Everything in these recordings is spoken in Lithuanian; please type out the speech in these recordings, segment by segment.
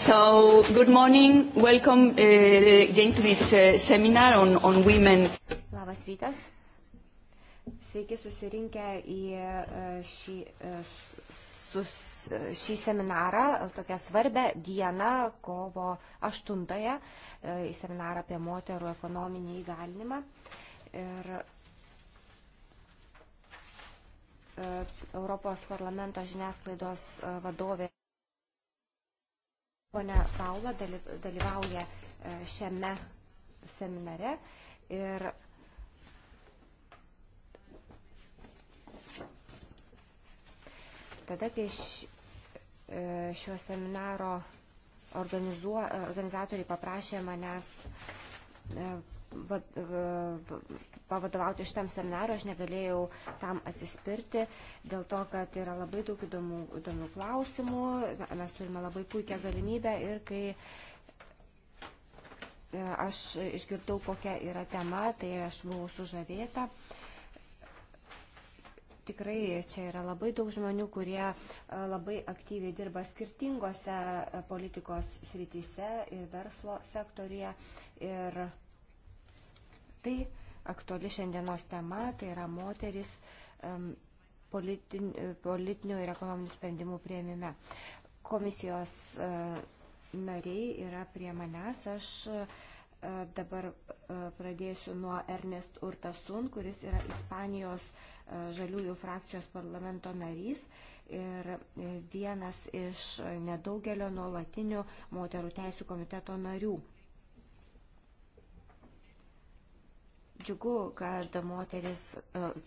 So, good morning. Welcome uh, again to this uh, seminar on, on women. Labas rytas. Sveiki susirinkę į uh, šį, uh, sus, uh, šį seminarą, tokią svarbę dieną, kovo 8-ąją, į seminarą apie moterų ekonominį įgalinimą. Ir Europos parlamento žiniasklaidos vadovė Pone Paula dalyvauja e, šiame seminare ir tada apie šio seminaro e, organizatoriai paprašė manęs e, E, pavadovauti šitam seminarui, aš negalėjau tam atsispirti, dėl to, kad yra labai daug įdomių, įdomių klausimų, mes turime labai puikią galimybę ir kai e, aš išgirdau, kokia yra tema, tai aš buvau sužavėta. Tikrai čia yra labai daug žmonių, kurie e, labai aktyviai dirba skirtingose politikos srityse ir verslo sektorija. Ir Tai aktuali šiandienos tema, tai yra moteris politinių ir ekonominių sprendimų prieimime. Komisijos e, nariai yra prie manęs. Aš e, dabar e, pradėsiu nuo Ernest Urtasun, kuris yra Ispanijos žaliųjų frakcijos parlamento narys ir vienas iš nedaugelio nuolatinių moterų teisų komiteto narių. Džiugu, kad, moteris, e,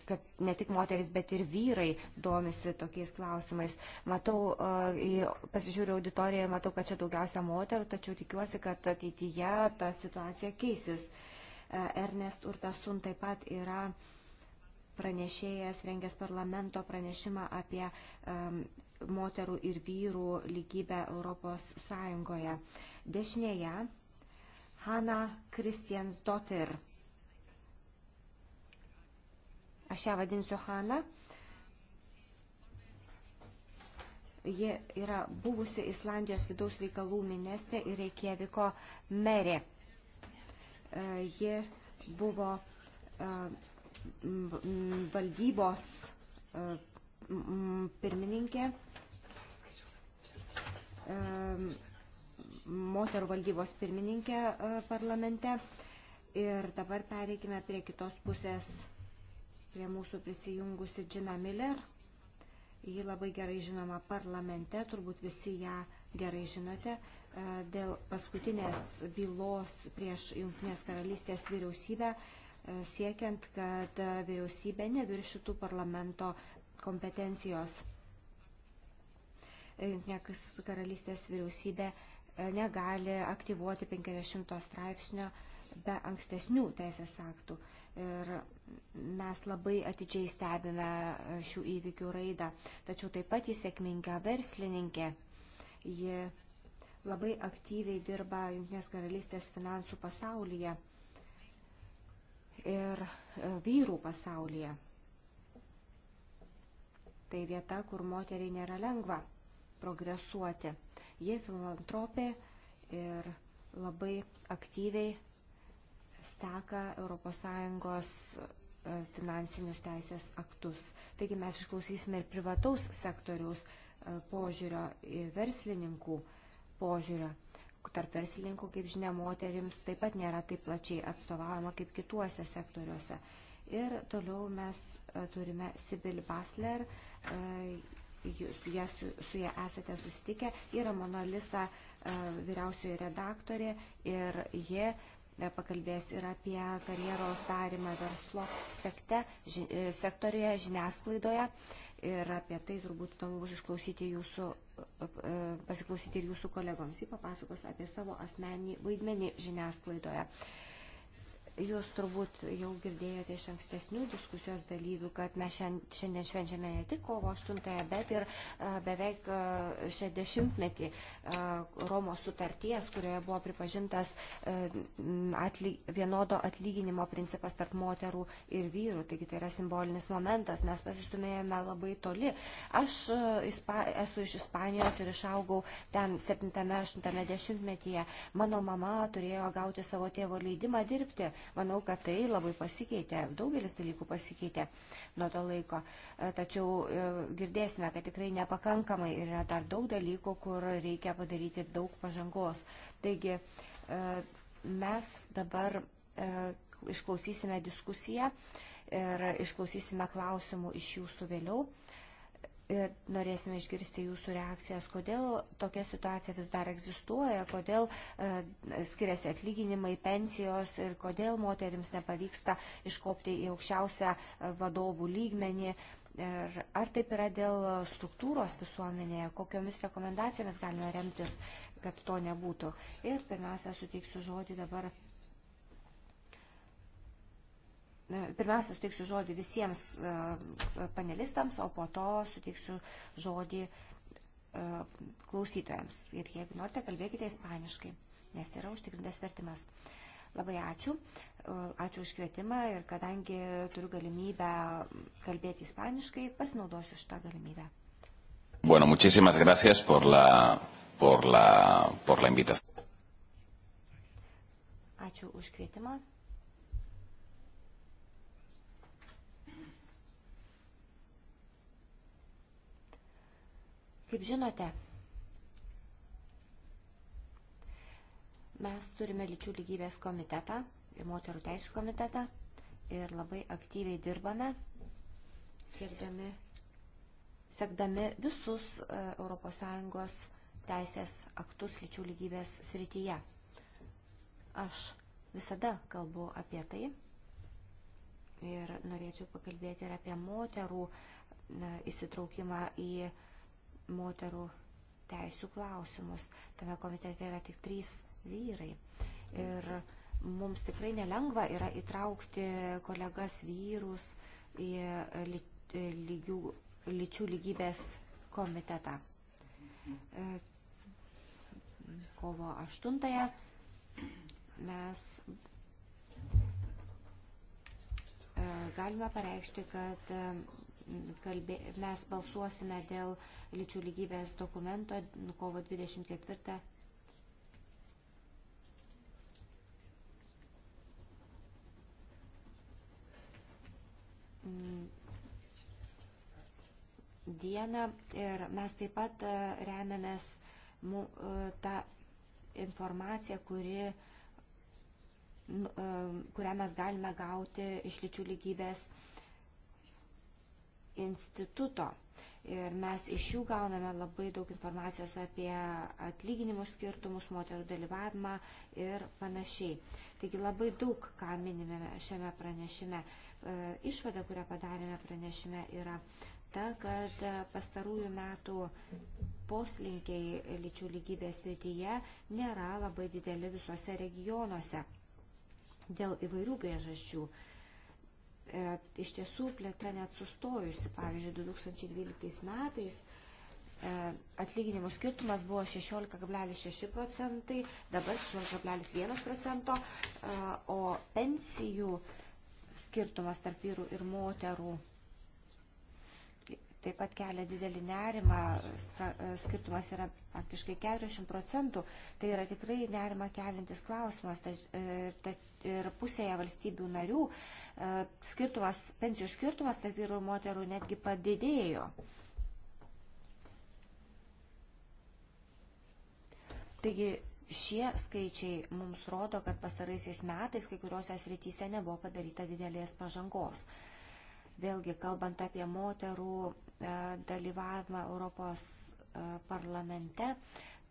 kad ne tik moteris, bet ir vyrai domisi tokiais klausimais. Matau, e, pasižiūriu auditoriją, matau, kad čia daugiausia moterų, tačiau tikiuosi, kad ateityje ta situacija keisis. E, Ernest Urtasun taip pat yra pranešėjas, rengęs parlamento pranešimą apie um, moterų ir vyrų lygybę Europos Sąjungoje. Dešinėje Hanna Kristiansdotir. Dotir Aš ją vadinsiu Hana. Ji yra buvusi Islandijos vidaus reikalų ministrė ir Reikjeviko merė. E, ji buvo e, valdybos e, pirmininkė moterų valdybos pirmininkė parlamente. Ir dabar pereikime prie kitos pusės prie mūsų prisijungusi Džina Miller. Ji labai gerai žinoma parlamente, turbūt visi ją gerai žinote, e, dėl paskutinės bylos prieš Junktinės karalystės vyriausybę, e, siekiant, kad e, vyriausybė neviršytų parlamento kompetencijos. Junktinės karalystės vyriausybė negali aktyvuoti 50 straipsnio be ankstesnių teisės aktų. Ir mes labai atidžiai stebime e, šių įvykių raidą, tačiau taip pat jis sėkminga verslininkė. Ji labai aktyviai dirba Junktinės karalystės finansų pasaulyje ir e, vyrų pasaulyje. Tai vieta, kur moteriai nėra lengva progresuoti. Ji filantropė ir labai aktyviai seka ES e, finansinius teisės aktus. Taigi mes išklausysime ir privataus sektoriaus e, požiūrio, verslininkų požiūrio. Tarp verslininkų, kaip žinia, moterims taip pat nėra taip plačiai atstovaujama kaip kituose sektoriuose. Ir toliau mes e, turime Sibil Basler, su ja, su, su ja esate susitikę, yra Mona Lisa vyriausioji redaktorė ir jie E, pakalbės ir apie karjeros darimą verslo sekte, ži, e, sektorioje, žiniasklaidoje. Ir apie tai turbūt įdomu bus išklausyti jūsų, e, pasiklausyti ir jūsų kolegoms. Ji papasakos apie savo asmenį vaidmenį žiniasklaidoje. Jūs turbūt jau girdėjote iš ankstesnių diskusijos dalyvių, kad mes šiandien švenčiame ne tik kovo 8-ąją, bet ir e, beveik 60-metį e, e, Romos sutarties, kurioje buvo pripažintas atly, vienodo atlyginimo principas tarp moterų ir vyrų. Taigi tai yra simbolinis momentas, mes pasistumėjome labai toli. Aš ispa, esu iš Ispanijos ir išaugau ten 7-8-metyje. Mano mama turėjo gauti savo tėvo leidimą dirbti Manau, kad tai labai pasikeitė, daugelis dalykų pasikeitė nuo to laiko. E, tačiau e, girdėsime, kad tikrai nepakankamai yra dar daug dalykų, kur reikia padaryti daug pažangos. Taigi e, mes dabar išklausysime diskusiją ir išklausysime klausimų iš jūsų vėliau ir norėsime išgirsti jūsų reakcijas, kodėl tokia situacija vis dar egzistuoja, kodėl e, skiriasi atlyginimai, pensijos ir kodėl moterims nepavyksta iškopti į aukščiausią e, vadovų lygmenį. Ir ar taip yra dėl struktūros visuomenėje, kokiomis rekomendacijomis galime remtis, kad to nebūtų. Ir pirmiausia, suteiksiu žodį dabar Pirmiausia, suteiksiu žodį visiems e, e, panelistams, o po to suteiksiu žodį e, klausytojams. Ir jeigu norite, kalbėkite ispaniškai, nes yra užtikrintas vertimas. Labai ačiū. Ačiū už kvietimą ir kadangi turiu galimybę kalbėti ispaniškai, pasinaudosiu šitą galimybę. Bueno, muchísimas gracias por la, por la, por la invitación. Ačiū už kvietimą. Kaip žinote, mes turime lyčių lygybės komitetą ir moterų teisų komitetą ir labai aktyviai dirbame, siekdami, siekdami visus e, ES teisės aktus lyčių lygybės srityje. Aš visada kalbu apie tai ir norėčiau pakalbėti ir apie moterų įsitraukimą į moterų teisų klausimus. Tame komitete yra tik trys vyrai. Ir mums tikrai nelengva yra įtraukti kolegas vyrus į lygių, lyčių lygybės komitetą. E, kovo 8 mes e, galime pareikšti, kad kalbė, mes balsuosime dėl lyčių lygybės dokumento kovo 24. Mm. dieną ir mes taip pat e, remiamės e, tą informaciją, kuri e, kurią mes galime gauti iš lyčių lygybės uh, instituto. Ir mes iš jų gauname labai daug informacijos apie atlyginimų skirtumus, moterų dalyvavimą ir panašiai. Taigi labai daug ką minime šiame pranešime. E, išvada, kurią padarėme pranešime, yra ta, kad pastarųjų metų poslinkiai lyčių lygybės rytyje nėra labai dideli visuose regionuose dėl įvairių priežasčių. E, iš tiesų plėtra net sustojusi. Pavyzdžiui, 2012 metais e, atlyginimų skirtumas buvo 16,6 procentai, dabar 16,1 procento, e, o pensijų skirtumas tarp vyrų ir moterų taip pat kelia didelį nerimą, e, skirtumas yra praktiškai 40 procentų, tai yra tikrai nerima kelintis klausimas tač, e, tač, ir pusėje valstybių narių e, skirtumas, pensijų skirtumas tarp vyrų ir moterų netgi padidėjo. Taigi šie skaičiai mums rodo, kad pastaraisiais metais kai kuriuose srityse nebuvo padaryta didelės pažangos. Vėlgi, kalbant apie moterų E, dalyvavimą Europos e, parlamente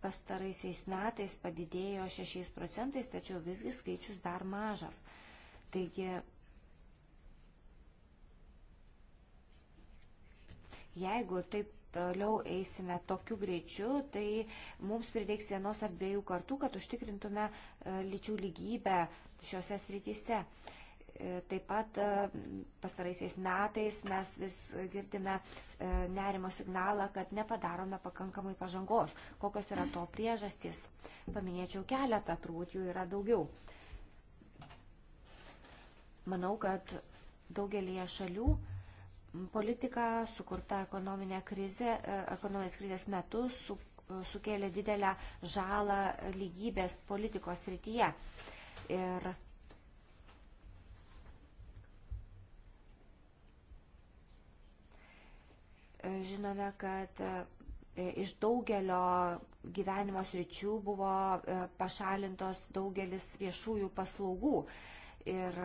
pastaraisiais metais padidėjo 6 procentais, tačiau visgi skaičius dar mažas. Taigi, jeigu taip toliau eisime tokiu greičiu, tai mums prireiks vienos ar dviejų kartų, kad užtikrintume e, lyčių lygybę šiuose srityse. Uh, E, taip pat e, pastaraisiais metais mes vis girdime e, nerimo signalą, kad nepadarome pakankamai pažangos. Kokios yra to priežastys? Paminėčiau keletą, turbūt jų yra daugiau. Manau, kad daugelie šalių politika sukurta ekonominė krizė, ekonominės krizės metu su, sukėlė didelę žalą lygybės politikos rytyje. Ir žinome, kad e, iš daugelio gyvenimo sričių buvo e, pašalintos daugelis viešųjų paslaugų. Ir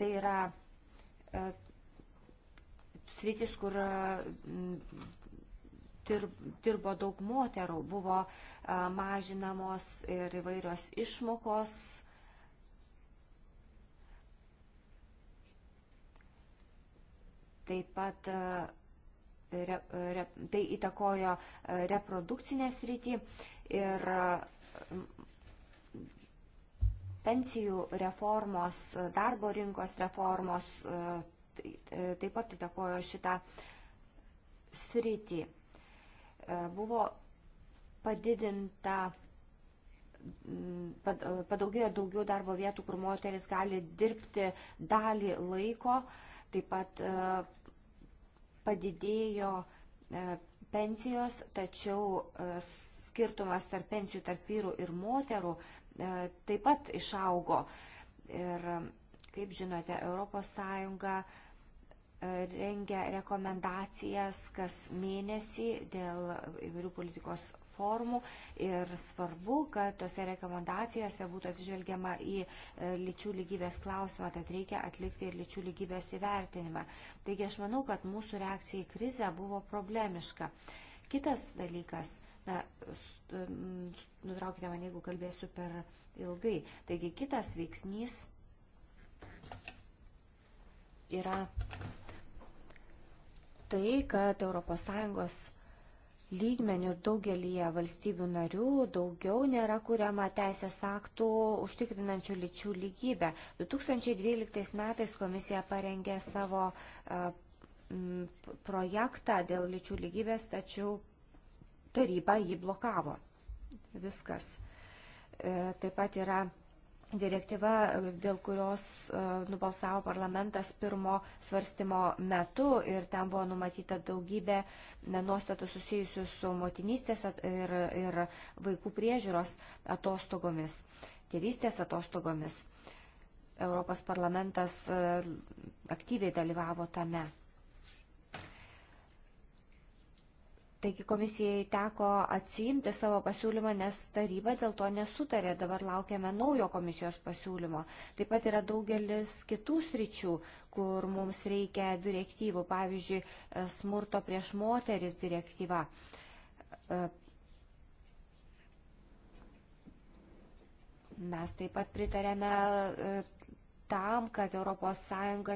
tai yra e, sritis, kur dirbo daug moterų, buvo mažinamos ir įvairios išmokos Taip pat e, re, re, tai įtakojo e, reprodukcinę sritį ir e, pensijų reformos, darbo rinkos reformos tai, taip pat įtakojo šitą sritį. Buvo padidinta padaugėjo daugiau darbo vietų, kur moteris gali dirbti dalį laiko, uh, Taip pat e, padidėjo e, pensijos, tačiau e, skirtumas tarp pensijų tarp vyrų ir moterų taip pat išaugo. Ir kaip žinote, ES rengia rekomendacijas kas mėnesį dėl įvairių politikos formų ir svarbu, kad tose rekomendacijose būtų atsižvelgiama į e, lyčių lygybės klausimą, tad reikia atlikti ir lyčių lygybės įvertinimą. Taigi aš manau, kad mūsų reakcija į krizę buvo problemiška. Kitas dalykas, na, nutraukite mane, jeigu kalbėsiu per ilgai. Taigi kitas veiksnys yra tai, kad ES lygmenių ir daugelyje valstybių narių daugiau nėra kuriama teisės aktų užtikrinančių lyčių lygybę. 2012 metais komisija parengė savo projektą dėl lyčių lygybės, tačiau taryba jį blokavo. Viskas. E, taip pat yra Direktyva, dėl kurios e, nubalsavo parlamentas pirmo svarstymo metu ir ten buvo numatyta daugybė nuostatų susijusių su motinystės ir, ir vaikų priežiūros atostogomis, tėvystės atostogomis. Europos parlamentas e, aktyviai dalyvavo tame. Taigi komisijai teko atsiimti savo pasiūlymą, nes taryba dėl to nesutarė. Dabar laukiame naujo komisijos pasiūlymo. Taip pat yra daugelis kitų sričių, kur mums reikia direktyvų, pavyzdžiui, e, smurto prieš moteris direktyva. E, mes taip pat pritarėme e, tam, kad ES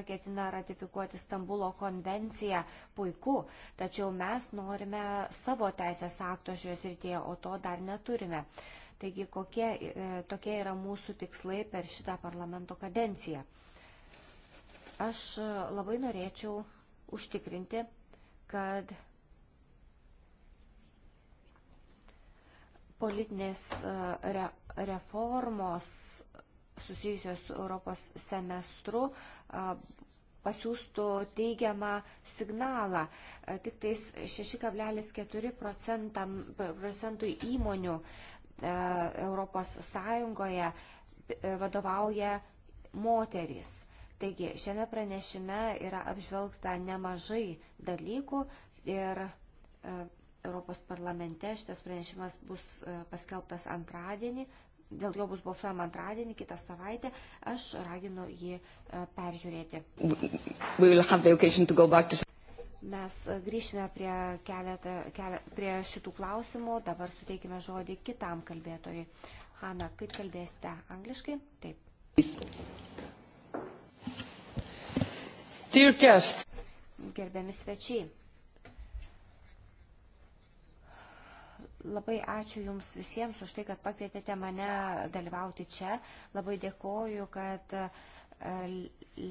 ketina ratifikuoti Stambulo konvenciją, puiku, tačiau mes norime savo teisės akto šioje srityje, o to dar neturime. Taigi, kokie, e, tokie yra mūsų tikslai per šitą parlamento kadenciją. Aš e, labai norėčiau užtikrinti, kad politinės e, reformos susijusios su Europos semestru pasiūstų teigiamą signalą. Tik tais 6,4 procentų įmonių Europos Sąjungoje e, vadovauja moterys. Taigi šiame pranešime yra apžvelgta nemažai dalykų ir e, Europos parlamente šitas pranešimas bus e, paskelbtas antradienį, dėl jo bus balsuojama antradienį, kitą savaitę, aš raginu jį e, peržiūrėti. Mes e, grįžime prie, keletą, keletą, prie šitų klausimų, dabar suteikime žodį kitam kalbėtojui. Hanna, kaip kalbėsite angliškai? Taip. Dear guests. Gerbiami svečiai. Labai ačiū Jums visiems už tai, kad pakvietėte mane dalyvauti čia. Labai dėkoju, kad e,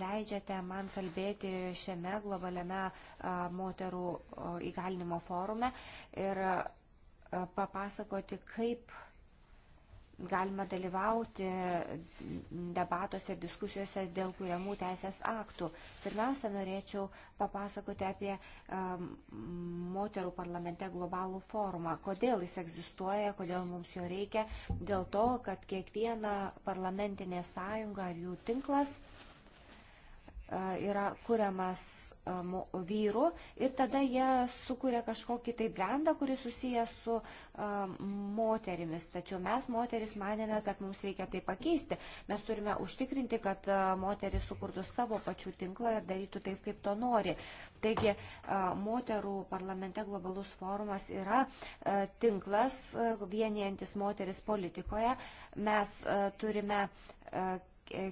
leidžiate man kalbėti šiame globaliame e, moterų e, įgalinimo forume ir papasakoti, kaip galima dalyvauti debatuose ir diskusijose dėl kuriamų teisės aktų. Pirmiausia, norėčiau papasakoti apie um, moterų parlamente globalų forumą. Kodėl jis egzistuoja, kodėl mums jo reikia. Dėl to, kad kiekviena parlamentinė sąjunga ar jų tinklas uh, yra kuriamas vyrų ir tada jie sukuria kažkokį tai brandą, kuris susijęs su moterimis. Tačiau mes moteris manėme, kad mums reikia tai pakeisti. Mes turime užtikrinti, kad moteris sukurtų savo pačių tinklą ir darytų taip, kaip to nori. Taigi, moterų parlamente globalus forumas yra tinklas vienijantis moteris politikoje. Mes turime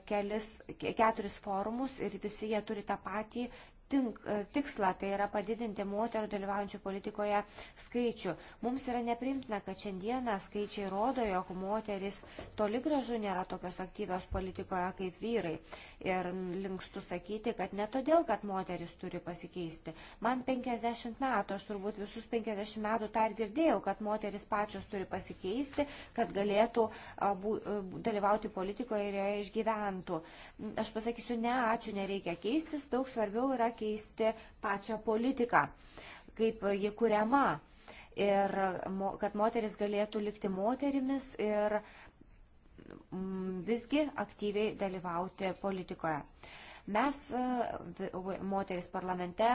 kelis, keturis forumus ir visi jie turi tą patį tink, e, tikslą, tai yra padidinti moterų dalyvaujančių politikoje skaičių. Mums yra neprimtina, kad šiandieną skaičiai rodo, jog moteris toli gražu nėra tokios aktyvios politikoje kaip vyrai. Ir linkstu sakyti, kad ne todėl, kad moteris turi pasikeisti. Man 50 metų, aš turbūt visus 50 metų tą ir girdėjau, kad moteris pačios turi pasikeisti, kad galėtų abu, e, dalyvauti politikoje ir joje išgyventų. Aš pasakysiu, ne, ačiū, nereikia keistis, daug svarbiau yra pakeisti pačią politiką, kaip ji kuriama. Ir kad moteris galėtų likti moterimis ir mm, visgi aktyviai dalyvauti politikoje. Mes, e, moteris parlamente,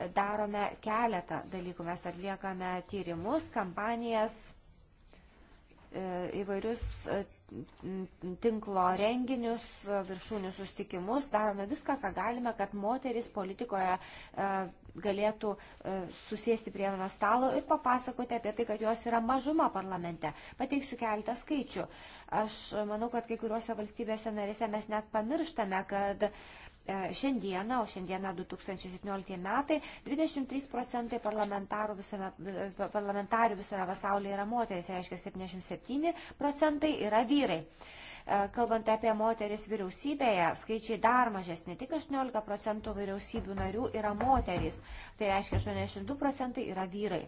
e, darome keletą dalykų. Mes atliekame tyrimus, kampanijas, e, įvairius tinklo renginius, viršūnių sustikimus, darome viską, ką galime, kad moteris politikoje e, galėtų e, susėsti prie vieno stalo ir papasakoti apie tai, kad jos yra mažuma parlamente. Pateiksiu keletą skaičių. Aš manau, kad kai kuriuose valstybėse narėse mes net pamirštame, kad uh, E, šiandieną, o šiandieną 2017 metai, 23 procentai parlamentarų visame, e, parlamentarių visame pasaulyje yra moteris, tai reiškia 77 procentai yra vyrai. E, kalbant apie moteris vyriausybėje, skaičiai dar mažesni, tik 18 procentų vyriausybių narių yra moterys, tai reiškia 82 procentai yra vyrai.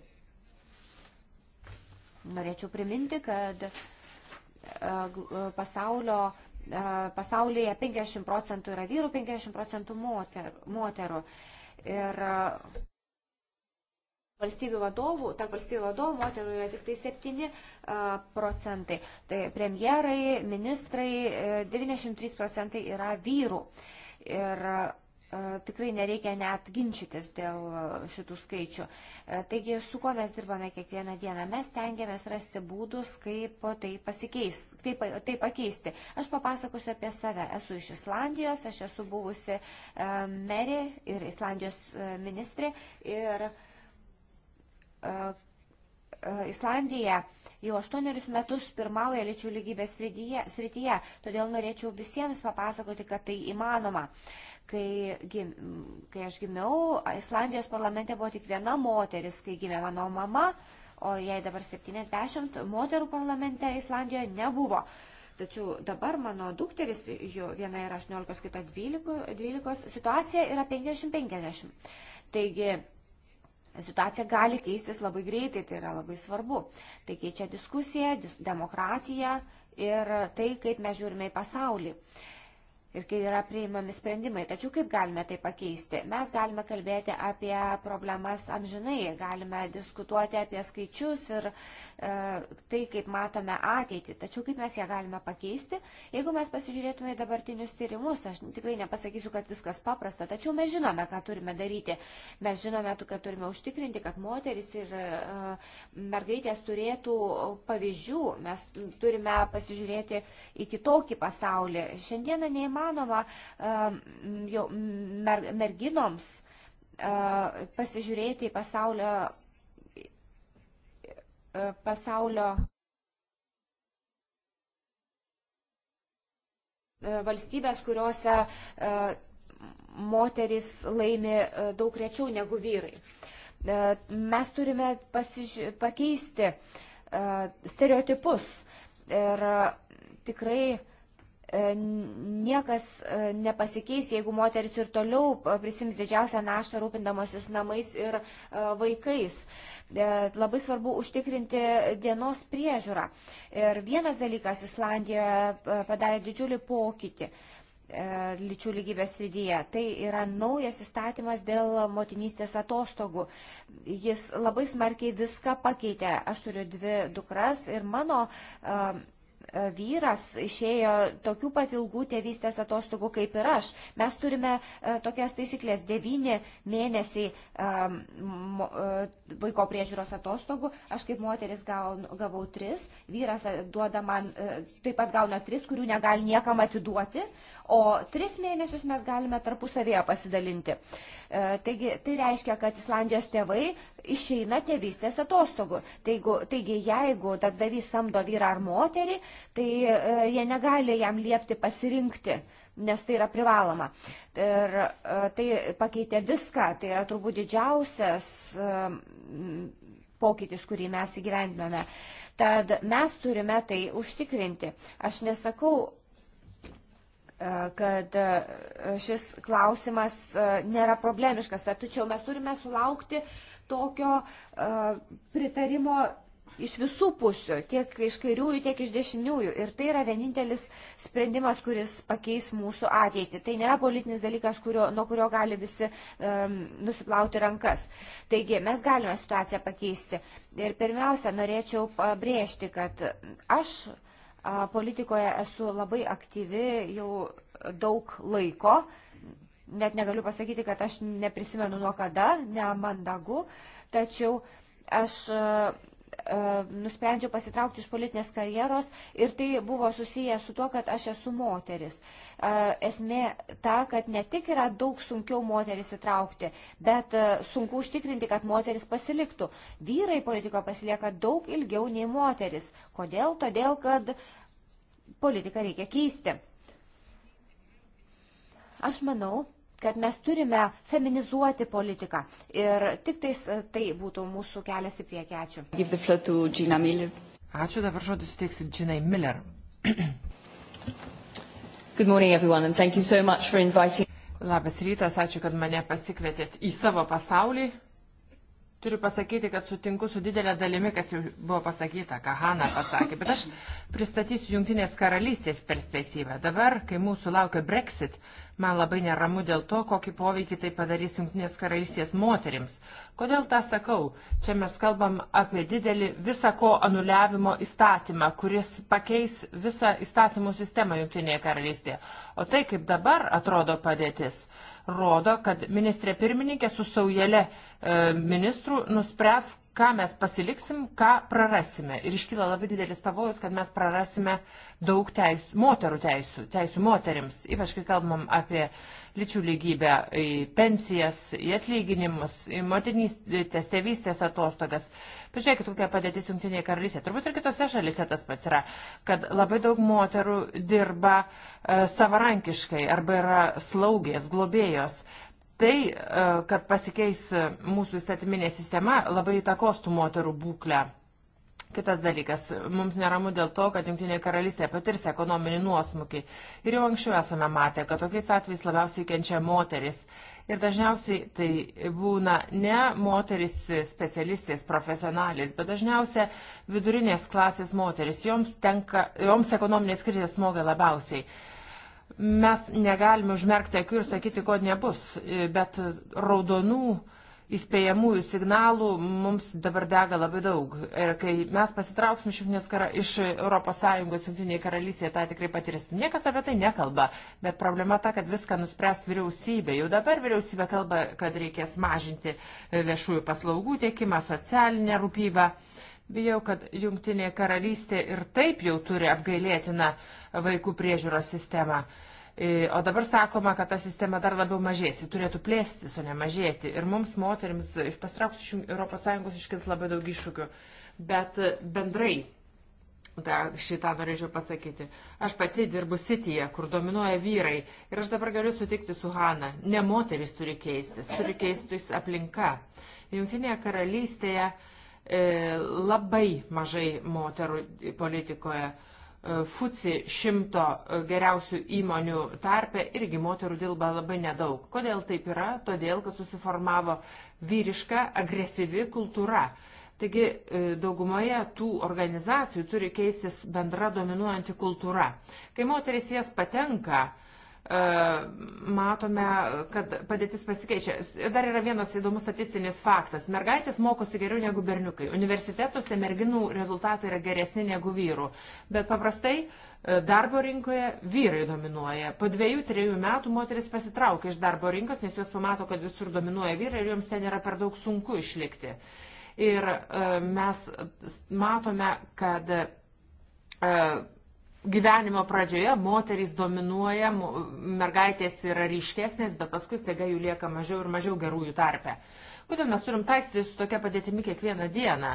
Norėčiau priminti, kad pasaulio pasaulyje 50 procentų yra vyrų, 50 procentų moterų. Ir valstybių vadovų, tarp valstybių vadovų moterų yra tik tai 7 procentai. Tai premjerai, ministrai, 93 e, procentai yra vyrų. Ir E, tikrai nereikia net ginčytis dėl šitų skaičių. E, taigi, su kuo mes dirbame kiekvieną dieną? Mes tengiamės rasti būdus, kaip tai, pasikeis, kaip tai pakeisti. Aš papasakosiu apie save. Esu iš Islandijos, aš esu buvusi e, merė ir Islandijos ministrė. Ir E, Islandija jau aštuonerius metus pirmauja lyčių lygybės srityje, srityje, todėl norėčiau visiems papasakoti, kad tai įmanoma. Kai, gim, kai aš gimiau, Islandijos parlamente buvo tik viena moteris, kai gimė mano mama, o jai dabar 70 moterų parlamente Islandijoje nebuvo. Tačiau dabar mano dukteris, jo viena yra 18, kita 12, 12 situacija yra 50-50. Taigi Situacija gali keistis labai greitai, tai yra labai svarbu. Tai keičia diskusiją, demokratiją ir tai, kaip mes žiūrime į pasaulį. Uh, ir kai yra priimami sprendimai. Tačiau kaip galime tai pakeisti? Mes galime kalbėti apie problemas amžinai, galime diskutuoti apie skaičius ir e, tai, kaip matome ateitį. Tačiau kaip mes ją galime pakeisti? Jeigu mes pasižiūrėtume į dabartinius tyrimus, aš tikrai nepasakysiu, kad viskas paprasta, tačiau mes žinome, ką turime daryti. Mes žinome, kad turime užtikrinti, kad moteris ir e, mergaitės turėtų pavyzdžių. Mes turime pasižiūrėti į kitokį pasaulį. Šiandieną neįmanoma įmanoma e, jau mer, merginoms e, pasižiūrėti į pasaulio, e, pasaulio valstybės, kuriuose moteris laimi daug rečiau negu vyrai. Mes turime pasiži... pakeisti stereotipus ir tikrai E, niekas e, nepasikeis, jeigu moteris ir toliau e, prisims didžiausią naštą rūpindamosis namais ir vaikais. Labai svarbu užtikrinti dienos priežiūrą. Ir vienas dalykas Islandijoje padarė didžiulį pokytį lyčių lygybės srityje. Tai yra naujas įstatymas dėl motinystės atostogų. Jis labai smarkiai viską pakeitė. Aš turiu dvi dukras ir mano uh, E, vyras išėjo tokių pat ilgų tėvystės atostogų kaip ir aš. Mes turime e, tokias taisyklės - devyni mėnesiai e, vaiko priežiūros atostogų. Aš kaip moteris gavau tris, vyras duoda man taip pat gauna tris, kurių negali niekam atiduoti o tris mėnesius mes galime tarpusavėje pasidalinti. E, taigi, tai reiškia, kad Islandijos tėvai išeina tėvystės atostogų. Taigi, taigi jeigu darbdavys samdo vyrą ar moterį, tai e, jie negali jam liepti pasirinkti nes tai yra privaloma. Ir e, tai pakeitė viską, tai yra turbūt didžiausias pokytis, kurį mes įgyvendinome. Tad mes turime tai užtikrinti. Aš nesakau, E, kad e, šis klausimas e, nėra problemiškas. Tačiau mes turime sulaukti tokio pritarimo iš visų pusių, tiek iš kairiųjų, tiek iš dešiniųjų. Ir tai yra vienintelis sprendimas, kuris pakeis mūsų ateitį. Tai nėra politinis dalykas, kurio, nuo kurio gali visi um, nusiplauti rankas. Taigi mes galime situaciją pakeisti. Ir pirmiausia, norėčiau pabrėžti, kad aš uh, Politikoje esu labai aktyvi jau daug laiko. Net negaliu pasakyti, kad aš neprisimenu nuo kada, nemandagu, tačiau aš E, nusprendžiau pasitraukti iš politinės karjeros ir tai buvo susiję su tuo, kad aš esu moteris. E, esmė ta, kad ne tik yra daug sunkiau moteris įtraukti, bet e, sunku užtikrinti, kad moteris pasiliktų. Vyrai politiko pasilieka daug ilgiau nei moteris. Kodėl? Todėl, kad politiką reikia keisti. Aš manau, kad mes turime feminizuoti politiką. Ir tik tais e, tai būtų mūsų kelias į priekį. Ačiū. Ačiū, dabar žodį suteiksiu Džinai Miller. Good morning everyone and thank you so much for inviting. Labas rytas, ačiū, kad mane pasikvietėt į savo pasaulį. Turiu pasakyti, kad sutinku su didelė dalimi, kas jau buvo pasakyta, ką Hanna pasakė, bet aš pristatysiu Junktinės karalystės perspektyvą. Dabar, kai mūsų laukia Brexit, man labai neramu dėl to, kokį poveikį tai padarys Junktinės karalystės moterims. Kodėl tą sakau? Čia mes kalbam apie didelį visako anuliavimo įstatymą, kuris pakeis visą įstatymų sistemą Junktinėje karalystėje. O tai, kaip dabar atrodo padėtis, rodo, kad ministrė pirmininkė su saujelė e, ministrų nuspręs, ką mes pasiliksim, ką prarasime. Ir iškyla labai didelis pavojus, kad mes prarasime daug teis, moterų teisų, teisų moterims, ypač kai kalbam apie lyčių lygybę, į pensijas, į atlyginimus, į motinystės, tėvystės atostogas. Pažiūrėkit, kokia padėtis Junktinėje karalystėje. Turbūt ir kitose šalise tas pats yra, kad labai daug moterų dirba e, savarankiškai arba yra slaugės, globėjos. Tai, e, kad pasikeis e, mūsų įstatyminė sistema, labai įtakos tų moterų būklę. Kitas dalykas, mums neramu dėl to, kad Junktinė karalystė patirs ekonominį nuosmukį. Ir jau anksčiau esame matę, kad tokiais atvejais labiausiai kenčia moteris. Ir dažniausiai tai būna ne moteris specialistės, profesionalės, bet dažniausia vidurinės klasės moteris. Joms, tenka, joms ekonominės krizės smogia labiausiai mes negalime užmerkti akių ir sakyti, ko nebus, bet raudonų įspėjamųjų signalų mums dabar dega labai daug. Ir kai mes pasitrauksim kara, iš ES, Junktinėje karalystėje tą tikrai patirsim. Niekas apie tai nekalba, bet problema ta, kad viską nuspręs vyriausybė. Jau dabar vyriausybė kalba, kad reikės mažinti viešųjų paslaugų tiekimą, socialinę rūpybą. Bijau, kad Junktinė karalystė ir taip jau turi apgailėtiną vaikų priežiūros sistemą. E, o dabar sakoma, kad ta sistema dar labiau mažės, ji turėtų plėstis, o ne mažėti. Ir mums, moteriams, iš pastrauks iš ES iškils labai daug iššūkių. Bet e, bendrai, da, šitą norėčiau pasakyti, aš pati dirbu Sityje, kur dominuoja vyrai. Ir aš dabar galiu sutikti su Hanna. Ne moteris turi keistis, turi keistis aplinka. Junktinėje karalystėje e, labai mažai moterų politikoje. E, E, FUCI šimto e, geriausių įmonių tarpe irgi moterų dirba labai nedaug. Kodėl taip yra? Todėl, kad susiformavo vyriška, agresyvi kultūra. Taigi e, daugumoje tų organizacijų turi keistis bendra dominuojanti kultūra. Kai moteris jas patenka, uh, E, matome, kad padėtis pasikeičia. Dar yra vienas įdomus statistinis faktas. Mergaitės mokosi geriau negu berniukai. Universitetuose merginų rezultatai yra geresni negu vyrų. Bet paprastai e, darbo rinkoje vyrai dominuoja. Po dviejų, trejų metų moteris pasitraukia iš darbo rinkos, nes jos pamato, kad visur dominuoja vyrai ir joms ten yra per daug sunku išlikti. Ir e, mes matome, kad gyvenimo pradžioje moterys dominuoja, mergaitės yra ryškesnės, bet paskui staiga jų lieka mažiau ir mažiau gerųjų tarpe. Kodėl mes turim taikstytis su tokia padėtimi kiekvieną dieną?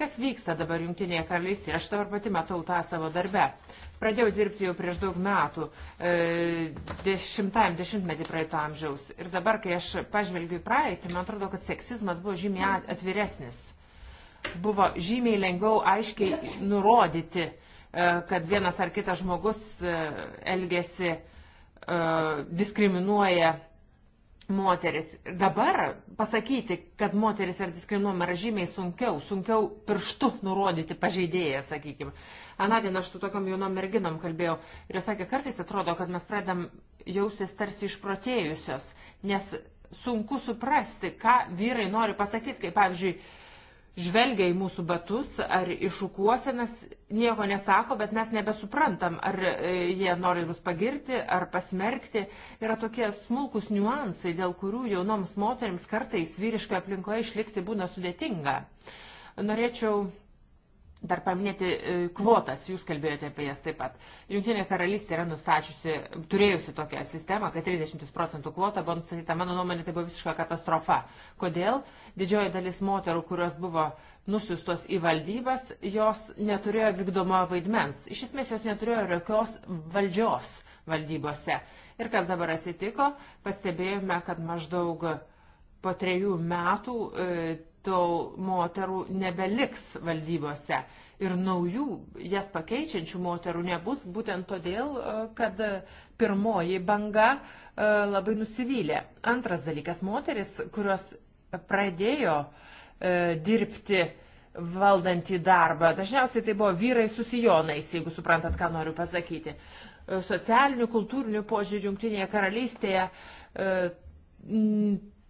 Kas vyksta dabar Junktinėje karalystėje? Aš dabar pati matau tą savo darbę. Pradėjau dirbti jau prieš daug metų, e, dešimtajam dešimtmetį praeito amžiaus. Ir dabar, kai aš pažvelgiu į praeitį, man atrodo, kad seksizmas buvo žymiai atviresnis. Buvo žymiai lengviau aiškiai nurodyti, uh, E, kad vienas ar kitas žmogus e, elgesi e, diskriminuoja moteris. Dabar pasakyti, kad moteris yra diskriminuojama, yra žymiai sunkiau, sunkiau pirštu nurodyti pažeidėją, sakykime. Anadien aš su tokiam jaunom merginom kalbėjau ir jos sakė, kartais atrodo, kad mes pradedam jausis tarsi išprotėjusios, nes sunku suprasti, ką vyrai nori pasakyti, kaip pavyzdžiui, žvelgia į mūsų batus ar iššukuosenas, nieko nesako, bet mes nebesuprantam, ar e, jie nori mus pagirti ar pasmerkti. Yra tokie smulkus niuansai, dėl kurių jaunoms moteriams kartais vyriškoje aplinkoje išlikti būna sudėtinga. Norėčiau Dar paminėti e, kvotas, jūs kalbėjote apie jas taip pat. Junktinė karalystė yra nustačiusi, turėjusi tokią sistemą, kad 30 procentų kvota buvo nustatyta, mano nuomonė, tai buvo visiška katastrofa. Kodėl? Didžioji dalis moterų, kurios buvo nusiustos į valdybas, jos neturėjo vykdomo vaidmens. Iš esmės jos neturėjo jokios valdžios valdybose. Ir kas dabar atsitiko, pastebėjome, kad maždaug po trejų metų. E, tol moterų nebeliks valdybose ir naujų jas pakeičiančių moterų nebus, būtent todėl, e, kad pirmoji banga e, labai nusivylė. Antras dalykas - moteris, kurios pradėjo e, dirbti valdantį darbą. Dažniausiai tai buvo vyrai susijonais, jeigu suprantat, ką noriu pasakyti. Socialinių, kultūrinių požiūrių Junktinėje karalystėje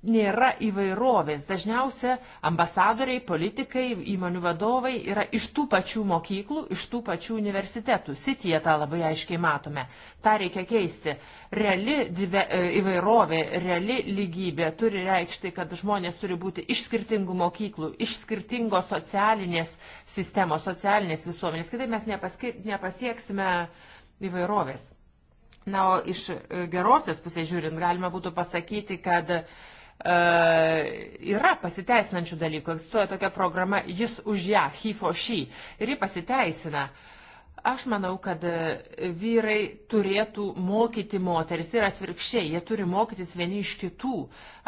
nėra įvairovės. Dažniausia ambasadoriai, politikai, įmonių vadovai yra iš tų pačių mokyklų, iš tų pačių universitetų. Sityje tą labai aiškiai matome. Ta reikia keisti. Reali dive, e, įvairovė, reali lygybė turi reikšti, kad žmonės turi būti iš skirtingų mokyklų, iš skirtingos socialinės sistemos, socialinės visuomenės. Kitaip mes nepaskir, nepasieksime įvairovės. Na, o iš e, gerosios pusės žiūrint, galima būtų pasakyti, kad uh, E, yra pasiteisinančių dalykų. Egzistuoja tokia programa Jis už ją, he for she. Ir ji pasiteisina. Uh, Aš manau, kad e, vyrai turėtų mokyti moteris ir atvirkščiai, jie turi mokytis vieni iš kitų.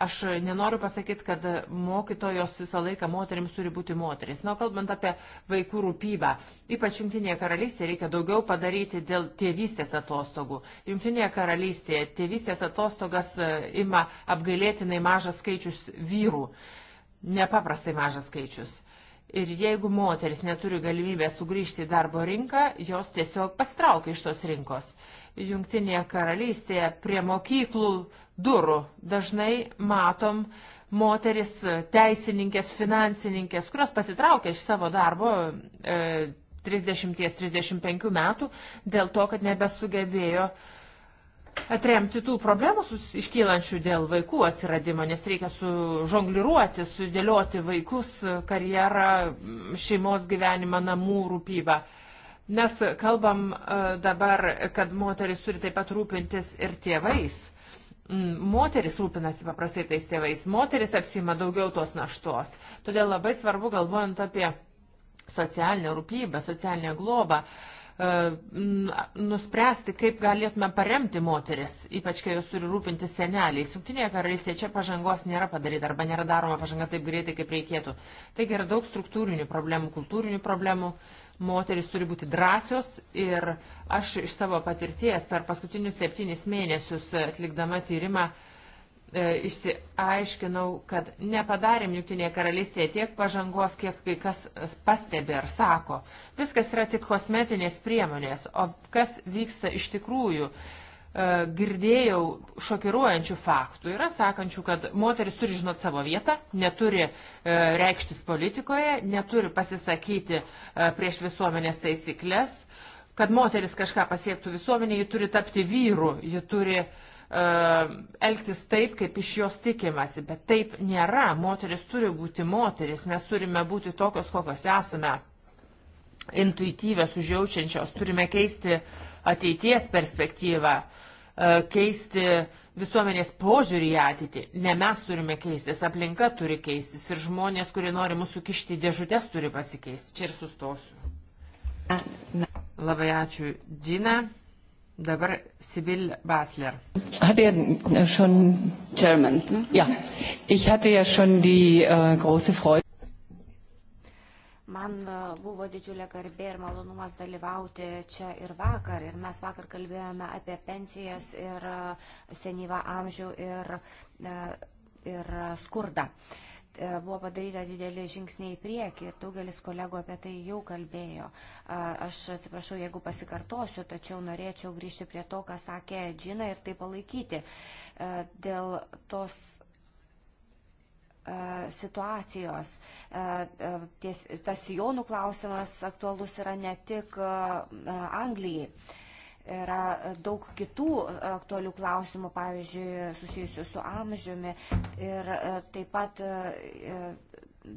Aš nenoriu pasakyti, kad mokytojos visą laiką moteriams turi būti moteris. Na, kalbant apie vaikų rūpybą, ypač Junktinėje karalystėje reikia daugiau padaryti dėl tėvystės atostogų. Junktinėje karalystėje tėvystės atostogas e, ima apgailėtinai mažas skaičius vyrų, nepaprastai mažas skaičius. Ir jeigu moteris neturi galimybę sugrįžti į darbo rinką, jos tiesiog pastraukia iš tos rinkos. Jungtinėje karalystėje prie mokyklų durų dažnai matom moteris, teisininkės, finansininkės, kurios pasitraukia iš savo darbo e, 30-35 metų dėl to, kad nebesugebėjo e, atremti tų problemų sus, iškylančių dėl vaikų atsiradimo, nes reikia sužongliruoti, sudėlioti vaikus, karjerą, šeimos gyvenimą, namų rūpybą. Mes kalbam e, dabar, kad moteris turi taip pat rūpintis ir tėvais. Mm, moteris rūpinasi paprastai tais tėvais, moteris apsima daugiau tos naštos. Todėl labai svarbu, galvojant apie socialinę rūpybę, socialinę globą, uh, E, nuspręsti, kaip galėtume paremti moteris, ypač kai jos turi rūpinti seneliais. Junktinėje karalystėje čia pažangos nėra padaryta arba nėra daroma pažanga taip greitai, kaip reikėtų. Taigi yra daug struktūrinių problemų, kultūrinių problemų. Moteris turi būti drąsios ir aš iš savo patirties per paskutinius septynis mėnesius atlikdama tyrimą uh, E, išsiaiškinau, kad nepadarėm Junktinėje karalystėje tiek pažangos, kiek kai kas pastebi ar sako. Viskas yra tik kosmetinės priemonės, o kas vyksta iš tikrųjų. E, girdėjau šokiruojančių faktų. Yra sakančių, kad moteris turi žinot savo vietą, neturi e, reikštis politikoje, neturi pasisakyti prieš visuomenės taisyklės, kad moteris kažką pasiektų visuomenėje, ji turi tapti vyru, ji turi uh, Uh, elgtis taip, kaip iš jos tikimasi, bet taip nėra. Moteris turi būti moteris, mes turime būti tokios, kokios esame, intuityvės, užjaučiančios, turime keisti ateities perspektyvą, uh, keisti visuomenės požiūrį į ateitį. Ne mes turime keistis, aplinka turi keistis ir žmonės, kurie nori mūsų kišti dėžutės, turi pasikeisti. Čia ir sustosiu. Labai ačiū, Džina. Dabar Sibyl Basler. Hatte er ja schon German. Ja, ich hatte ja schon die äh, große Freude. Man äh, buvo didžiulė garbė ir malonumas dalyvauti čia ir vakar. Ir mes vakar kalbėjome apie pensijas ir äh, senyvą amžių ir, äh, ir skurdą. Uh, E, buvo padaryta didelį žingsnį į priekį ir daugelis kolegų apie tai jau kalbėjo. Aš atsiprašau, jeigu pasikartosiu, tačiau norėčiau grįžti prie to, ką sakė Džina ir tai palaikyti. E, dėl tos e, situacijos. Tas sijonų klausimas aktualus yra ne tik Anglijai. Yra e, daug kitų e, aktualių klausimų, pavyzdžiui, susijusių su amžiumi ir e, taip pat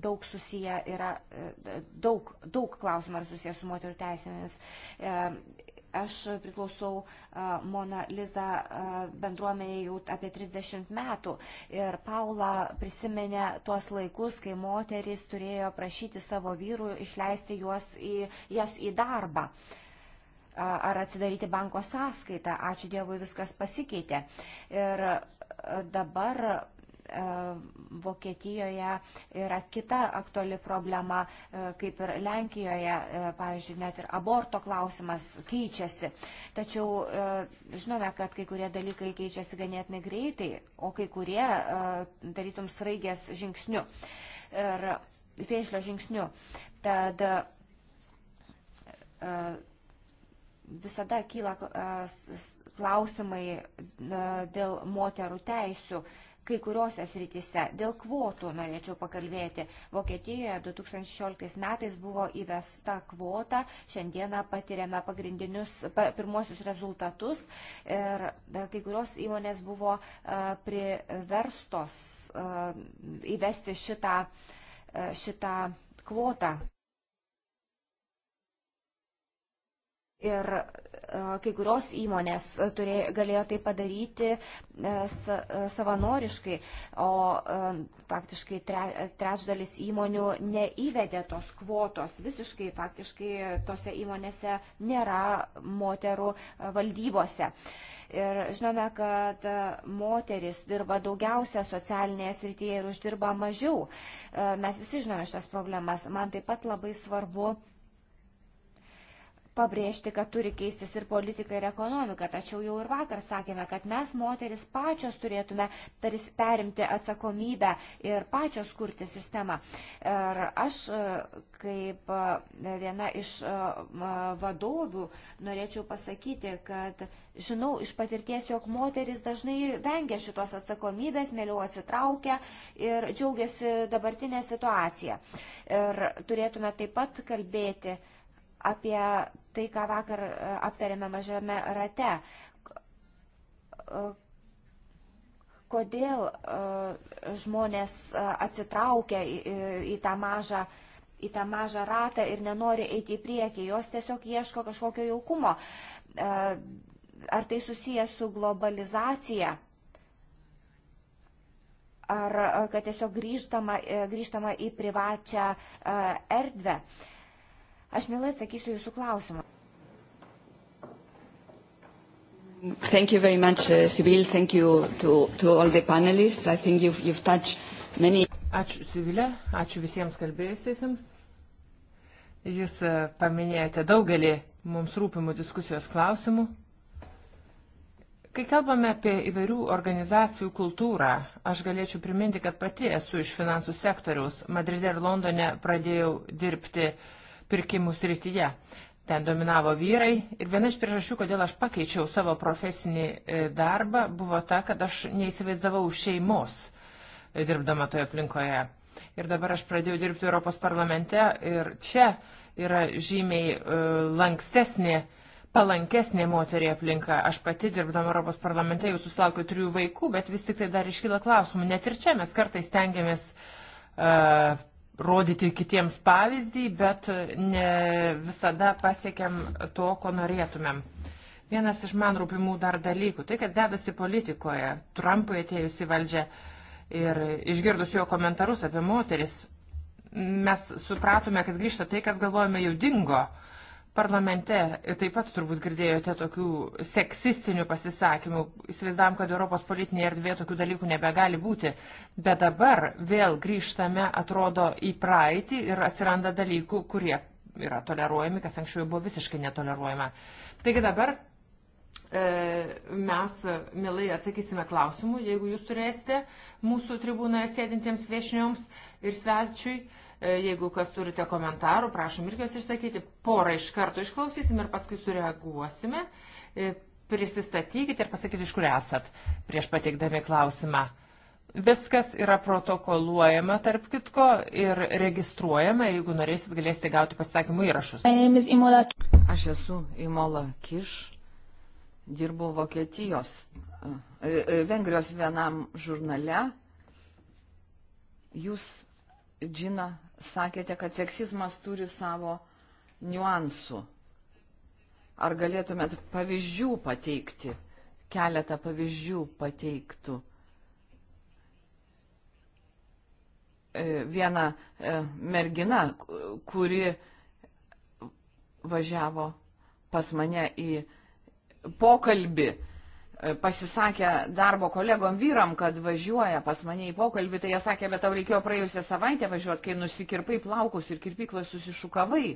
daug susiję yra, daug, daug klausimų yra susiję su moterų teisėmis. Aš priklausau Mona Liza bendruomenėje jau apie 30 metų ir Paula prisiminė tuos laikus, kai moteris turėjo prašyti savo vyrų išleisti juos į, jas į darbą. Uh, ar atsidaryti banko sąskaitą. Ačiū Dievui, viskas pasikeitė. Ir dabar Vokietijoje yra kita aktuali problema, kaip ir Lenkijoje, pavyzdžiui, net ir aborto klausimas keičiasi. Tačiau žinome, kad kai kurie dalykai keičiasi ganėtinai greitai, o kai kurie darytum sraigės žingsniu ir vėžlio žingsniu. Tad visada kyla klausimai dėl moterų teisių kai kuriuose srityse. Dėl kvotų norėčiau pakalbėti. Vokietijoje 2016 metais buvo įvesta kvota, šiandieną patiriame pagrindinius pa, pirmosius rezultatus ir kai kurios įmonės buvo priverstos įvesti šitą, šitą kvotą. Ir e, kai kurios įmonės turė, galėjo tai padaryti e, e, savanoriškai, o faktiškai tre, trečdalis įmonių neįvedė tos kvotos. Visiškai faktiškai tose įmonėse nėra moterų valdybose. Ir žinome, kad moteris dirba daugiausia socialinėje srityje ir uždirba mažiau. Mes visi žinome šitas problemas. Man taip pat labai svarbu pabrėžti, kad turi keistis ir politika, ir ekonomika. Tačiau jau ir vakar sakėme, kad mes moteris pačios turėtume taris perimti atsakomybę ir pačios kurti sistemą. Ir aš e, kaip e, viena iš e, vadovių norėčiau pasakyti, kad žinau iš patirties, jog moteris dažnai vengia šitos atsakomybės, mėliau atsitraukia ir džiaugiasi dabartinė situacija. Ir turėtume taip pat kalbėti, apie tai, ką vakar e, aptarėme mažame rate. E, kodėl e, žmonės atsitraukia į tą mažą į tą mažą ratą ir nenori eiti į priekį, jos tiesiog ieško kažkokio jaukumo. Ar tai susijęs su globalizacija? Ar kad tiesiog grįžtama, grįžtama į privačią erdvę? Aš mielai atsakysiu jūsų klausimą. Thank you very much, uh, Sibyl. Thank you to, to all the panelists. I think you've, you've touched many. Ačiū, Sibilė. Ačiū visiems kalbėjusiesiems. Jūs uh, paminėjote daugelį mums rūpimų diskusijos klausimų. Kai kalbame apie įvairių organizacijų kultūrą, aš galėčiau priminti, kad pati esu iš finansų sektoriaus. Madride ir Londone pradėjau dirbti uh, pirkimų srityje. Ten dominavo vyrai ir viena iš priežasčių, kodėl aš pakeičiau savo profesinį e, darbą, buvo ta, kad aš neįsivaizdavau šeimos e, dirbdama toje aplinkoje. Ir dabar aš pradėjau dirbti Europos parlamente ir čia yra žymiai e, lankstesnė, palankesnė moteriai aplinka. Aš pati dirbdama Europos parlamente jau susilaukiu trijų vaikų, bet vis tik tai dar iškyla klausimų. Net ir čia mes kartais tengiamės uh, rodyti kitiems pavyzdį, bet ne visada pasiekiam to, ko norėtumėm. Vienas iš man rūpimų dar dalykų - tai, kas dedasi politikoje, Trumpui atėjus į valdžią ir išgirdus jo komentarus apie moteris, mes supratome, kad grįžta tai, kas galvojame jau dingo. Uh, Parlamente taip pat turbūt girdėjote tokių seksistinių pasisakymų. Įsivaizdavom, kad Europos politinėje erdvėje tokių dalykų nebegali būti. Bet dabar vėl grįžtame, atrodo, į praeitį ir atsiranda dalykų, kurie yra toleruojami, kas anksčiau buvo visiškai netoleruojama. Taigi dabar e, mes mielai atsakysime klausimų, jeigu jūs turėsite mūsų tribūnoje sėdintiems viešnioms ir svečiui. E, E, jeigu kas turite komentarų, prašom irgi jos išsakyti. Porą iš karto išklausysim ir paskui sureaguosime. E, prisistatykite ir pasakykite, iš kur esat prieš pateikdami klausimą. Viskas yra protokoluojama, tarp kitko, ir registruojama, ir jeigu norėsit, galėsite gauti pasisakymų įrašus. Aš esu Imola Kiš, dirbau Vokietijos, e, Vengrijos vienam žurnale. Jūs, Džina, sakėte, kad seksizmas turi savo niuansų. Ar galėtumėt pavyzdžių pateikti, keletą pavyzdžių pateiktų? E, viena e, mergina, kuri važiavo pas mane į pokalbį, E, pasisakę darbo kolegom vyram, kad važiuoja pas mane į pokalbį, tai jie sakė, bet tau reikėjo praėjusią savaitę važiuoti, kai nusikirpai plaukus ir kirpyklas susišukavai.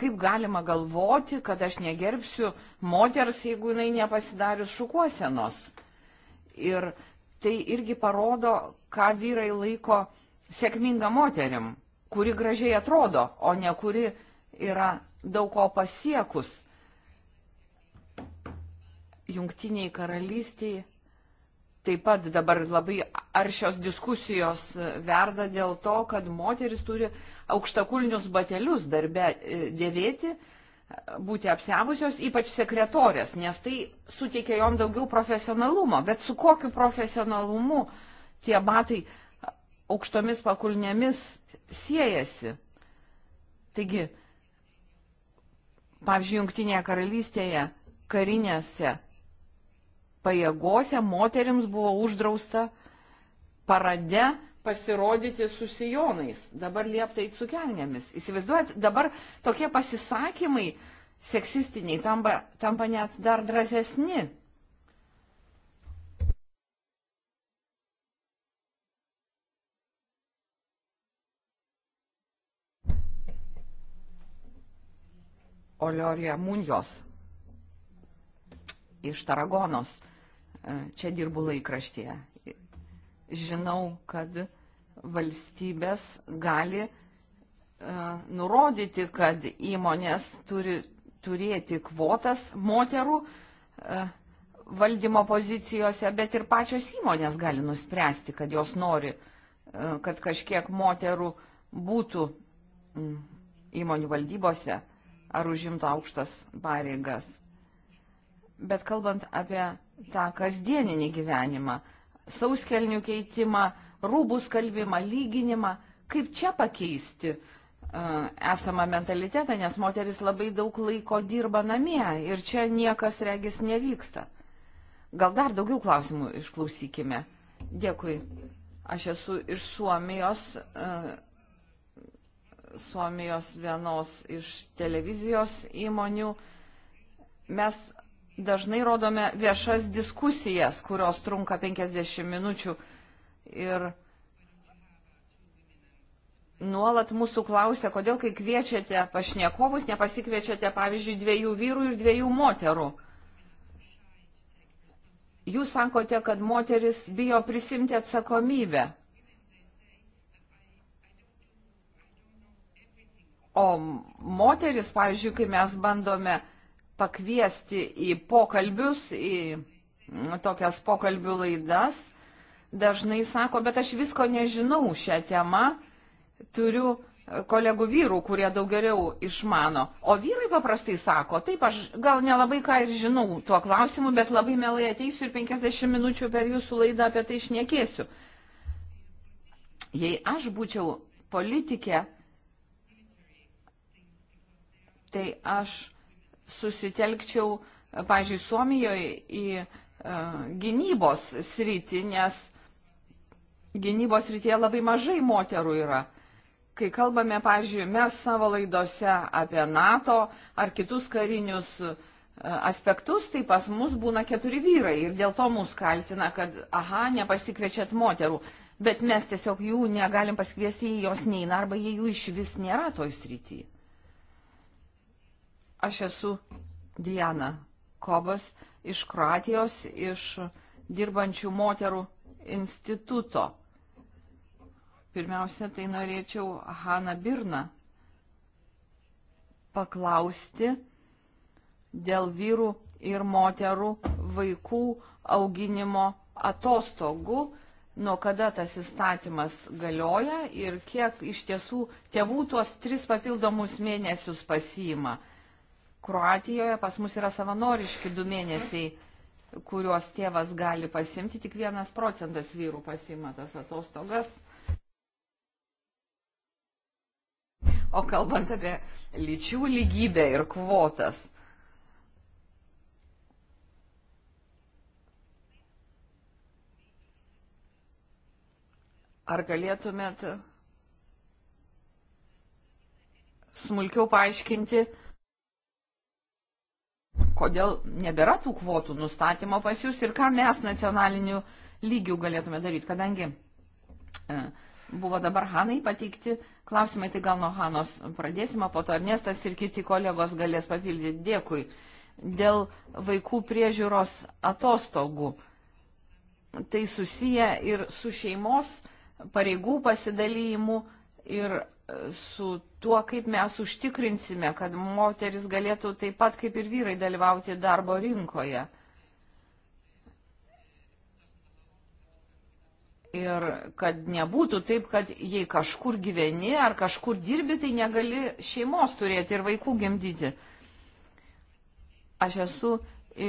Kaip galima galvoti, kad aš negerbsiu moters, jeigu jinai nepasidarius šukuosenos? Ir tai irgi parodo, ką vyrai laiko sėkminga moterim, kuri gražiai atrodo, o ne kuri yra daug ko pasiekus jungtiniai karalystiai. Taip pat dabar labai aršios diskusijos verda dėl to, kad moteris turi aukštakulnius batelius darbe e, dėvėti, būti apsiavusios, ypač sekretorės, nes tai suteikia jom daugiau profesionalumo. Bet su kokiu profesionalumu tie batai aukštomis pakulnėmis siejasi? Taigi, pavyzdžiui, Junktinėje karalystėje karinėse pajėgose moterims buvo uždrausta parade pasirodyti su sijonais, dabar lieptai su kelnėmis. Įsivaizduojat, dabar tokie pasisakymai seksistiniai tampa, tampa net dar drąsesni. Olioria Munjos iš Taragonos E, čia dirbu laikraštyje. Žinau, kad valstybės gali e, nurodyti, kad įmonės turi turėti kvotas moterų e, valdymo pozicijose, bet ir pačios įmonės gali nuspręsti, kad jos nori, kad kažkiek moterų būtų įmonių valdybose ar užimtų aukštas pareigas. Bet kalbant apie tą kasdieninį gyvenimą, sauskelnių keitimą, rūbų skalbimą, lyginimą, kaip čia pakeisti e, esamą mentalitetą, nes moteris labai daug laiko dirba namie ir čia niekas regis nevyksta. Gal dar daugiau klausimų išklausykime. Dėkui. Aš esu iš Suomijos, e, Suomijos vienos iš televizijos įmonių. Mes dažnai rodome viešas diskusijas, kurios trunka 50 minučių. Ir nuolat mūsų klausia, kodėl kai kviečiate pašnekovus, nepasikviečiate, pavyzdžiui, dviejų vyrų ir dviejų moterų. Jūs sakote, kad moteris bijo prisimti atsakomybę. O moteris, pavyzdžiui, kai mes bandome uh, pakviesti į pokalbius, į mm, tokias pokalbių laidas, dažnai sako, bet aš visko nežinau šią temą, turiu e, kolegų vyrų, kurie daug geriau išmano. O vyrai paprastai sako, taip, aš gal nelabai ką ir žinau tuo klausimu, bet labai mielai ateisiu ir 50 minučių per jūsų laidą apie tai išnekėsiu. Jei aš būčiau politikė, tai aš susitelkčiau, pažiūrėjau, Suomijoje į e, gynybos sritį, nes gynybos srityje labai mažai moterų yra. Kai kalbame, pavyzdžiui, mes savo laidose apie NATO ar kitus karinius e, aspektus, tai pas mus būna keturi vyrai ir dėl to mus kaltina, kad, aha, nepasikviečiat moterų, bet mes tiesiog jų negalim pasikviesti, jei jos neina arba jei jų iš vis nėra toj srityje. Aš esu Diana Kobas iš Kroatijos, iš dirbančių moterų instituto. Pirmiausia, tai norėčiau Haną Birną paklausti dėl vyrų ir moterų vaikų auginimo atostogų, nuo kada tas įstatymas galioja ir kiek iš tiesų tėvų tuos tris papildomus mėnesius pasiima. Kroatijoje pas mus yra savanoriški du mėnesiai, kuriuos tėvas gali pasimti, tik vienas procentas vyrų pasima tas atostogas. O kalbant apie lyčių lygybę ir kvotas. Ar galėtumėt smulkiau paaiškinti, kodėl nebėra tų kvotų nustatymo pas jūs ir ką mes nacionaliniu lygiu galėtume daryti, kadangi e, buvo dabar Hanai pateikti klausimai, tai gal nuo Hanos pradėsime, po to Ernestas ir kiti kolegos galės papildyti. Dėkui. Dėl vaikų priežiūros atostogų. Tai susiję ir su šeimos pareigų pasidalymu ir su tuo, kaip mes užtikrinsime, kad moteris galėtų taip pat kaip ir vyrai dalyvauti darbo rinkoje. Ir kad nebūtų taip, kad jei kažkur gyveni ar kažkur dirbi, tai negali šeimos turėti ir vaikų gimdyti. Aš esu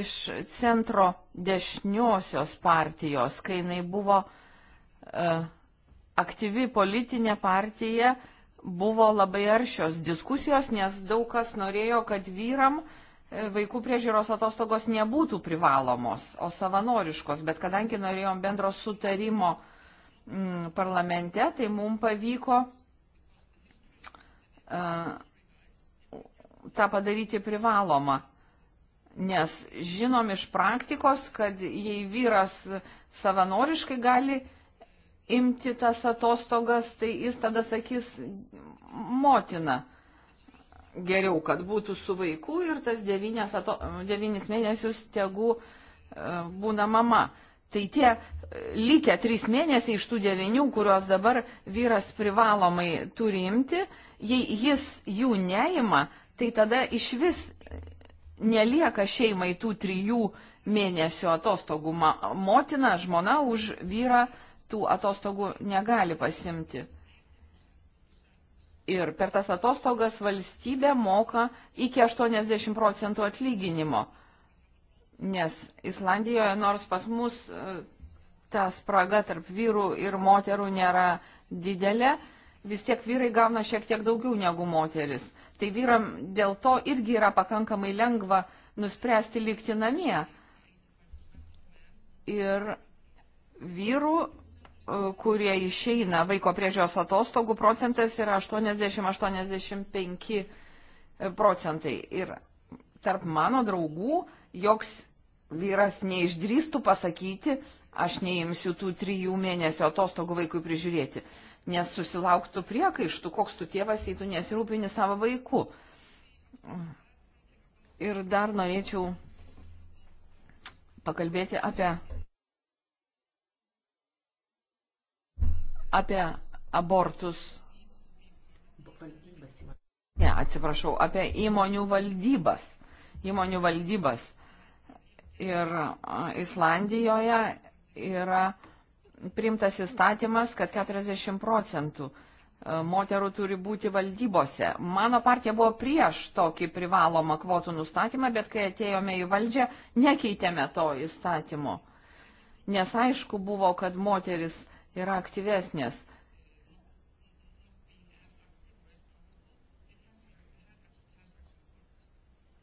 iš centro dešiniosios partijos, kai jinai buvo uh, aktyvi politinė partija, uh, buvo labai aršios diskusijos, nes daug kas norėjo, kad vyram e, vaikų priežiūros atostogos nebūtų privalomos, o savanoriškos, bet kadangi norėjom bendro sutarimo m, mm, parlamente, tai mums pavyko uh, tą padaryti privalomą. Nes žinom iš praktikos, kad jei vyras savanoriškai gali uh, imti tas atostogas, tai jis tada sakys, motina, geriau, kad būtų su vaiku ir tas devynis, ato, devynis mėnesius tegu e, būna mama. Tai tie e, likę trys mėnesiai iš tų devinių, kuriuos dabar vyras privalomai turi imti, jei jis jų neima, tai tada iš vis nelieka šeimai tų trijų mėnesių atostogų. Motina, žmona už vyrą uh, tų atostogų negali pasimti. Ir per tas atostogas valstybė moka iki 80 procentų atlyginimo. Nes Islandijoje, nors pas mus e, ta spraga tarp vyrų ir moterų nėra didelė, vis tiek vyrai gauna šiek tiek daugiau negu moteris. Tai vyram dėl to irgi yra pakankamai lengva nuspręsti likti namie. Ir vyrų E, kurie išeina vaiko priežios atostogų procentas yra 80-85 e, procentai. Ir tarp mano draugų joks vyras neišdrįstų pasakyti, aš neimsiu tų trijų mėnesių atostogų vaikui prižiūrėti, nes susilauktų priekaištų, koks tu tėvas, jei tu nesirūpini savo vaiku. Ir dar norėčiau pakalbėti apie apie abortus. Ne, atsiprašau, apie įmonių valdybas. Įmonių valdybas. Ir Islandijoje yra priimtas įstatymas, kad 40 procentų moterų turi būti valdybose. Mano partija buvo prieš tokį privalomą kvotų nustatymą, bet kai atėjome į valdžią, nekeitėme to įstatymo. Nes aišku buvo, kad moteris yra aktyvesnės.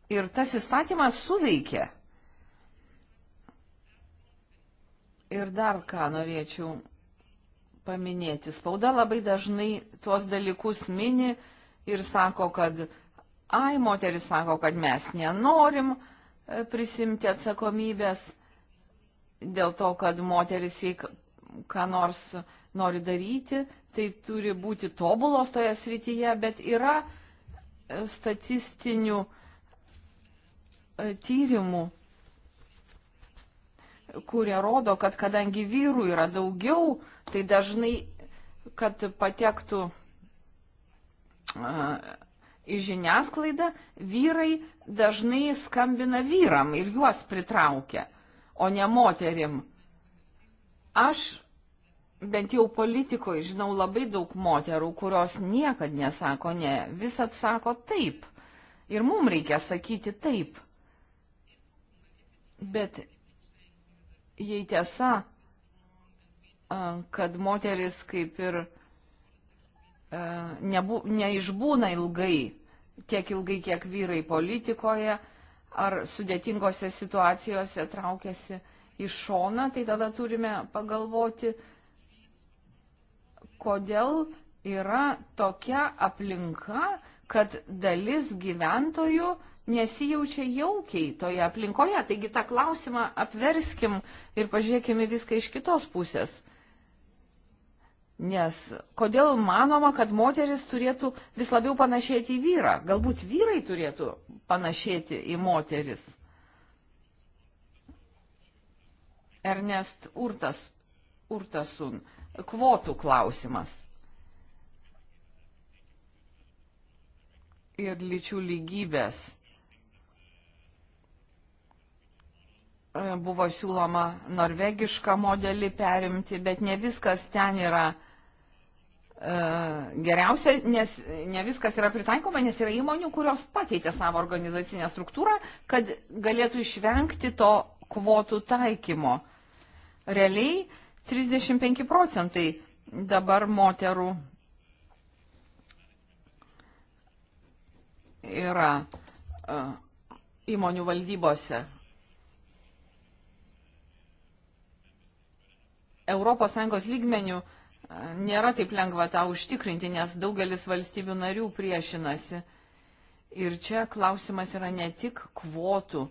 Ir tas įstatymas suveikė. Ir dar ką norėčiau paminėti. Spauda labai dažnai tuos dalykus mini ir sako, kad, ai, moteris sako, kad mes nenorim e, prisimti atsakomybės dėl to, kad moteris į ką nors nori daryti, tai turi būti tobulos toje srityje, bet yra e, statistinių e, tyrimų, kurie rodo, kad kadangi vyrų yra daugiau, tai dažnai, kad patektų e, į žiniasklaidą, vyrai dažnai skambina vyram ir juos pritraukia, o ne moterim. Aš bent jau politikoje žinau labai daug moterų, kurios niekad nesako ne, vis atsako taip. Ir mums reikia sakyti taip. Bet jei tiesa, kad moteris kaip ir nebu, neišbūna ilgai, tiek ilgai, kiek vyrai politikoje ar sudėtingose situacijose traukiasi, iš šona, tai tada turime pagalvoti, kodėl yra tokia aplinka, kad dalis gyventojų nesijaučia jaukiai toje aplinkoje. Taigi tą klausimą apverskim ir pažiūrėkime viską iš kitos pusės. Nes kodėl manoma, kad moteris turėtų vis labiau panašėti į vyrą? Galbūt vyrai turėtų panašėti į moteris. Ernest Urtas, Urtasun, kvotų klausimas. Ir lyčių lygybės e, buvo siūloma norvegišką modelį perimti, bet ne viskas ten yra e, geriausia, nes ne viskas yra pritaikoma, nes yra įmonių, kurios pakeitė savo organizacinę struktūrą, kad galėtų išvengti to kvotų taikymo. Realiai 35 procentai dabar moterų yra e, įmonių valdybose. ES lygmenių e, nėra taip lengva tą užtikrinti, nes daugelis valstybių narių priešinasi. Ir čia klausimas yra ne tik kvotų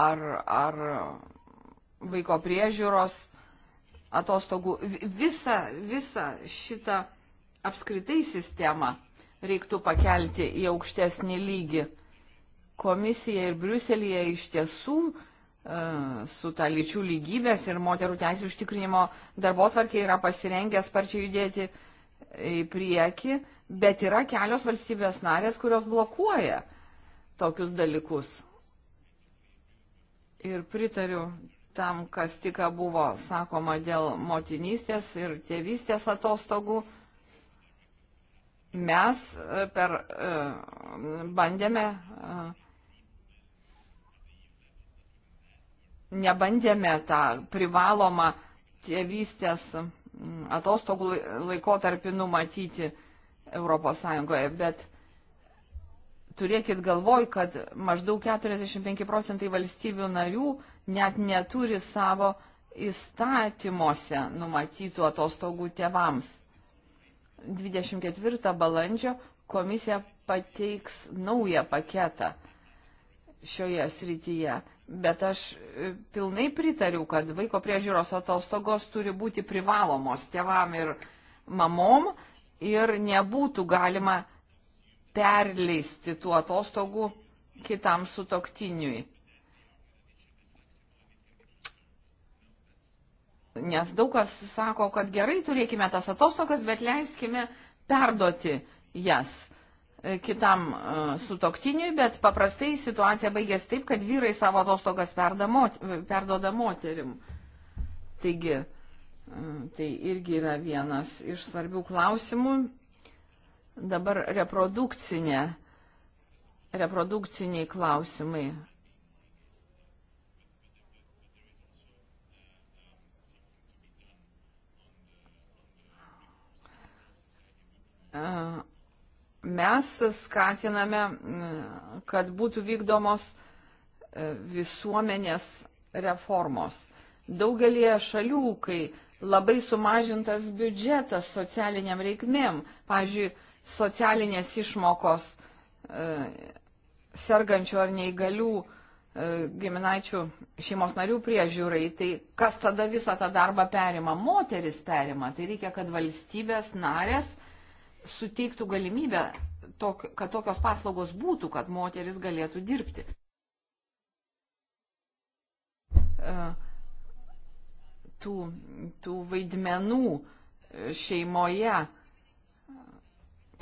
ar, ar vaiko priežiūros atostogų. Visą, visą šitą apskritai sistemą reiktų pakelti į aukštesnį lygį. Komisija ir Briuselėje iš tiesų e, su ta lyčių lygybės ir moterų teisų užtikrinimo darbo tvarkė yra pasirengę sparčiai judėti į priekį, bet yra kelios valstybės narės, kurios blokuoja tokius dalykus ir pritariu tam, kas tik buvo sakoma dėl motinystės ir tėvystės atostogų. Mes e, per, e, bandėme, e, nebandėme tą privalomą tėvystės atostogų laikotarpį numatyti ES, bet turėkit galvoj, kad maždaug 45 procentai valstybių narių net neturi savo įstatymuose numatytų atostogų tėvams. 24 balandžio komisija pateiks naują paketą šioje srityje. Bet aš e, pilnai pritariu, kad vaiko priežiūros atostogos turi būti privalomos tėvam ir mamom ir nebūtų galima perleisti tų atostogų kitam sutoktiniui. Nes daug kas sako, kad gerai turėkime tas atostogas, bet leiskime perduoti jas kitam e, sutoktiniui, bet paprastai situacija baigės taip, kad vyrai savo atostogas mot, perdoda moterim. Taigi, e, tai irgi yra vienas iš svarbių klausimų Dabar reprodukcinė, reprodukciniai klausimai. E, mes skatiname, kad būtų vykdomos e, visuomenės reformos. Daugelie šalių, kai labai sumažintas biudžetas socialiniam reikmėm, pavyzdžiui, socialinės išmokos e, sergančių ar neįgalių e, giminaičių šeimos narių priežiūrai, tai kas tada visą tą darbą perima? Moteris perima. Tai reikia, kad valstybės narės suteiktų galimybę, tok, kad tokios paslaugos būtų, kad moteris galėtų dirbti. E, tų, tų vaidmenų šeimoje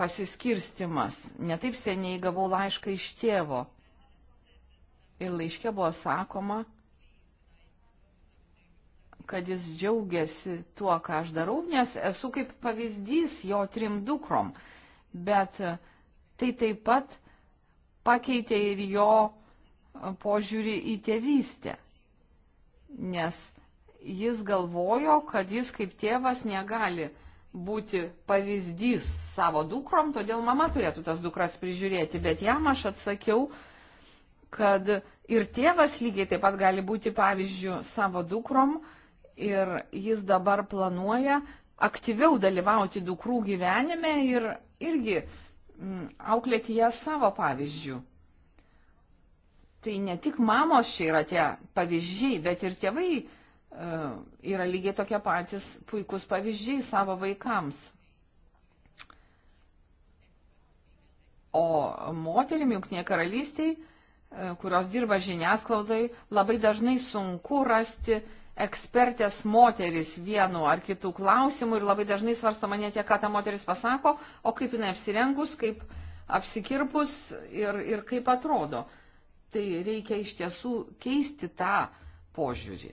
pasiskirstimas. Netaip seniai gavau laišką iš tėvo. Ir laiškė buvo sakoma, kad jis džiaugiasi tuo, ką aš darau, nes esu kaip pavyzdys jo trim dukrom. Bet e, tai taip pat pakeitė ir jo e, požiūrį į tėvystę. Nes jis galvojo, kad jis kaip tėvas negali uh, būti pavyzdys savo dukrom, todėl mama turėtų tas dukras prižiūrėti, bet jam aš atsakiau, kad ir tėvas lygiai taip pat gali būti pavyzdžių savo dukrom ir jis dabar planuoja aktyviau dalyvauti dukrų gyvenime ir irgi m, mm, auklėti jas savo pavyzdžių. Tai ne tik mamos čia yra tie pavyzdžiai, bet ir tėvai E, yra lygiai tokie patys puikūs pavyzdžiai savo vaikams. O moterim Junktinėje karalystėje, e, kurios dirba žiniasklaudai, labai dažnai sunku rasti ekspertės moteris vienu ar kitų klausimų ir labai dažnai svarstama ne tiek, ką ta moteris pasako, o kaip jinai apsirengus, kaip apsikirpus ir, ir kaip atrodo. Tai reikia iš tiesų keisti tą požiūrį.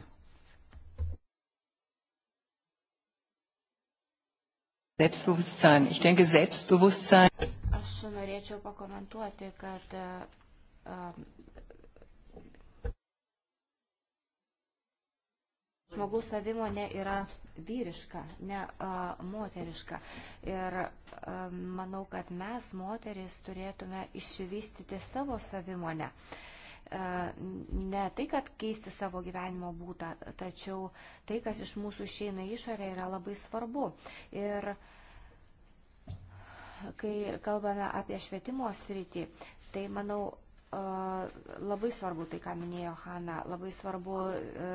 Selbstbewusstsein. Ich denke, Selbstbewusstsein. Aš norėčiau pakomentuoti, kad um, žmogaus savimonė yra vyriška, ne uh, moteriška. Ir uh, manau, kad mes, moteris, turėtume išsivystyti savo savimonę. Uh, E, ne tai, kad keisti savo gyvenimo būdą, tačiau tai, kas iš mūsų išeina išorė, yra labai svarbu. Ir kai kalbame apie švietimo sritį, tai manau e, labai svarbu tai, ką minėjo Hanna, labai svarbu e,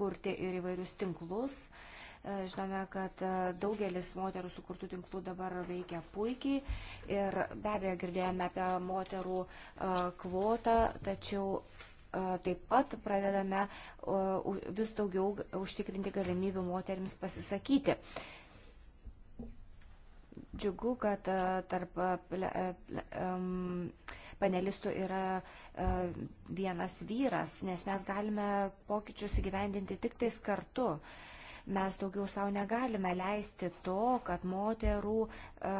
kurti ir įvairius tinklus, uh, E, žinome, kad e, daugelis moterų sukurtų tinklų dabar veikia puikiai ir be abejo girdėjome apie moterų e, kvotą, tačiau taip pat pradedame vis daugiau užtikrinti galimybių moteriams pasisakyti. Džiugu, kad tarp panelistų yra vienas vyras, nes mes galime pokyčius įgyvendinti tik tais kartu. Uh, Mes daugiau savo negalime leisti to, kad moterų e,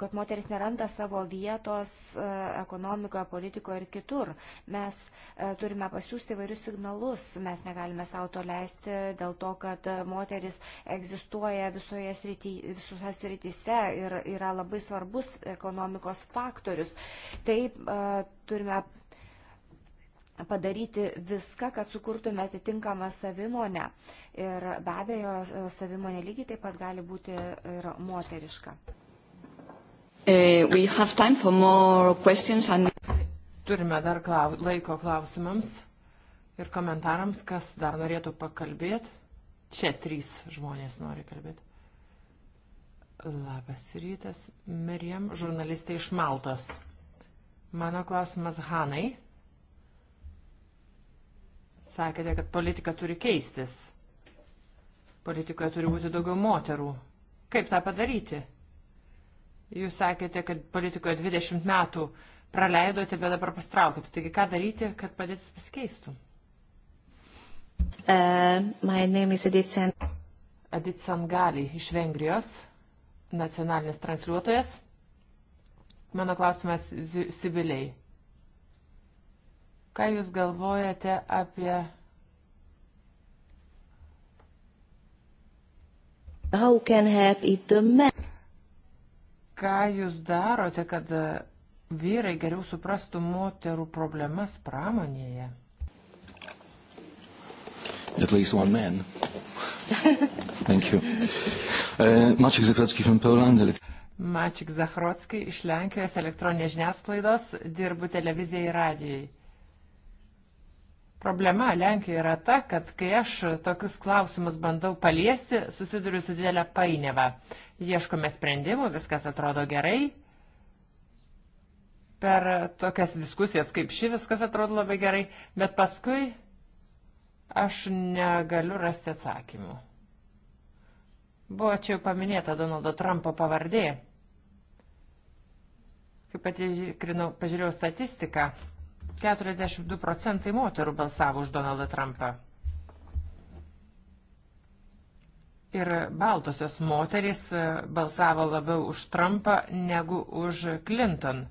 kad moteris neranda savo vietos e, ekonomikoje, politikoje ir kitur. Mes e, turime pasiūsti įvairius signalus. Mes negalime savo to leisti dėl to, kad moteris egzistuoja visoje srity, visose srityse ir yra labai svarbus ekonomikos faktorius. Taip turime padaryti viską, kad sukurtume atitinkamą savimonę. Ir be abejo, savimonė lygiai taip pat gali būti ir moteriška. Eh, and... Turime dar klau laiko klausimams ir komentarams, kas dar norėtų pakalbėti. Čia trys žmonės nori kalbėti. Labas rytas, Miriam, žurnalistė iš Maltos. Mano klausimas Hanai Sakėte, kad politika turi keistis. Politikoje turi būti daugiau moterų. Kaip tą padaryti? Jūs sakėte, kad politikoje 20 metų praleidote, bet dabar pastraukėte. Taigi ką daryti, kad padėtis pasikeistų? Uh, my name is Edith San... Edith Sangali iš Vengrijos, nacionalinis transliuotojas. Mano klausimas Sibiliai. Ką Jūs galvojate apie How can help it the men? Ką jūs darote, kad vyrai geriau suprastų moterų problemas pramonėje? At least one man. Thank you. Uh, Maciek Zachrocki from Poland. Maciek Zachrocki iš Lenkijos elektroninės žiniasklaidos, dirbu televizijai ir radijai. Problema Lenkijoje yra ta, kad kai aš tokius klausimus bandau paliesti, susiduriu su didelė painiava. Ieškome sprendimų, viskas atrodo gerai. Per tokias diskusijas kaip ši viskas atrodo labai gerai, bet paskui aš negaliu rasti atsakymų. Buvo čia jau paminėta Donaldo Trumpo pavardė. Kaip pati pažiūrėjau statistiką, 42 procentai moterų balsavo už Donaldą Trumpą. Ir baltosios moterys e, balsavo labiau už Trumpą negu už Clinton,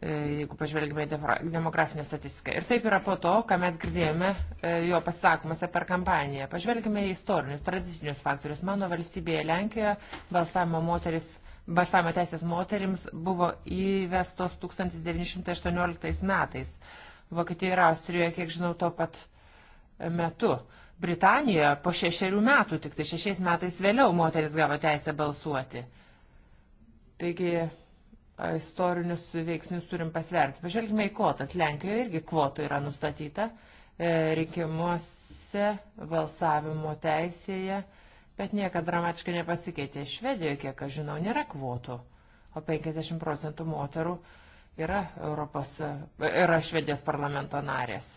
e, jeigu pažvelgime demografinę statistiką. Ir taip yra po to, ką mes girdėjome e, jo pasakomuose per kampaniją. Pažvelgime į istorinius, tradicinius faktorius. Mano valstybėje Lenkijoje balsavimo moteris balsavimo teisės moterims buvo įvestos 1918 metais. Vokietijoje ir Austrijoje, kiek žinau, tuo pat metu. Britanijoje po šešerių metų, tik tai šešiais metais vėliau moteris gavo teisę balsuoti. Taigi istorinius veiksnius turim pasverti. Pažvelgime į kvotas. Lenkijoje irgi kvotų yra nustatyta. E, rinkimuose balsavimo teisėje bet niekad dramatiškai nepasikeitė. Švedijoje, kiek aš žinau, nėra kvotų, o 50 procentų moterų yra, Europos, yra Švedijos parlamento narės.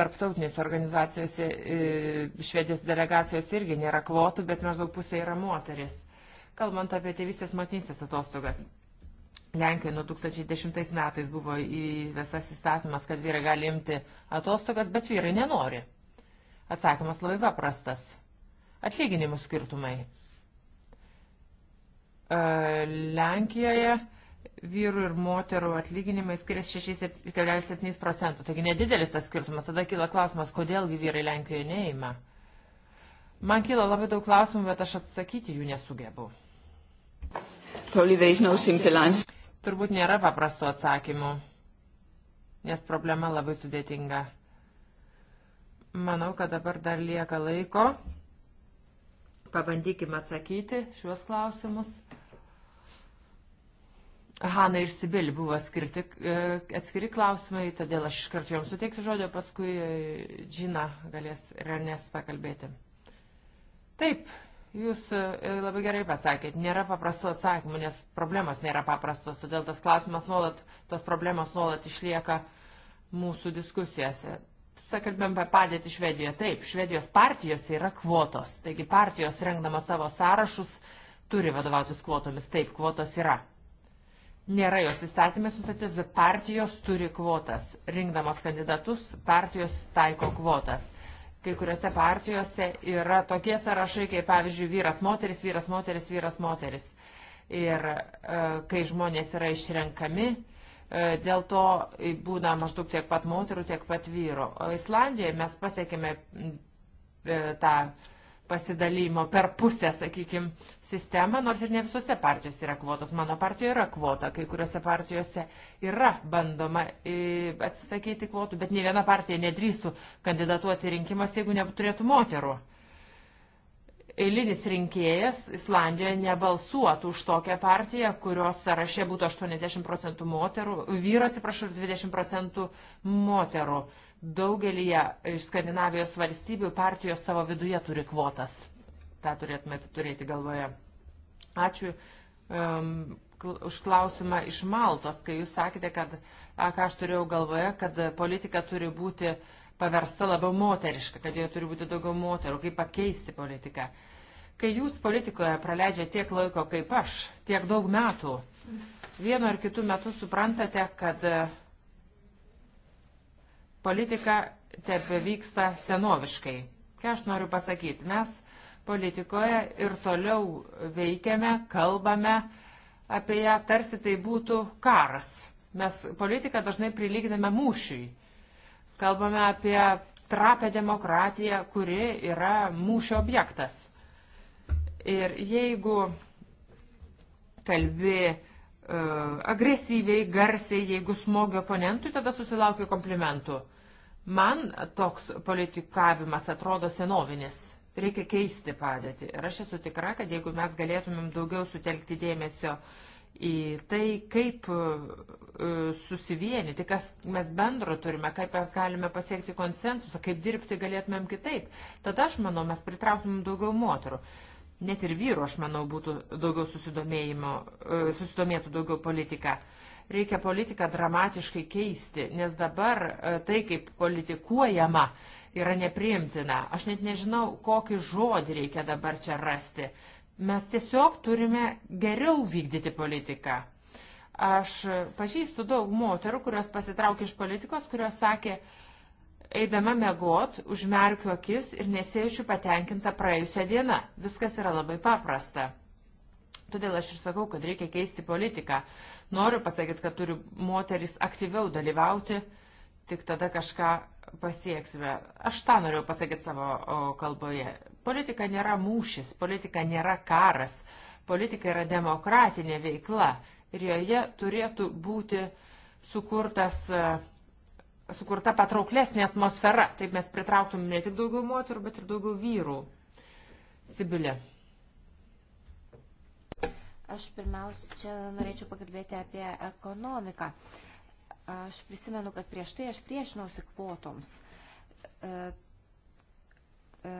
Tarptautinėse organizacijose, švedijos delegacijos irgi nėra kvotų, bet maždaug pusė yra moteris. Kalbant apie tėvystės motinystės atostogas. Lenkijoje nuo 2010 metais buvo įvestas įstatymas, kad vyrai gali imti atostogas, bet vyrai nenori. Atsakymas labai paprastas. Atlyginimų skirtumai. E, Lenkijoje vyrų ir moterų atlyginimai skiriasi 6,7 procentų. Taigi nedidelis tas skirtumas. Tada kyla klausimas, kodėlgi vyrai Lenkijoje neima. Man kyla labai daug klausimų, bet aš atsakyti jų nesugebu. Probably there is no simple answer. Turbūt nėra paprastų atsakymų, nes problema labai sudėtinga. Manau, kad dabar dar lieka laiko. Pabandykime atsakyti šiuos klausimus. Hanai ir Sibil buvo skirti, e, atskiri klausimai, todėl aš iškart joms suteiksiu žodį, paskui e, Džina galės ir Ernest pakalbėti. Taip, Jūs e, labai gerai pasakėt, nėra paprastų atsakymų, nes problemos nėra paprastos, todėl tas klausimas nuolat, tos problemos nuolat išlieka mūsų diskusijose. Sakalbėm apie padėtį Švedijoje. Taip, Švedijos partijose yra kvotos, taigi partijos rengdama savo sąrašus turi vadovautis kvotomis. Taip, kvotos yra. Nėra jos įstatymės nustatytas, bet partijos turi kvotas. Rinkdamos kandidatus, partijos taiko kvotas kai kuriuose partijose yra tokie sąrašai, kaip pavyzdžiui vyras moteris, vyras moteris, vyras moteris. Ir e, kai žmonės yra išrenkami, e, dėl to būna maždaug tiek pat moterų, tiek pat vyro. O Islandijoje mes pasiekime e, tą pasidalymo per pusę, sakykime, sistemą, nors ir ne visose partijose yra kvotos. Mano partijoje yra kvota, kai kuriuose partijose yra bandoma e, atsisakyti kvotų, bet ne viena partija nedrįsų kandidatuoti rinkimas, jeigu neturėtų moterų. Eilinis rinkėjas Islandijoje nebalsuotų už tokią partiją, kurios sąraše būtų 80 procentų moterų, vyro atsiprašau, 20 procentų moterų. moterų Daugelį iš Skandinavijos valstybių partijos savo viduje turi kvotas. Ta turėtumėte turėti galvoje. Ačiū um, už klausimą iš Maltos, kai jūs sakėte, kad, a, ką aš turėjau galvoje, kad politika turi būti paversta labiau moteriška, kad joje turi būti daugiau moterų, kaip pakeisti politiką. Kai jūs politikoje praleidžia tiek laiko kaip aš, tiek daug metų, vienu ar kitu metu suprantate, kad uh, politika taip vyksta senoviškai. Ką aš noriu pasakyti? Mes politikoje ir toliau veikiame, kalbame apie ją, tarsi tai būtų karas. Mes politiką dažnai prilyginame mūšiui. Kalbame apie trapę demokratiją, kuri yra mūšio objektas. Ir jeigu kalbi E, agresyviai, garsiai, jeigu smogio oponentui, tada susilaukia komplimentų. Man toks politikavimas atrodo senovinis. Reikia keisti padėtį. Ir aš esu tikra, kad jeigu mes galėtumėm daugiau sutelkti dėmesio į tai, kaip e, susivienyti, kas mes bendro turime, kaip mes galime pasiekti konsensusą, kaip dirbti galėtumėm kitaip. Tada, aš manau, mes pritrauktumėm daugiau moterų. Net ir vyru, aš manau, būtų daugiau susidomėjimo, e, susidomėtų daugiau politika. Reikia politiką dramatiškai keisti, nes dabar e, tai, kaip politikuojama, yra nepriimtina. Aš net nežinau, kokį žodį reikia dabar čia rasti. Mes tiesiog turime geriau vykdyti politiką. Aš pažįstu daug moterų, kurios pasitraukė iš politikos, kurios sakė, uh, Eidama mėgot, užmerkiu akis ir nesėčiu patenkinta praėjusią dieną. Viskas yra labai paprasta. Todėl aš ir sakau, kad reikia keisti politiką. Noriu pasakyti, kad turi moteris aktyviau dalyvauti, tik tada kažką pasieksime. Aš tą norėjau pasakyti savo kalboje. Politika nėra mūšis, politika nėra karas, politika yra demokratinė veikla ir joje turėtų būti sukurtas uh, sukurta patrauklesnė atmosfera. Taip mes pritrauktum ne tik daugiau moterų, bet ir daugiau vyrų. Sibilė. Aš pirmiausia, čia norėčiau pakalbėti apie ekonomiką. Aš prisimenu, kad prieš tai aš priešinausi kvotoms. E, e,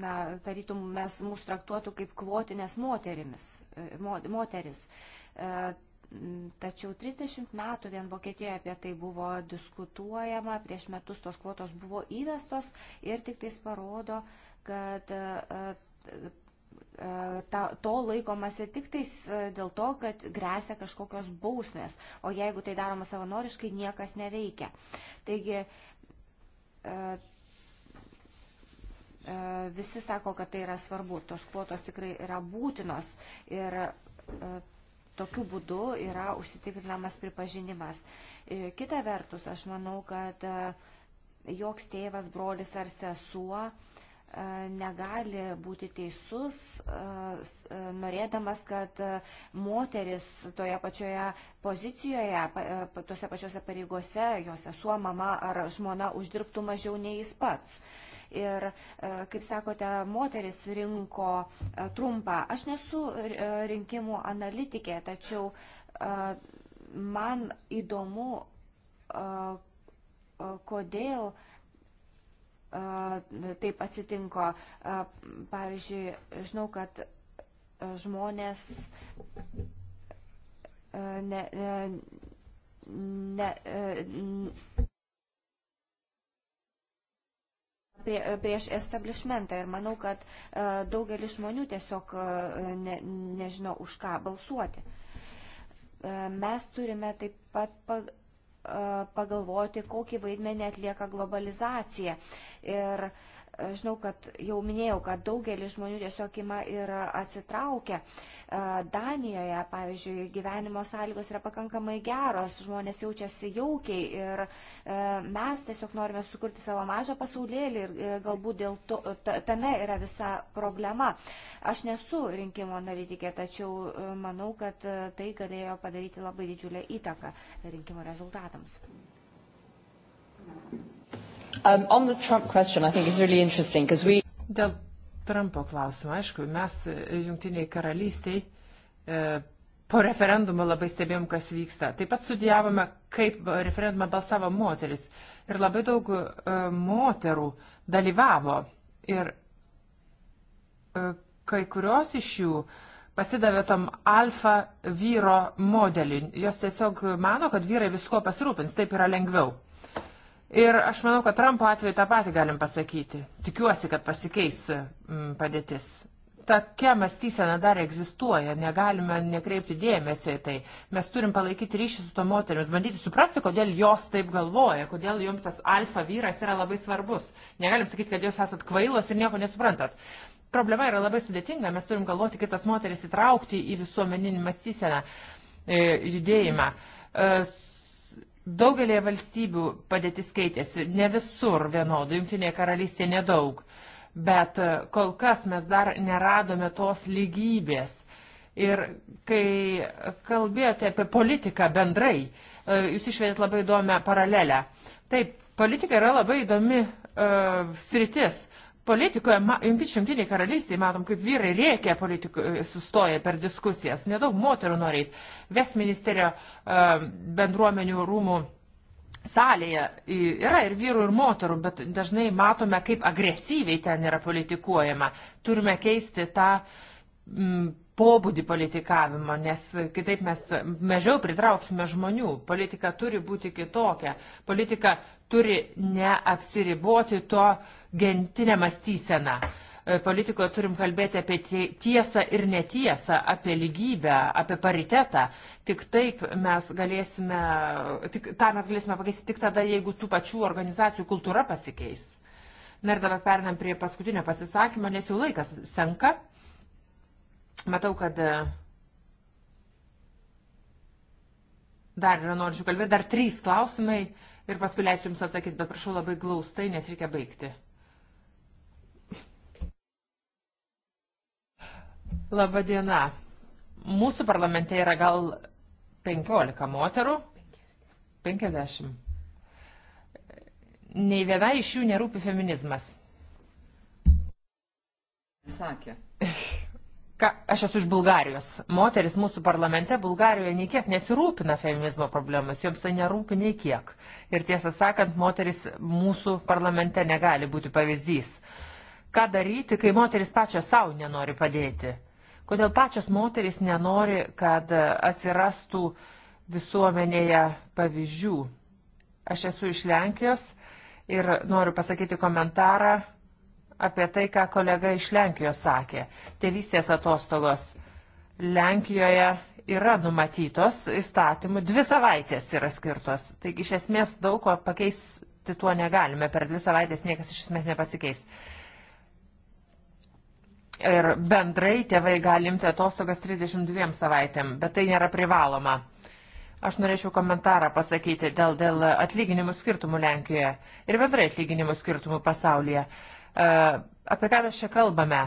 na, tarytum mes mūsų traktuotų kaip kvotinės moterimis, e, moteris. Tačiau 30 metų vien Vokietijoje apie tai buvo diskutuojama, prieš metus tos kvotos buvo įvestos ir tik tais parodo, kad e, e, ta, to laikomasi tik tais e, dėl to, kad grėsia kažkokios bausmės, o jeigu tai daroma savanoriškai, niekas neveikia. Taigi, visi sako, kad tai yra svarbu, tos kvotos tikrai yra būtinos ir tokiu būdu yra užsitikrinamas pripažinimas. E, kita vertus, aš manau, kad e, joks tėvas, brolis ar sesuo e, negali būti teisus, norėdamas, kad moteris toje pačioje pozicijoje, tose pačiose pareigose, jos sesuo, mama ar žmona uždirbtų mažiau nei jis pats. Ir, e, kaip sakote, moteris rinko e, trumpą. Aš nesu e, rinkimų analitikė, tačiau man įdomu, kodėl taip atsitinko. Pavyzdžiui, žinau, kad žmonės ne, ne, ne, prie, prieš establishmentą ir manau, kad e, daugelis žmonių tiesiog e, ne, nežino už ką balsuoti. E, mes turime taip pat pagalvoti, kokį vaidmenį atlieka globalizacija. Ir uh, Žinau, kad jau minėjau, kad daugelis žmonių tiesiog ima ir atsitraukia. E, Danijoje, pavyzdžiui, gyvenimo sąlygos yra pakankamai geros, žmonės jaučiasi jaukiai ir e, mes tiesiog norime sukurti savo mažą pasaulėlį ir e, galbūt dėl to, tame yra visa problema. Aš nesu rinkimo analitikė, tačiau manau, kad tai galėjo padaryti labai didžiulę įtaką rinkimo rezultatams. Thank you. Um, on the Trump question, I think it's really interesting because we. Dėl Trumpo klausimo, aišku, mes e, Junktiniai karalystiai e, po referendumo labai stebėjom, kas vyksta. Taip pat studijavome, kaip referendumą balsavo moteris. Ir labai daug e, moterų dalyvavo. Ir e, kai kurios iš jų pasidavė tom alfa vyro modeliui. Jos tiesiog mano, kad vyrai visko pasirūpins, taip yra lengviau. Ir aš manau, kad Trumpo atveju tą patį galim pasakyti. Tikiuosi, kad pasikeis mm, padėtis. Tokia mąstysena dar egzistuoja, negalime nekreipti dėmesio į tai. Mes turim palaikyti ryšį su to moteriams, bandyti suprasti, kodėl jos taip galvoja, kodėl jums tas alfa vyras yra labai svarbus. Negalim sakyti, kad jūs esat kvailos ir nieko nesuprantat problema yra labai sudėtinga, mes turim galvoti, kaip tas moteris įtraukti į visuomeninį mąstyseną e, judėjimą. E, Daugelėje valstybių padėtis keitėsi, ne visur vienodai, Junktinėje karalystėje nedaug, bet e, kol kas mes dar neradome tos lygybės. Ir kai kalbėjote apie politiką bendrai, e, jūs išvedėt labai įdomią paralelę. Taip, politika yra labai įdomi uh, sritis, politikoje, jums jungtiniai karalystiai, matom, kaip vyrai rėkia politikų, e, sustoja per diskusijas, nedaug moterų norėt. Vestministerio e, bendruomenių rūmų salėje yra ir vyrų, ir moterų, bet dažnai matome, kaip agresyviai ten yra politikuojama. Turime keisti tą m, pobūdį politikavimo, nes kitaip mes mažiau pritrauksime žmonių. Politika turi būti kitokia. Politika turi neapsiriboti to uh, gentinę mąstyseną. E, politikoje turim kalbėti apie tiesą ir netiesą, apie lygybę, apie paritetą. Tik taip mes galėsime, tik, tą mes galėsime pakeisti tik tada, jeigu tų pačių organizacijų kultūra pasikeis. Na ir dabar perinam prie paskutinio pasisakymo, nes jau laikas senka. Matau, kad e, dar yra norinčių kalbėti, dar trys klausimai ir paskui leisiu Jums atsakyti, bet prašau labai glaustai, nes reikia baigti. Labadiena. Mūsų parlamente yra gal 15 moterų. 50. Nei viena iš jų nerūpi feminizmas. Sakė. Ka, aš esu iš Bulgarijos. Moteris mūsų parlamente Bulgarijoje nei kiek nesirūpina feminizmo problemas, joms tai nerūpi nei kiek. Ir tiesą sakant, moteris mūsų parlamente negali būti pavyzdys. Ką daryti, kai moteris pačios savo nenori padėti? Kodėl pačios moteris nenori, kad atsirastų visuomenėje pavyzdžių? Aš esu iš Lenkijos ir noriu pasakyti komentarą apie tai, ką kolega iš Lenkijos sakė. Tėvystės atostogos Lenkijoje yra numatytos įstatymų, dvi savaitės yra skirtos. Taigi iš esmės daug ko pakeisti tuo negalime, per dvi savaitės niekas iš esmės nepasikeis. Ir bendrai tėvai gali imti atostogas 32 savaitėm, bet tai nėra privaloma. Aš norėčiau komentarą pasakyti dėl, dėl atlyginimų skirtumų Lenkijoje ir bendrai atlyginimų skirtumų pasaulyje. E, apie ką mes čia kalbame?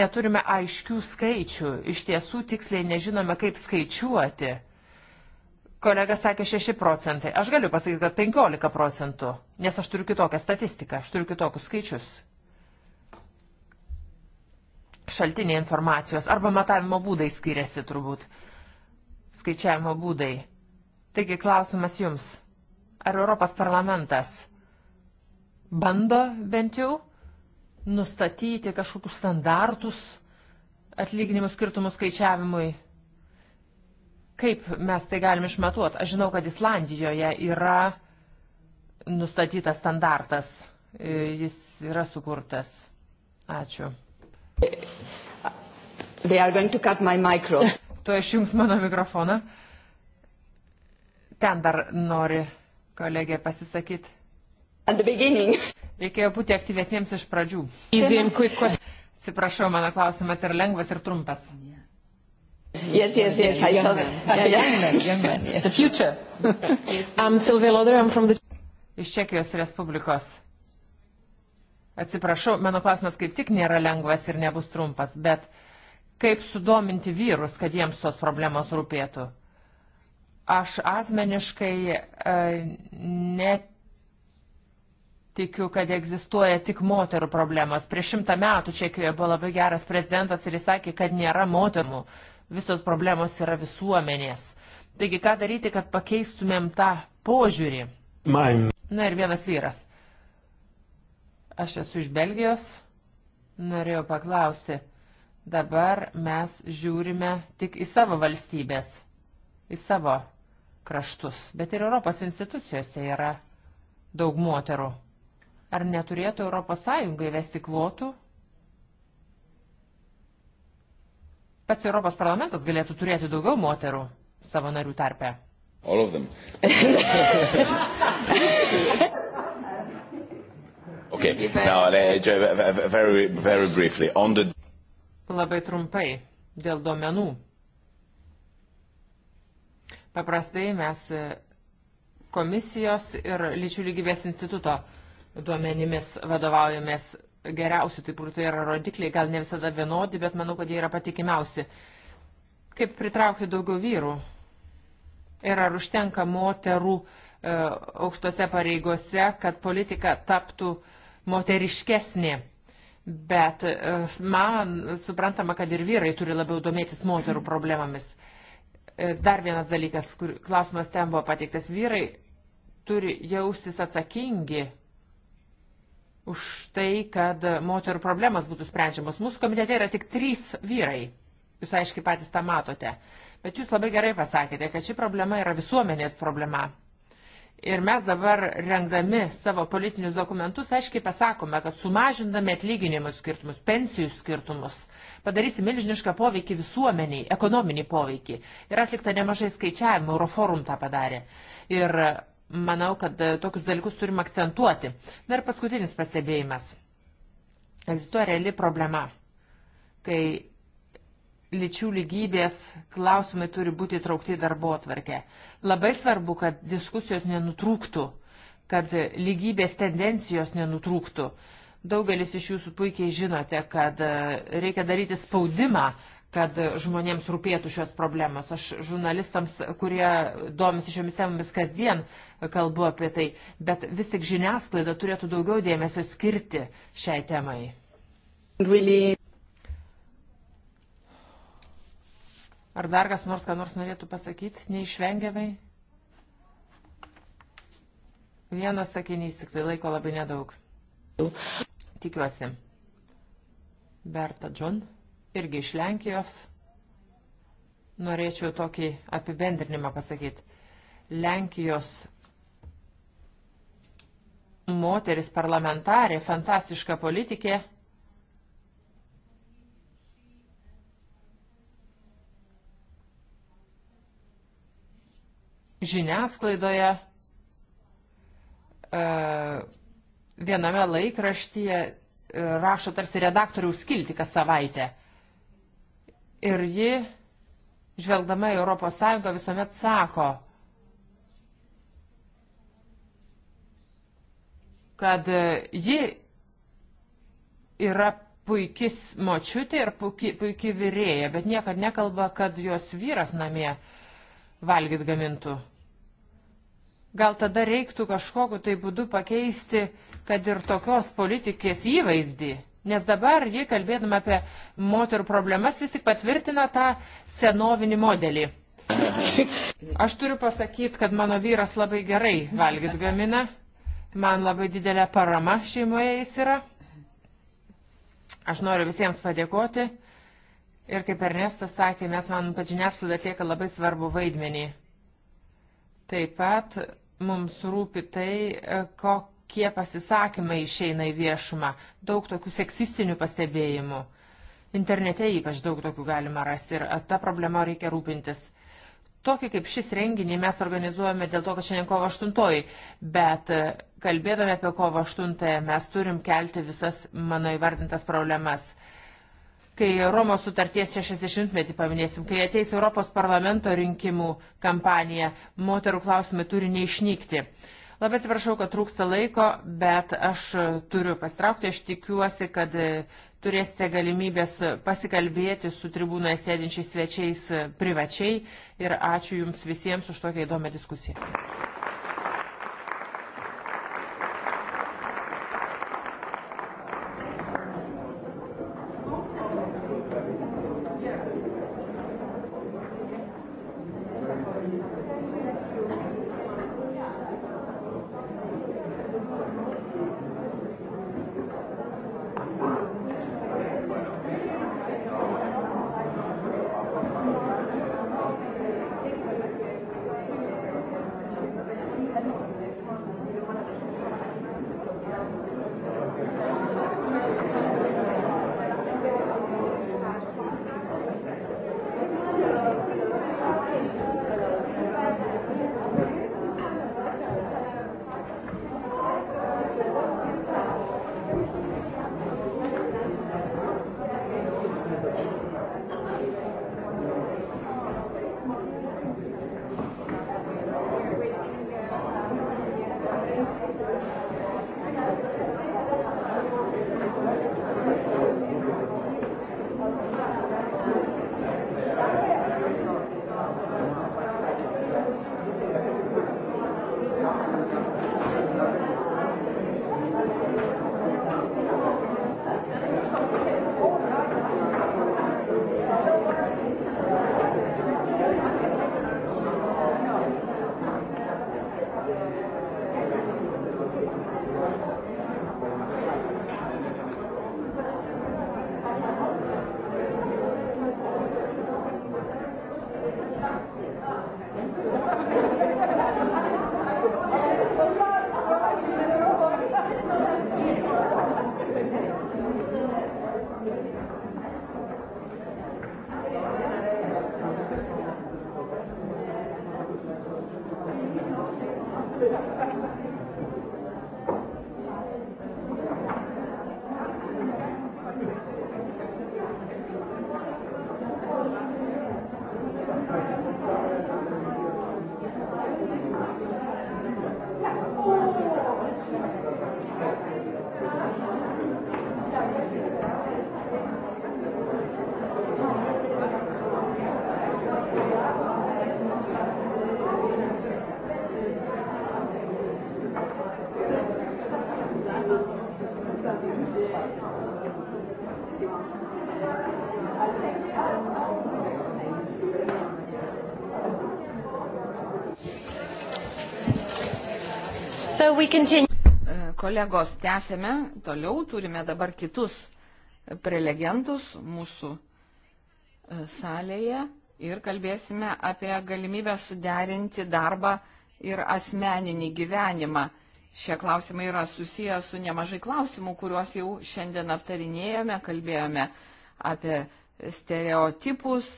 Neturime aiškių skaičių, iš tiesų tiksliai nežinome, kaip skaičiuoti. Kolega sakė 6 procentai. Aš galiu pasakyti, kad 15 procentų, nes aš turiu kitokią statistiką, aš turiu kitokius skaičius šaltiniai informacijos arba matavimo būdai skiriasi turbūt. Skaičiavimo būdai. Taigi klausimas jums. Ar Europos parlamentas bando bent jau nustatyti kažkokius standartus atlyginimų skirtumų skaičiavimui? Kaip mes tai galime išmatuoti? Aš žinau, kad Islandijoje yra nustatytas standartas, jis yra sukurtas. Ačiū. They are going to cut my micro. Tuo išjungs mano mikrofoną. Ten dar nori kolegė pasisakyti. At the beginning. Reikėjo būti aktyvesniems iš pradžių. Easy and quick question. Atsiprašau, mano klausimas yra lengvas ir trumpas. Yes, yes, yes, I saw that. Yeah, yeah. Young man, young man, yes. The future. I'm Silvia Loder, I'm from the... Iš Čekijos Respublikos. Atsiprašau, mano klausimas kaip tik nėra lengvas ir nebus trumpas, bet kaip sudominti vyrus, kad jiems tos problemos rūpėtų? Aš asmeniškai e, netikiu, kad egzistuoja tik moterų problemos. Prieš šimtą metų Čekijoje buvo labai geras prezidentas ir jis sakė, kad nėra moterų. Visos problemos yra visuomenės. Taigi, ką daryti, kad pakeistumėm tą požiūrį? Man. Na ir vienas vyras. Aš esu iš Belgijos, norėjau paklausti. Dabar mes žiūrime tik į savo valstybės, į savo kraštus, bet ir Europos institucijose yra daug moterų. Ar neturėtų ES įvesti kvotų? Pats Europos parlamentas galėtų turėti daugiau moterų savo narių tarpe. All of them. Okay. Now, very, very briefly. On the... Labai trumpai dėl duomenų. Paprastai mes e, komisijos ir lyčių lygybės instituto duomenimis vadovaujamės geriausių, taip ir tai yra rodikliai, gal ne visada vienodi, bet manau, kad jie yra patikimiausi. Kaip pritraukti daugiau vyrų? Ir ar užtenka moterų e, aukštose pareigose, kad politika taptų e, moteriškesnė. Bet e, man suprantama, kad ir vyrai turi labiau domėtis moterų problemomis. E, dar vienas dalykas, kur klausimas ten buvo pateiktas. Vyrai turi jaustis atsakingi už tai, kad moterų problemas būtų sprendžiamos. Mūsų komitete yra tik trys vyrai. Jūs aiškiai patys tą matote. Bet jūs labai gerai pasakėte, kad ši problema yra visuomenės problema. Ir mes dabar rengdami savo politinius dokumentus aiškiai pasakome, kad sumažindami atlyginimų skirtumus, pensijų skirtumus, padarysim milžinišką poveikį visuomeniai, ekonominį poveikį. Ir atlikta nemažai skaičiavimų, Euroforum tą padarė. Ir manau, kad e, tokius dalykus turim akcentuoti. Na ir paskutinis pastebėjimas. Egzistuoja reali problema, kai lyčių lygybės klausimai turi būti traukti darbo atvarkę. Labai svarbu, kad diskusijos nenutrūktų, kad lygybės tendencijos nenutrūktų. Daugelis iš jūsų puikiai žinote, kad e, reikia daryti spaudimą, kad žmonėms rūpėtų šios problemos. Aš žurnalistams, kurie domisi šiomis temomis kasdien, kalbu apie tai, bet vis tik žiniasklaida turėtų daugiau dėmesio skirti šiai temai. Really? Ar dar kas nors, ką nors norėtų pasakyti, neišvengiamai? Vienas sakinys, tik tai laiko labai nedaug. Tikiuosi. Berta Džun, irgi iš Lenkijos. Norėčiau tokį apibendrinimą pasakyti. Lenkijos moteris parlamentarė, fantastiška politikė, žiniasklaidoje e, viename laikraštyje e, rašo tarsi redaktoriaus skilti kas savaitę. Ir ji, žvelgdama į Europos Sąjungą, visuomet sako, kad e, ji yra puikis močiutė ir puikiai puiki vyrėja, bet niekad nekalba, kad jos vyras namie valgyt gamintų. Gal tada reiktų kažkokiu tai būdu pakeisti, kad ir tokios politikės įvaizdį. Nes dabar ji, kalbėdama apie moterų problemas, vis tik patvirtina tą senovinį modelį. Aš turiu pasakyti, kad mano vyras labai gerai valgyt gamina. Man labai didelė parama šeimoje jis yra. Aš noriu visiems padėkoti. Ir kaip Ernestas sakė, mes manom, kad žiniasklaida atlieka labai svarbu vaidmenį. Taip pat mums rūpi tai, e, kokie pasisakymai išeina į viešumą. Daug tokių seksistinių pastebėjimų. Internete ypač daug tokių galima rasti ir e, ta problema reikia rūpintis. Tokį kaip šis renginį mes organizuojame dėl to, kad šiandien kovo 8, bet e, kalbėdami apie kovo 8 mes turim kelti visas mano įvardintas problemas kai Romos sutarties 60-metį paminėsim, kai ateis Europos parlamento rinkimų kampanija, moterų klausimai turi neišnykti. Labai atsiprašau, kad trūksta laiko, bet aš turiu pastraukti, aš tikiuosi, kad turėsite galimybės pasikalbėti su tribūnoje sėdinčiais svečiais privačiai ir ačiū Jums visiems už tokią įdomią diskusiją. So e, Kolegos, tęsėme toliau, turime dabar kitus prelegentus mūsų e, salėje ir kalbėsime apie galimybę suderinti darbą ir asmeninį gyvenimą. Šie klausimai yra susiję su nemažai klausimų, kuriuos jau šiandien aptarinėjome, kalbėjome apie stereotipus,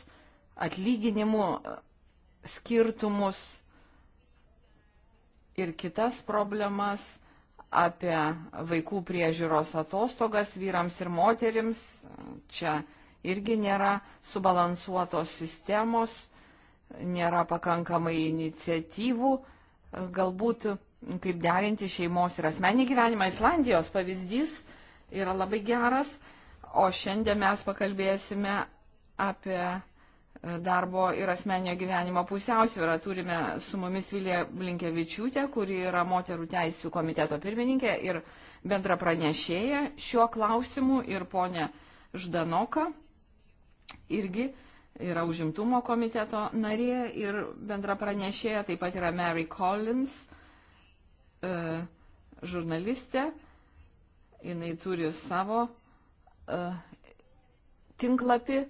atlyginimų e, skirtumus ir kitas problemas, apie vaikų priežiūros atostogas vyrams ir moterims. Čia irgi nėra subalansuotos sistemos, nėra pakankamai iniciatyvų. Galbūt kaip derinti šeimos ir asmenį gyvenimą. Islandijos pavyzdys yra labai geras, o šiandien mes pakalbėsime apie darbo ir asmenio gyvenimo pusiausvyrą. Turime su mumis Vilija Blinkevičiūtė, kuri yra moterų teisų komiteto pirmininkė ir bendra pranešėja šiuo klausimu ir ponė Ždanoka irgi yra užimtumo komiteto narė ir bendra pranešėja, taip pat yra Mary Collins, e, žurnalistė. Jis turi savo e, tinklapį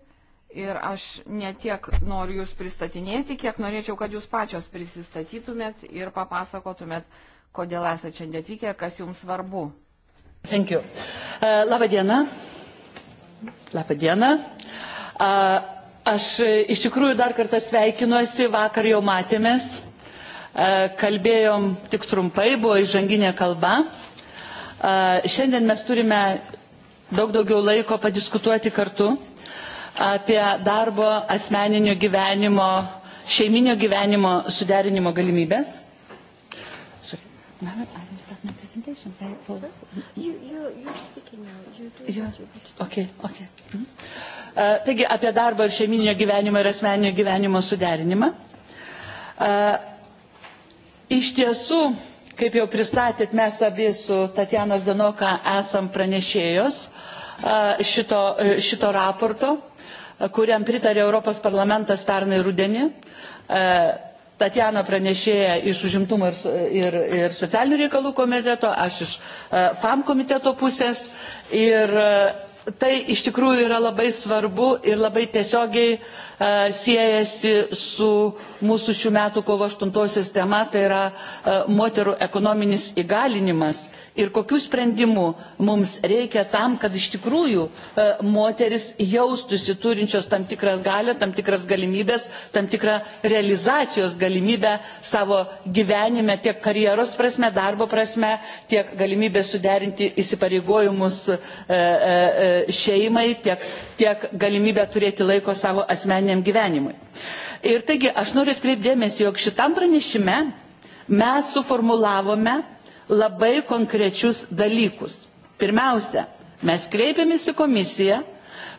Ir aš ne tiek noriu jūs pristatinėti, kiek norėčiau, kad jūs pačios prisistatytumėt ir papasakotumėt, kodėl esate čia atvykę ir kas jums svarbu. Thank you. Uh, Labą dieną. Labą dieną. Uh, aš uh, iš tikrųjų dar kartą sveikinuosi, vakar jau matėmės, uh, kalbėjom tik trumpai, buvo įžanginė kalba. Uh, šiandien mes turime daug daugiau laiko padiskutuoti kartu. Uh, apie darbo asmeninio gyvenimo, šeiminio gyvenimo suderinimo galimybės. Taigi apie darbo ir šeiminio gyvenimo ir asmeninio gyvenimo suderinimą. Uh, iš tiesų, kaip jau pristatėt, mes abi su Tatjanos Danoka esam pranešėjos uh, šito, šito raporto kuriam pritarė Europos parlamentas pernai rudenį. E, Tatjana pranešėja iš užimtumo ir, ir, ir socialinių reikalų komiteto, aš iš e, FAM komiteto pusės. Ir e, tai iš tikrųjų yra labai svarbu ir labai tiesiogiai a, siejasi su mūsų šių metų kovo 8 tema, tai yra a, moterų ekonominis įgalinimas ir kokių sprendimų mums reikia tam, kad iš tikrųjų e, moteris jaustųsi turinčios tam tikrą galę, tam tikras galimybės, tam tikrą realizacijos galimybę savo gyvenime tiek karjeros prasme, darbo prasme, tiek galimybę suderinti įsipareigojimus e, e, šeimai, tiek, tiek galimybę turėti laiko savo asmeniniam gyvenimui. Ir taigi aš noriu atkreipdėmėsi, jog šitam pranešime mes suformulavome labai konkrečius dalykus. Pirmiausia, mes kreipiamės į komisiją,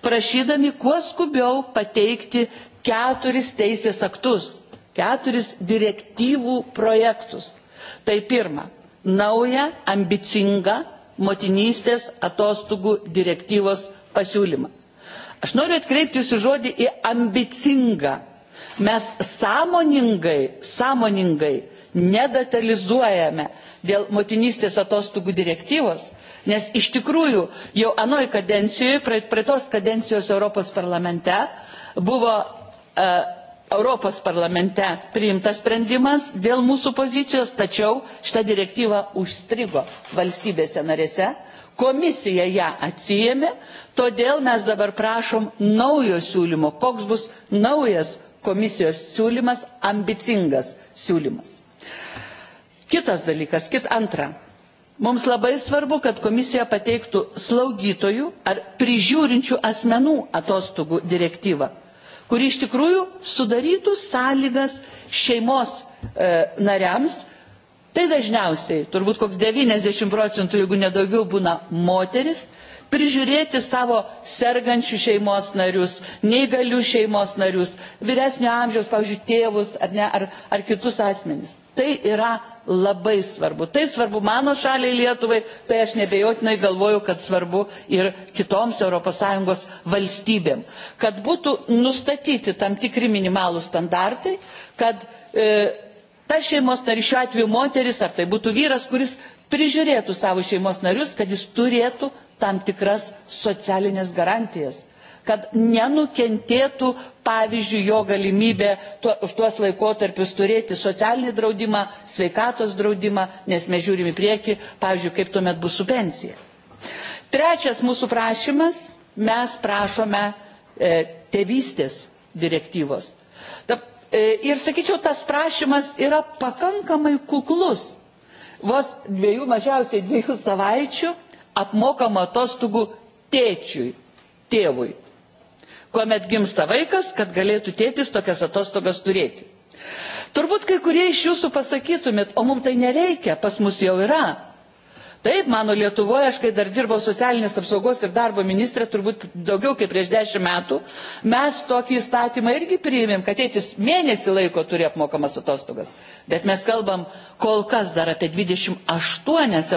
prašydami kuo skubiau pateikti keturis teisės aktus, keturis direktyvų projektus. Tai pirma, naują ambicingą motinystės atostogų direktyvos pasiūlymą. Aš noriu atkreipti jūsų žodį į ambicingą. Mes sąmoningai, sąmoningai nedatalizuojame dėl motinystės atostogų direktyvos, nes iš tikrųjų jau anoj kadencijoje, praeitos kadencijos Europos parlamente buvo uh, Europos parlamente priimtas sprendimas dėl mūsų pozicijos, tačiau šitą direktyvą užstrigo valstybėse narėse, komisija ją atsijėmė, todėl mes dabar prašom naujo siūlymo, koks bus naujas komisijos siūlymas, ambicingas siūlymas. Kitas dalykas, kit antra. Mums labai svarbu, kad komisija pateiktų slaugytojų ar prižiūrinčių asmenų atostogų direktyvą, kuri iš tikrųjų sudarytų sąlygas šeimos e, nariams. Tai dažniausiai, turbūt koks 90 procentų, jeigu nedaugiau, būna moteris, prižiūrėti savo sergančių šeimos narius, neįgalių šeimos narius, vyresnio amžiaus, pavyzdžiui, tėvus ar, ne, ar, ar kitus asmenys. Tai yra labai svarbu. Tai svarbu mano šaliai Lietuvai, tai aš nebejotinai galvoju, kad svarbu ir kitoms ES valstybėm. Kad būtų nustatyti tam tikri minimalų standartai, kad e, ta šeimos narys, šiuo atveju moteris, ar tai būtų vyras, kuris prižiūrėtų savo šeimos narius, kad jis turėtų tam tikras socialinės garantijas kad nenukentėtų, pavyzdžiui, jo galimybė tuo, už tuos laikotarpius turėti socialinį draudimą, sveikatos draudimą, nes mes žiūrim į priekį, pavyzdžiui, kaip tuomet bus su pensija. Trečias mūsų prašymas, mes prašome e, tėvystės direktyvos. Ta, e, ir sakyčiau, tas prašymas yra pakankamai kuklus. Vos dviejų, mažiausiai dviejų savaičių apmokama atostogų tėčiui, tėvui kuomet gimsta vaikas, kad galėtų tėtis tokias atostogas turėti. Turbūt kai kurie iš jūsų pasakytumėt, o mums tai nereikia, pas mus jau yra. Taip, mano Lietuvoje, aš kai dar dirbau socialinės apsaugos ir darbo ministrė, turbūt daugiau kaip prieš dešimt metų, mes tokį įstatymą irgi priėmėm, kad tėtis mėnesį laiko turi apmokamas atostogas. Bet mes kalbam kol kas dar apie 28 ES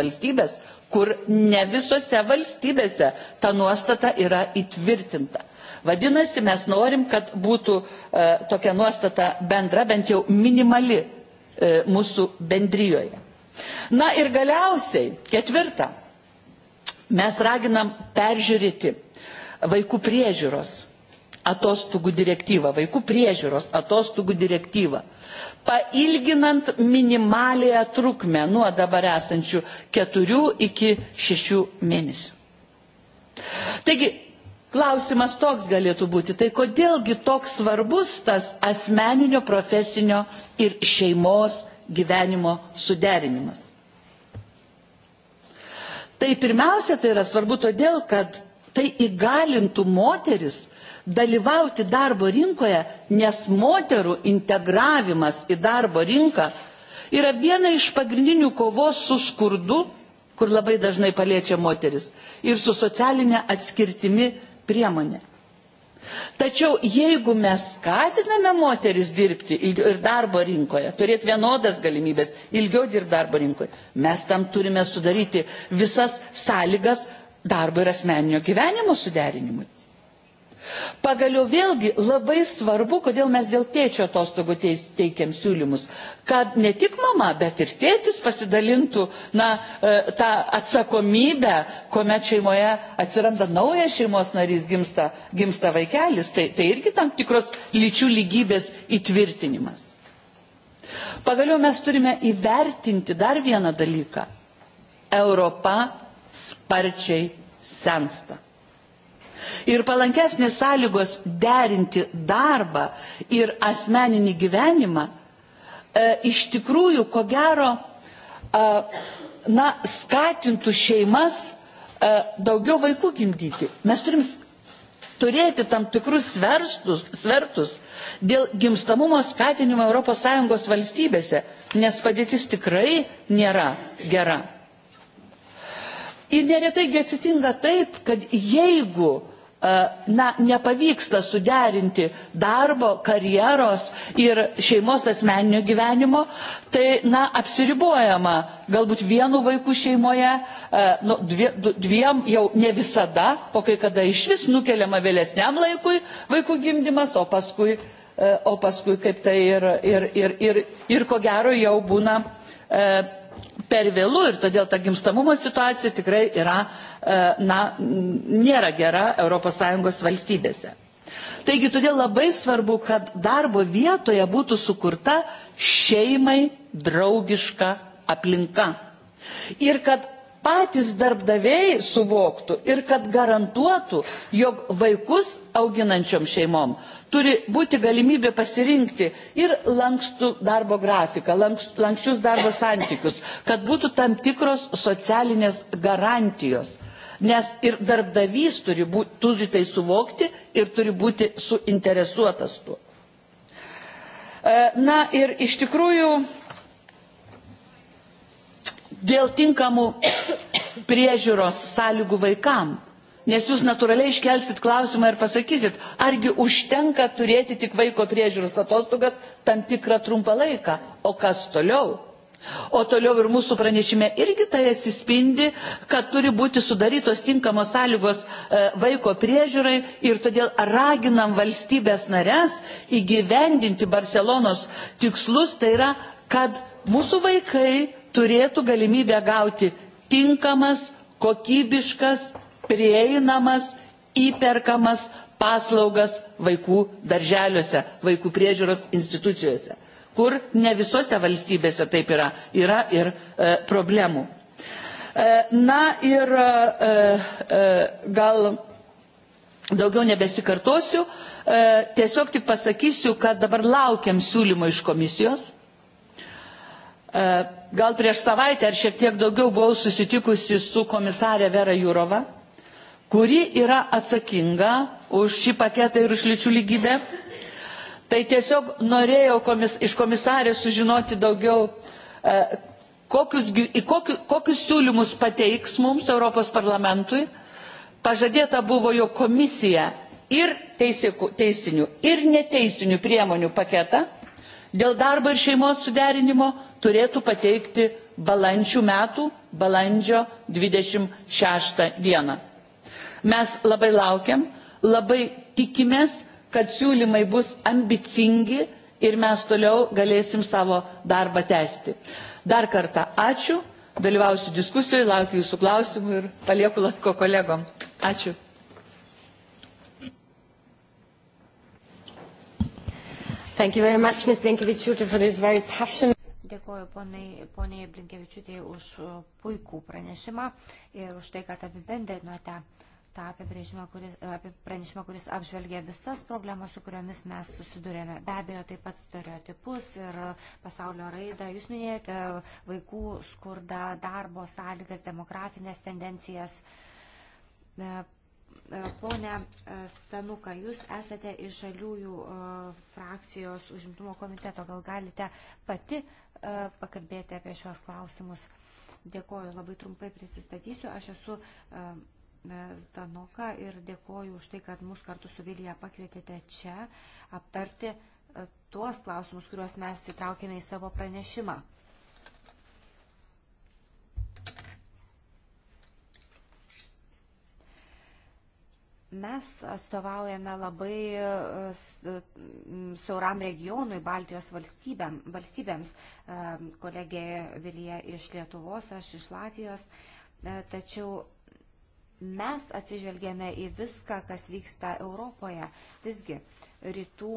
valstybės, kur ne visose valstybėse ta nuostata yra įtvirtinta. Vadinasi, mes norim, kad būtų e, tokia nuostata bendra, bent jau minimali e, mūsų bendryjoje. Na ir galiausiai, ketvirta, mes raginam peržiūrėti vaikų priežiūros atostogų direktyvą, vaikų priežiūros atostogų direktyvą, pailginant minimalėje trukmę nuo dabar esančių 4 iki 6 mėnesių. Taigi, klausimas toks galėtų būti, tai kodėlgi toks svarbus tas asmeninio, profesinio ir šeimos gyvenimo suderinimas. Tai pirmiausia, tai yra svarbu todėl, kad tai įgalintų moteris dalyvauti darbo rinkoje, nes moterų integravimas į darbo rinką yra viena iš pagrindinių kovos su skurdu, kur labai dažnai paliečia moteris, ir su socialinė atskirtimi priemonė. Tačiau jeigu mes skatiname moteris dirbti ir darbo rinkoje, turėti vienodas galimybės, ilgiau dirbti darbo rinkoje, mes tam turime sudaryti visas sąlygas darbo ir asmeninio gyvenimo suderinimui. Pagaliau vėlgi labai svarbu, kodėl mes dėl tėčio atostogų teikiam siūlymus, kad ne tik mama, bet ir tėtis pasidalintų na, e, tą atsakomybę, kuomet šeimoje atsiranda naujas šeimos narys, gimsta, gimsta vaikelis. Tai, tai irgi tam tikros lyčių lygybės įtvirtinimas. Pagaliau mes turime įvertinti dar vieną dalyką. Europa sparčiai sensta ir palankesnės sąlygos derinti darbą ir asmeninį gyvenimą, e, iš tikrųjų, ko gero, e, na, skatintų šeimas e, daugiau vaikų gimdyti. Mes turim turėti tam tikrus svertus, svertus dėl gimstamumo skatinimo ES valstybėse, nes padėtis tikrai nėra gera. Ir neretai atsitinka taip, kad jeigu E, na, nepavyksta suderinti darbo, karjeros ir šeimos asmeninio gyvenimo, tai, na, apsiribuojama galbūt vienu vaiku šeimoje, e, nu, dviem jau ne visada, o kai kada iš vis nukeliama vėlesniam laikui vaikų gimdymas, o paskui, e, o paskui kaip tai ir, ir, ir, ir, ir ko gero jau būna per vėlų ir todėl ta gimstamumo situacija tikrai yra, e, na, nėra gera ES valstybėse. Taigi todėl labai svarbu, kad darbo vietoje būtų sukurta šeimai draugiška aplinka. Ir kad patys darbdaviai suvoktų ir kad garantuotų, jog vaikus auginančiom šeimom turi būti galimybė pasirinkti ir lankstų darbo grafiką, lankščius darbo santykius, kad būtų tam tikros socialinės garantijos. Nes ir darbdavys turi, būti, turi tai suvokti ir turi būti suinteresuotas tuo. E, na ir iš tikrųjų dėl tinkamų priežiūros sąlygų vaikam Nes jūs natūraliai iškelsit klausimą ir pasakysit, argi užtenka turėti tik vaiko priežiūros atostogas tam tikrą trumpą laiką, o kas toliau? O toliau ir mūsų pranešime irgi tai atsispindi, kad turi būti sudarytos tinkamos sąlygos e, vaiko priežiūrai ir todėl raginam valstybės narės įgyvendinti Barcelonos tikslus, tai yra, kad mūsų vaikai turėtų galimybę gauti tinkamas, kokybiškas prieinamas, įperkamas paslaugas vaikų darželiuose, vaikų priežiūros institucijose, kur ne visose valstybėse taip yra, yra ir e, problemų. E, na ir e, e, e, gal daugiau nebesikartosiu, e, tiesiog tik pasakysiu, kad dabar laukiam siūlymo iš komisijos. E, gal prieš savaitę ar šiek tiek daugiau buvau susitikusi su komisarė Vera Jurova kuri yra atsakinga už šį paketą ir už lyčių lygybę. Tai tiesiog norėjau komis, iš komisarės sužinoti daugiau, e, kokius, kokius, kokius siūlymus pateiks mums Europos parlamentui. Pažadėta buvo jo komisija ir teisėkų, teisinių, ir neteisinių priemonių paketą dėl darbo ir šeimos suderinimo turėtų pateikti balandžių metų, balandžio 26 dieną. Mes labai laukiam, labai tikimės, kad siūlymai bus ambicingi ir mes toliau galėsim savo darbą tęsti. Dar kartą ačiū, dalyvausiu diskusijoje, laukiu jūsų klausimų ir palieku laiko kolegom. Ačiū. Thank you very much, Ms. Blinkevičiūtė, for this very passionate. Dėkuoju poniai, poniai Blinkevičiūtė už puikų pranešimą ir už tai, kad apibendrinote tą apibrėžimą, kuris, apie pranešimą, kuris apžvelgia visas problemas, su kuriomis mes susidurėme. Be abejo, taip pat stereotipus ir pasaulio raidą. Jūs minėjote vaikų skurdą, darbo sąlygas, demografinės tendencijas. E, e, pone e, Stanuka, jūs esate iš žaliųjų frakcijos užimtumo komiteto. Gal galite pati pakalbėti apie šios klausimus? Dėkoju, labai trumpai prisistatysiu. Aš esu Zdanoką ir dėkoju už tai, kad mus kartu su Vilija pakvietėte čia aptarti e, tuos klausimus, kuriuos mes įtraukėme į savo pranešimą. Mes atstovaujame labai e, e, siauram regionui Baltijos valstybėm, valstybėms. Kolegė Vilija iš Lietuvos, aš iš Latvijos. Tačiau mes atsižvelgėme į viską, kas vyksta Europoje. Visgi, rytų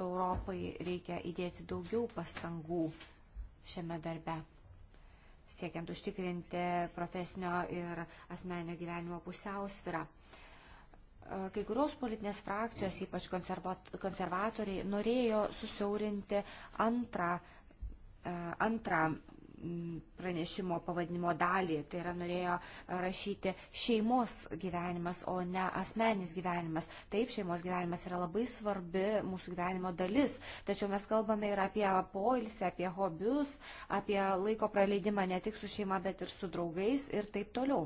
Europai reikia įdėti daugiau pastangų šiame darbe, siekiant užtikrinti profesinio ir asmenio gyvenimo pusiausvirą. E, kai kurios politinės frakcijos, ypač konservatoriai, norėjo susiaurinti antrą, e, antrą Mm, pranešimo pavadinimo dalį. Tai yra norėjo rašyti šeimos gyvenimas, o ne asmeninis gyvenimas. Taip, šeimos gyvenimas yra labai svarbi mūsų gyvenimo dalis, tačiau mes kalbame ir apie poilsį, apie hobius, apie laiko praleidimą ne tik su šeima, bet ir su draugais ir taip toliau.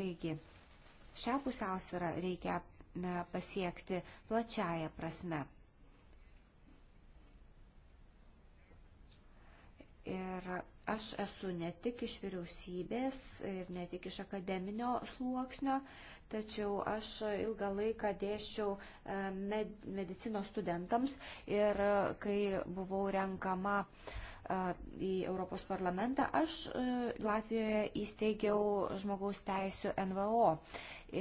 Taigi, šią pusiausvyrą reikia pasiekti plačiaja prasme. Ir aš esu ne tik iš vyriausybės ir ne tik iš akademinio sluoksnio, tačiau aš ilgą laiką dėščiau e, med, medicinos studentams ir kai buvau renkama e, į Europos parlamentą, aš e, Latvijoje įsteigiau žmogaus teisų NVO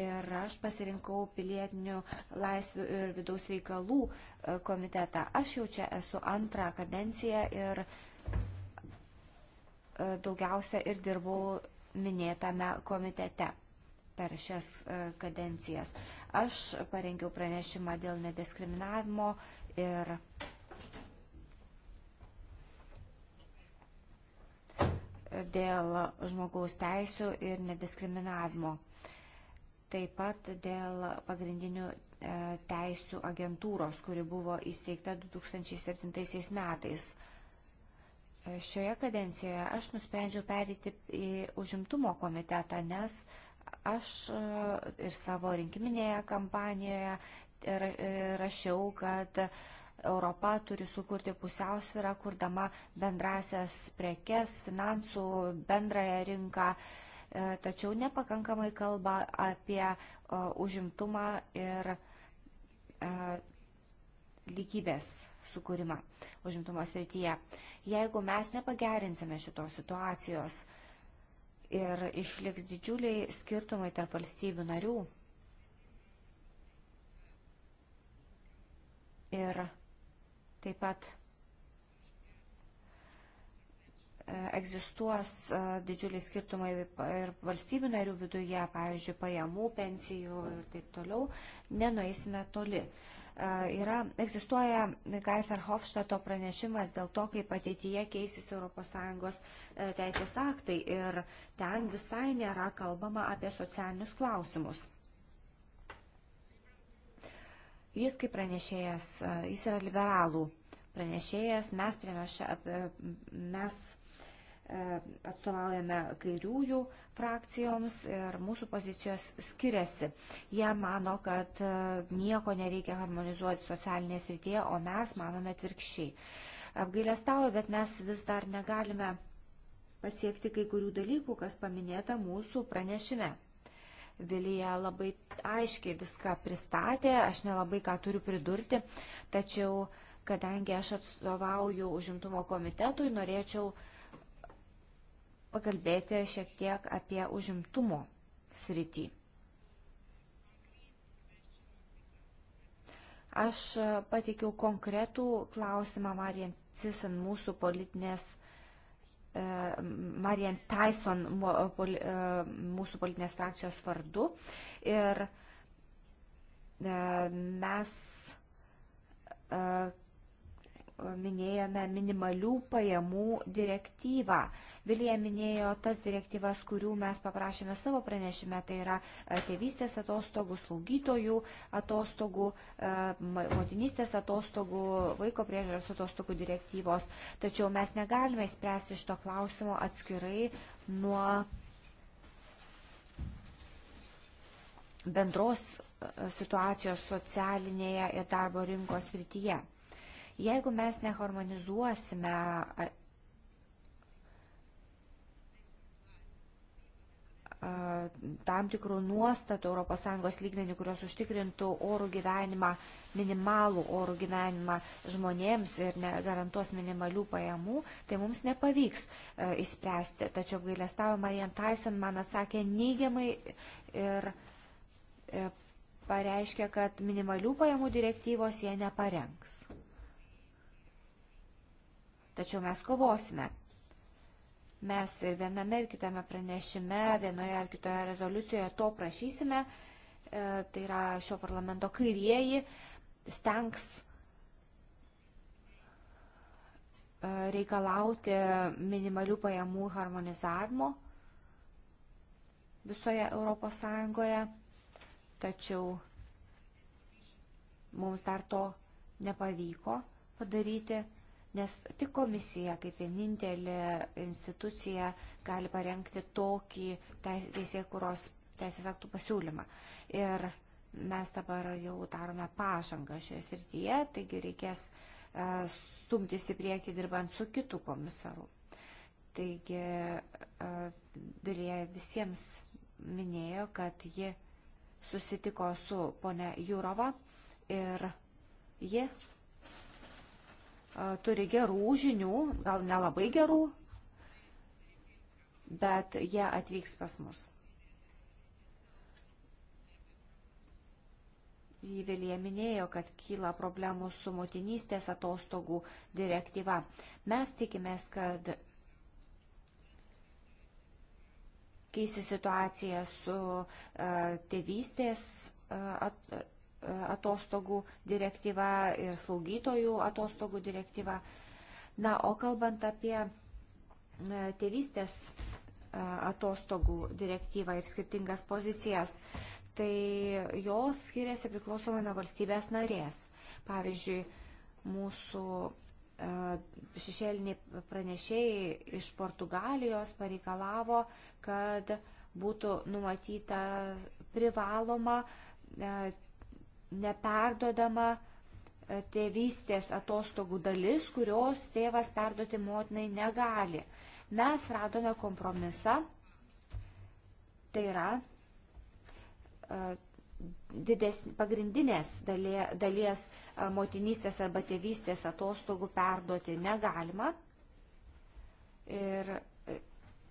ir aš pasirinkau pilietinių laisvių ir vidaus reikalų komitetą. Aš jau čia esu antrą kadenciją ir E, daugiausia ir dirbau minėtame komitete per šias e, kadencijas. Aš parengiau pranešimą dėl nediskriminavimo ir dėl žmogaus teisų ir nediskriminavimo. Taip pat dėl pagrindinių e, teisų agentūros, kuri buvo įsteigta 2007 metais šioje kadencijoje aš nusprendžiau perėti į užimtumo komitetą, nes aš e, ir savo rinkiminėje kampanijoje e, e, rašiau, kad Europa turi sukurti pusiausvyrą, kurdama bendrasias prekes, finansų, bendrąją rinką, tačiau nepakankamai kalba apie užimtumą ir lygybės sukūrimą užimtumo srityje. Jeigu mes nepagerinsime šitos situacijos ir išliks didžiuliai skirtumai tarp valstybių narių ir taip pat e, egzistuos e, didžiuliai skirtumai ir valstybių narių viduje, pavyzdžiui, pajamų, pensijų ir taip toliau, nenueisime toli yra, egzistuoja Gaifer Hofštato pranešimas dėl to, kaip ateityje keisis ES e, teisės aktai ir ten visai nėra kalbama apie socialinius klausimus. Jis kaip pranešėjas, e, jis yra liberalų pranešėjas, mes, pranešė, mes E, atstovaujame kairiųjų frakcijoms ir mūsų pozicijos skiriasi. Jie mano, kad e, nieko nereikia harmonizuoti socialinės rytyje, o mes manome atvirkščiai. Apgailestauju, bet mes vis dar negalime pasiekti kai kurių dalykų, kas paminėta mūsų pranešime. Vilija labai aiškiai viską pristatė, aš nelabai ką turiu pridurti, tačiau kadangi aš atstovauju užimtumo komitetui, norėčiau uh, pakalbėti šiek tiek apie užimtumo sritį. Aš pateikiau konkretų klausimą Marijan Cisen mūsų politinės e, Marian Tyson e, mūsų politinės frakcijos vardu. Ir e, mes minėjome minimalių pajamų direktyvą. Vilija minėjo tas direktyvas, kurių mes paprašėme savo pranešime, tai yra e, tėvystės atostogų, slaugytojų atostogų, e, motinystės atostogų, vaiko priežiūros atostogų direktyvos. Tačiau mes negalime spręsti šito klausimo atskirai nuo bendros e, situacijos socialinėje ir darbo rinkos rytyje. Jeigu mes neharmonizuosime tam tikrų nuostatų ES lygmenių, kurios užtikrintų orų gyvenimą, minimalų orų gyvenimą žmonėms ir garantuos minimalių pajamų, tai mums nepavyks e, įspręsti. Tačiau gailestavo Marian Tyson man atsakė neigiamai ir e, pareiškė, kad minimalių pajamų direktyvos jie neparengs. Tačiau mes kovosime. Mes ir viename ir kitame pranešime, vienoje ar kitoje rezoliucijoje to prašysime. E, tai yra šio parlamento kairieji stengs e, reikalauti minimalių pajamų harmonizavimo visoje Europos Sąjungoje, tačiau mums dar to nepavyko padaryti Nes tik komisija kaip vienintelė institucija gali parengti tokį teisėkuros teisės aktų pasiūlymą. Ir mes dabar jau darome pažangą šioje srityje, taigi reikės e, stumtis į priekį dirbant su kitu komisaru. Taigi e, Vilija visiems minėjo, kad ji susitiko su ponia Jūrova ir ji turi gerų žinių, gal nelabai gerų, bet jie atvyks pas mus. Vyvelė minėjo, kad kyla problemų su motinystės atostogų direktyva. Mes tikimės, kad keisi situacija su uh, tėvystės uh, at, atostogų direktyva ir slaugytojų atostogų direktyva. Na, o kalbant apie e, tėvystės e, atostogų direktyvą ir skirtingas pozicijas, tai jos skiriasi priklausomai nuo valstybės narės. Pavyzdžiui, mūsų e, šešėliniai pranešėjai iš Portugalijos pareikalavo, kad būtų numatyta privaloma neperdodama e, tėvystės atostogų dalis, kurios tėvas perduoti motinai negali. Mes radome kompromisą, tai yra e, dides, pagrindinės dalė, dalies e, motinystės arba tėvystės atostogų perduoti negalima. Ir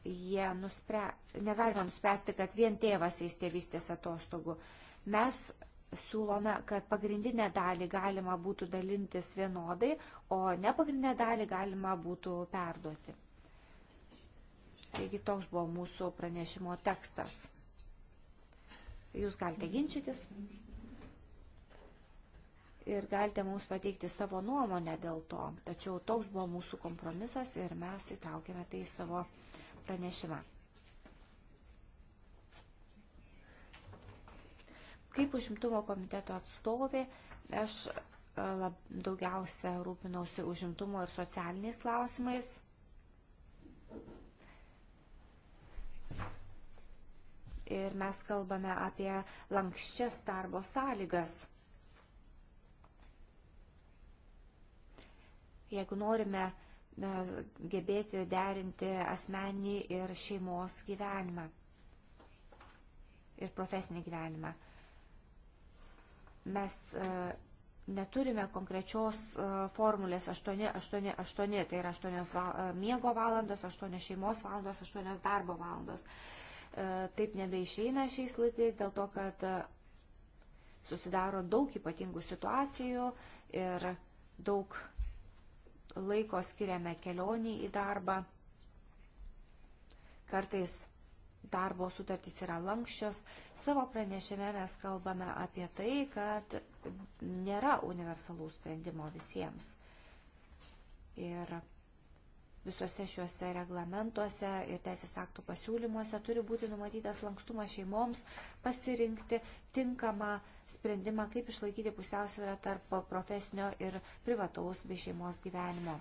jie nuspre, negalima nuspręsti, kad vien tėvas eis tėvystės atostogų. Mes siūlome, kad pagrindinę dalį galima būtų dalintis vienodai, o nepagrindinę dalį galima būtų perduoti. Taigi toks buvo mūsų pranešimo tekstas. Jūs galite ginčytis ir galite mums pateikti savo nuomonę dėl to. Tačiau toks buvo mūsų kompromisas ir mes įtraukėme tai į savo pranešimą. Kaip užimtumo komiteto atstovė, aš e, lab, daugiausia rūpinausi užimtumo ir socialiniais klausimais. Ir mes kalbame apie lankščias darbo sąlygas. Jeigu norime e, gebėti derinti asmenį ir šeimos gyvenimą ir profesinį gyvenimą. Mes e, neturime konkrečios e, formulės 8, 8, 8, tai yra 8 e, miego valandos, 8 šeimos valandos, 8 darbo valandos. Taip nebeišeina šiais laikais dėl to, kad susidaro daug ypatingų situacijų ir daug laiko skiriame kelionį į darbą. Kartais darbo sutartys yra lankščios. Savo pranešime mes kalbame apie tai, kad nėra universalų sprendimo visiems. Ir visuose šiuose reglamentuose ir teisės aktų pasiūlymuose turi būti numatytas lankstumas šeimoms pasirinkti tinkamą sprendimą, kaip išlaikyti pusiausvyrą tarp profesinio ir privataus bei šeimos gyvenimo.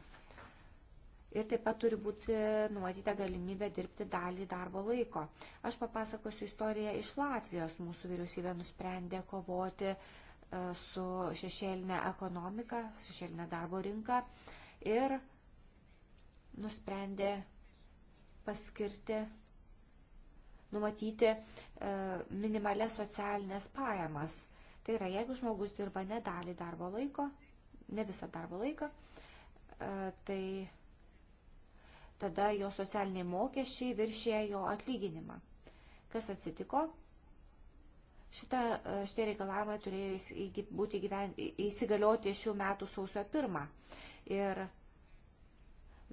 Ir taip pat turi būti numatyta galimybė dirbti dalį darbo laiko. Aš papasakosiu istoriją iš Latvijos. Mūsų vyriausybė nusprendė kovoti e, su šešėlinė ekonomika, šešėlinė darbo rinka ir nusprendė paskirti, numatyti e, minimalės socialinės pajamas. Tai yra, jeigu žmogus dirba ne dalį darbo laiko, ne visą darbo laiką, e, tai tada jo socialiniai mokesčiai viršė jo atlyginimą. Kas atsitiko? Šita, e, šitie reikalavimai turėjo būti gyven, įsigalioti šių metų sausio pirmą. Ir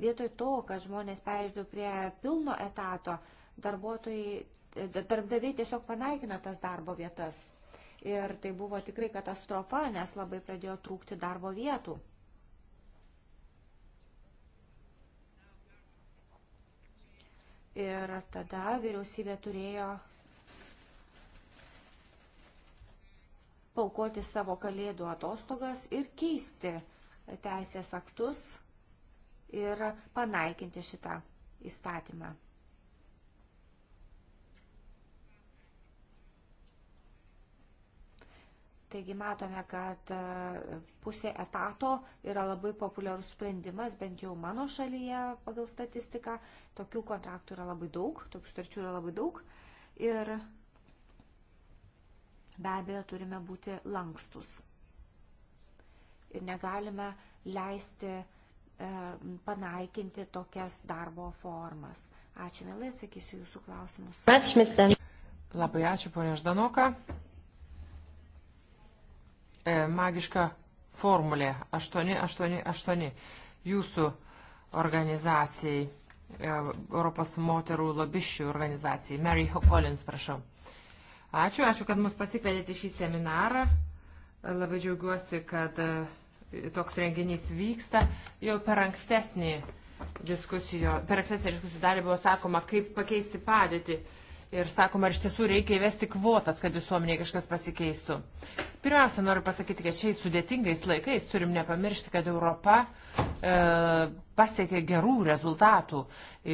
vietoj to, kad žmonės perėtų prie pilno etato, e, darbdaviai tiesiog panaikino tas darbo vietas. Ir tai buvo tikrai katastrofa, nes labai pradėjo trūkti darbo vietų. Ir tada vyriausybė turėjo paukoti savo kalėdų atostogas ir keisti teisės aktus ir panaikinti šitą įstatymą. Taigi matome, kad e, pusė etato yra labai populiarus sprendimas, bent jau mano šalyje pagal statistiką. Tokių kontraktų yra labai daug, tokių sutarčių yra labai daug. Ir be abejo turime būti lankstus. Ir negalime leisti e, panaikinti tokias darbo formas. Ačiū, mielai, sakysiu jūsų klausimus. Ačiū, Labai ačiū, ponia Ždanoka. E, magiška formulė 888 jūsų organizacijai, e, Europos moterų lobiščių organizacijai. Mary Collins, prašau. Ačiū, ačiū, kad mus pasikvietėte šį seminarą. Labai džiaugiuosi, kad e, toks renginys vyksta. Jau per ankstesnį diskusijų, per ankstesnį diskusijų dalį buvo sakoma, kaip pakeisti padėtį ir sakoma, ar iš tiesų reikia įvesti kvotas, kad visuomenėje kažkas pasikeistų. Pirmiausia, noriu pasakyti, kad šiais sudėtingais laikais turim nepamiršti, kad Europa e, pasiekė gerų rezultatų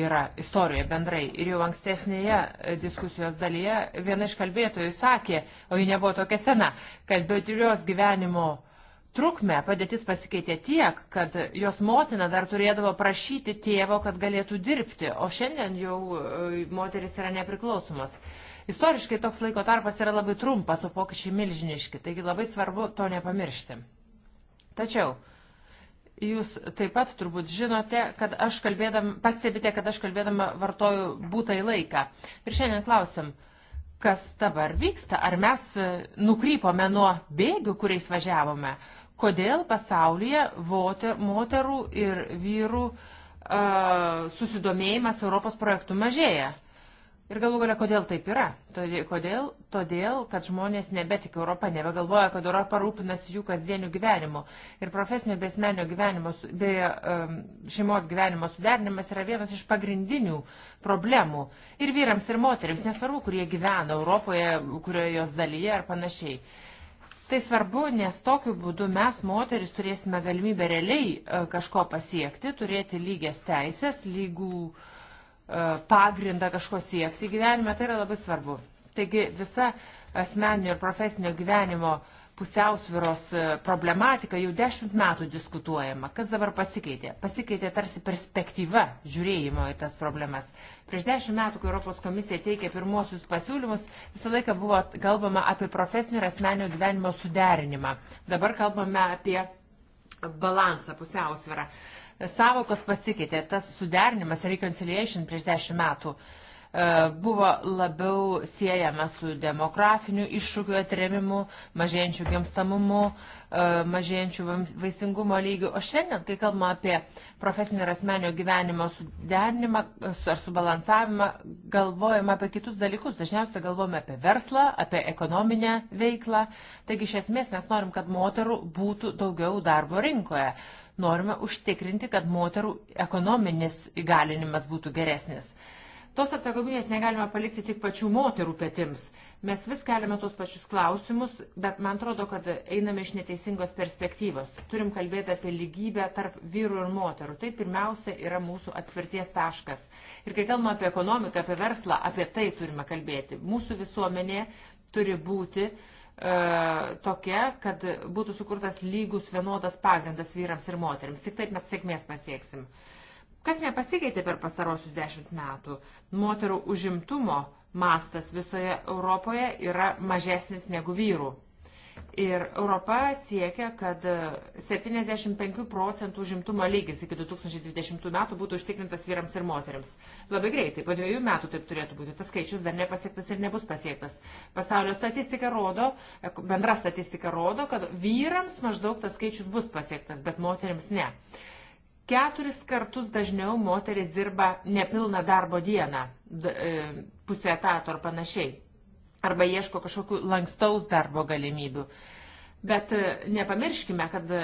yra istorijoje bendrai. Ir jau ankstesnėje e, diskusijos dalyje viena iš kalbėtojų sakė, o ji nebuvo tokia sena, kad be tyrios gyvenimo trukmę padėtis pasikeitė tiek, kad jos motina dar turėdavo prašyti tėvo, kad galėtų dirbti, o šiandien jau e, moteris yra nepriklausomos. Istoriškai toks laiko tarpas yra labai trumpas, o pokyčiai milžiniški, taigi labai svarbu to nepamiršti. Tačiau jūs taip pat turbūt žinote, kad aš kalbėdam, pastebite, kad aš kalbėdama vartoju būtai laiką. Ir šiandien klausim, kas dabar vyksta, ar mes e, nukrypome nuo bėgių, kuriais važiavome, kodėl pasaulyje vote, moterų ir vyrų a, susidomėjimas Europos projektų mažėja. Ir galų galia, kodėl taip yra? Todėl, kodėl? Todėl, kad žmonės nebetik Europą, nebegalvoja, kad Europa rūpinasi jų kasdieniu gyvenimu. Ir profesinio bei asmenio gyvenimo, bei um, šeimos gyvenimo suderinimas yra vienas iš pagrindinių problemų. Ir vyrams, ir moteriams, nesvarbu, kurie gyvena Europoje, kurioje jos dalyje ar panašiai. Uh, Tai svarbu, nes tokiu būdu mes, moteris, turėsime galimybę realiai e, kažko pasiekti, turėti lygias teisės, lygų e, pagrindą kažko siekti gyvenime. Tai yra labai svarbu. Taigi visa asmeninio ir profesinio gyvenimo uh, pusiausviros e, problematika jau dešimt metų diskutuojama. Kas dabar pasikeitė? Pasikeitė tarsi perspektyva žiūrėjimo į tas problemas. Prieš dešimt metų, kai Europos komisija teikė pirmosius pasiūlymus, visą laiką buvo kalbama apie profesinį ir asmenio gyvenimo suderinimą. Dabar kalbame apie balansą, pusiausvirą. Savokos pasikeitė, tas suderinimas, reconciliation prieš dešimt metų uh, E, buvo labiau siejama su demografiniu iššūkiu atremimu, mažėjančiu gimstamumu, e, mažėjančiu vaisingumo lygiu. O šiandien, kai kalbame apie profesinio ir asmenio gyvenimo suderinimą e, ar subalansavimą, galvojame apie kitus dalykus. Dažniausiai galvojame apie verslą, apie ekonominę veiklą. Taigi, iš esmės, mes norim, kad moterų būtų daugiau darbo rinkoje norime užtikrinti, kad moterų ekonominis įgalinimas būtų geresnis. Tos atsakomybės negalime palikti tik pačių moterų petims. Mes vis keliame tos pačius klausimus, bet man atrodo, kad einame iš neteisingos perspektyvos. Turim kalbėti apie lygybę tarp vyrų ir moterų. Tai pirmiausia yra mūsų atspirties taškas. Ir kai kalbame apie ekonomiką, apie verslą, apie tai turime kalbėti. Mūsų visuomenė turi būti e, tokia, kad būtų sukurtas lygus vienodas pagrindas vyrams ir moteriams. Tik taip mes sėkmės pasieksim. Uh, Kas nepasikeitė per pastarosius dešimt metų? Moterų užimtumo mastas visoje Europoje yra mažesnis negu vyrų. Ir Europa siekia, kad 75 procentų užimtumo lygis iki 2020 metų būtų užtikrintas vyrams ir moteriams. Labai greitai, po dviejų metų taip turėtų būti. Tas skaičius dar nepasiektas ir nebus pasiektas. Pasaulio statistika rodo, bendra statistika rodo, kad vyrams maždaug tas skaičius bus pasiektas, bet moteriams ne. Uh, Keturis kartus dažniau moteris dirba nepilną darbo dieną, e, pusę etato ar panašiai. Arba ieško kažkokių lankstaus darbo galimybių. Bet e, nepamirškime, kad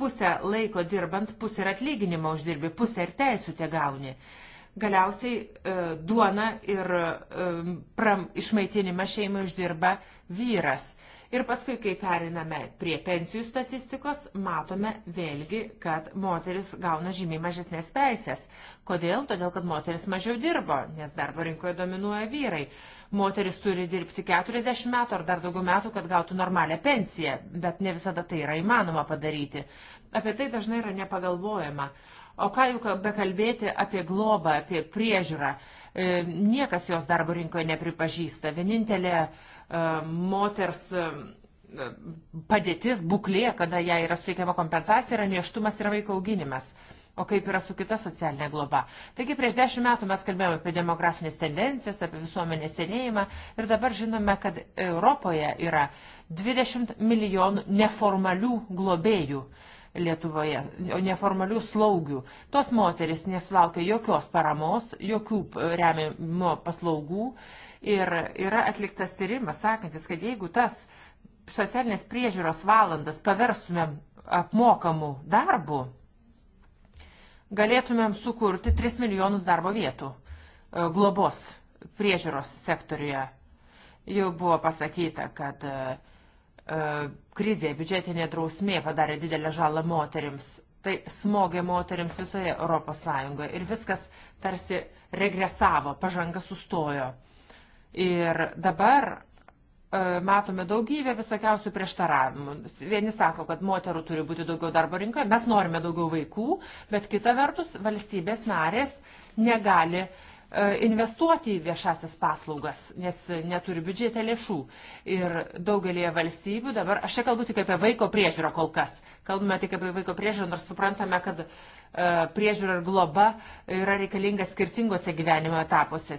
pusę laiko dirbant, pusę ir atlyginimą uždirbi, pusę ir teisų te gauni galiausiai e, duona ir e, pram, išmaitinimą šeimai uždirba vyras. Ir paskui, kai periname prie pensijų statistikos, matome vėlgi, kad moteris gauna žymiai mažesnės teisės. Kodėl? Todėl, kad moteris mažiau dirbo, nes darbo rinkoje dominuoja vyrai moteris turi dirbti 40 metų ar dar daugiau metų, kad gautų normalią pensiją, bet ne visada tai yra įmanoma padaryti. Apie tai dažnai yra nepagalvojama. O ką jau bekalbėti apie globą, apie priežiūrą, e, niekas jos darbo rinkoje nepripažįsta. Vienintelė e, E, moters e, padėtis, būklė, kada jai yra suteikiama kompensacija, yra neštumas ir vaiko auginimas. O kaip yra su kita socialinė globa. Taigi prieš dešimt metų mes kalbėjome apie demografinės tendencijas, apie visuomenės senėjimą ir dabar žinome, kad Europoje yra 20 milijonų neformalių globėjų. Lietuvoje, neformalių slaugių. Tos moteris nesulaukia jokios paramos, jokių e, remimo paslaugų, Ir yra atliktas tyrimas, sakantis, kad jeigu tas socialinės priežiūros valandas paversumėm apmokamų darbų, galėtumėm sukurti 3 milijonus darbo vietų e, globos priežiūros sektoriuje. Jau buvo pasakyta, kad e, e, krizė, biudžetinė drausmė padarė didelę žalą moterims. Tai smogė moterims visoje ES ir viskas tarsi regresavo, pažanga sustojo. Ir dabar e, matome daugybę visokiausių prieštaravimų. Vieni sako, kad moterų turi būti daugiau darbo rinkoje, mes norime daugiau vaikų, bet kita vertus valstybės narės negali e, investuoti į viešasis paslaugas, nes neturi biudžete lėšų. Ir daugelie valstybių dabar, aš čia kalbu tik apie vaiko priežiūrą kol kas, kalbame tik apie vaiko priežiūrą, nors suprantame, kad E, priežiūra ir globa yra reikalinga skirtingose gyvenimo etapuose.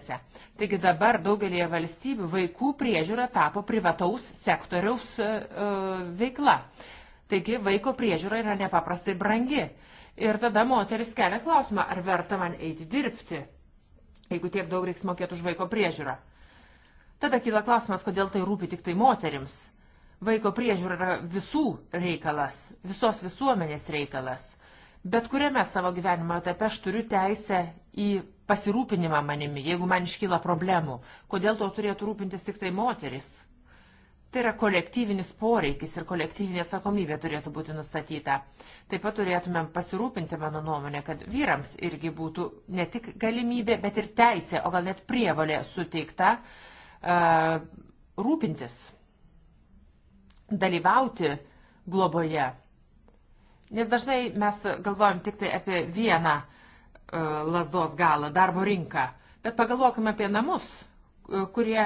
Taigi dabar daugelie valstybių vaikų priežiūra tapo privataus sektoriaus e, e, veikla. Taigi vaiko priežiūra yra nepaprastai brangi. Ir tada moteris kelia klausimą, ar verta man eiti dirbti, jeigu tiek daug reiks mokėti už vaiko priežiūrą. Tada kyla klausimas, kodėl tai rūpi tik tai moterims. Vaiko priežiūra yra visų reikalas, visos visuomenės reikalas. Bet kuriame savo gyvenimo etape aš turiu teisę į pasirūpinimą manimi, jeigu man iškyla problemų. Kodėl to turėtų rūpintis tik tai moteris? Tai yra kolektyvinis poreikis ir kolektyvinė atsakomybė turėtų būti nustatyta. Taip pat turėtumėm pasirūpinti, mano nuomonė, kad vyrams irgi būtų ne tik galimybė, bet ir teisė, o gal net prievalė suteikta uh, rūpintis, dalyvauti globoje. Nes dažnai mes galvojam tik tai apie vieną uh, e, lasdos galą - darbo rinką. Bet pagalvokime apie namus, e, kurie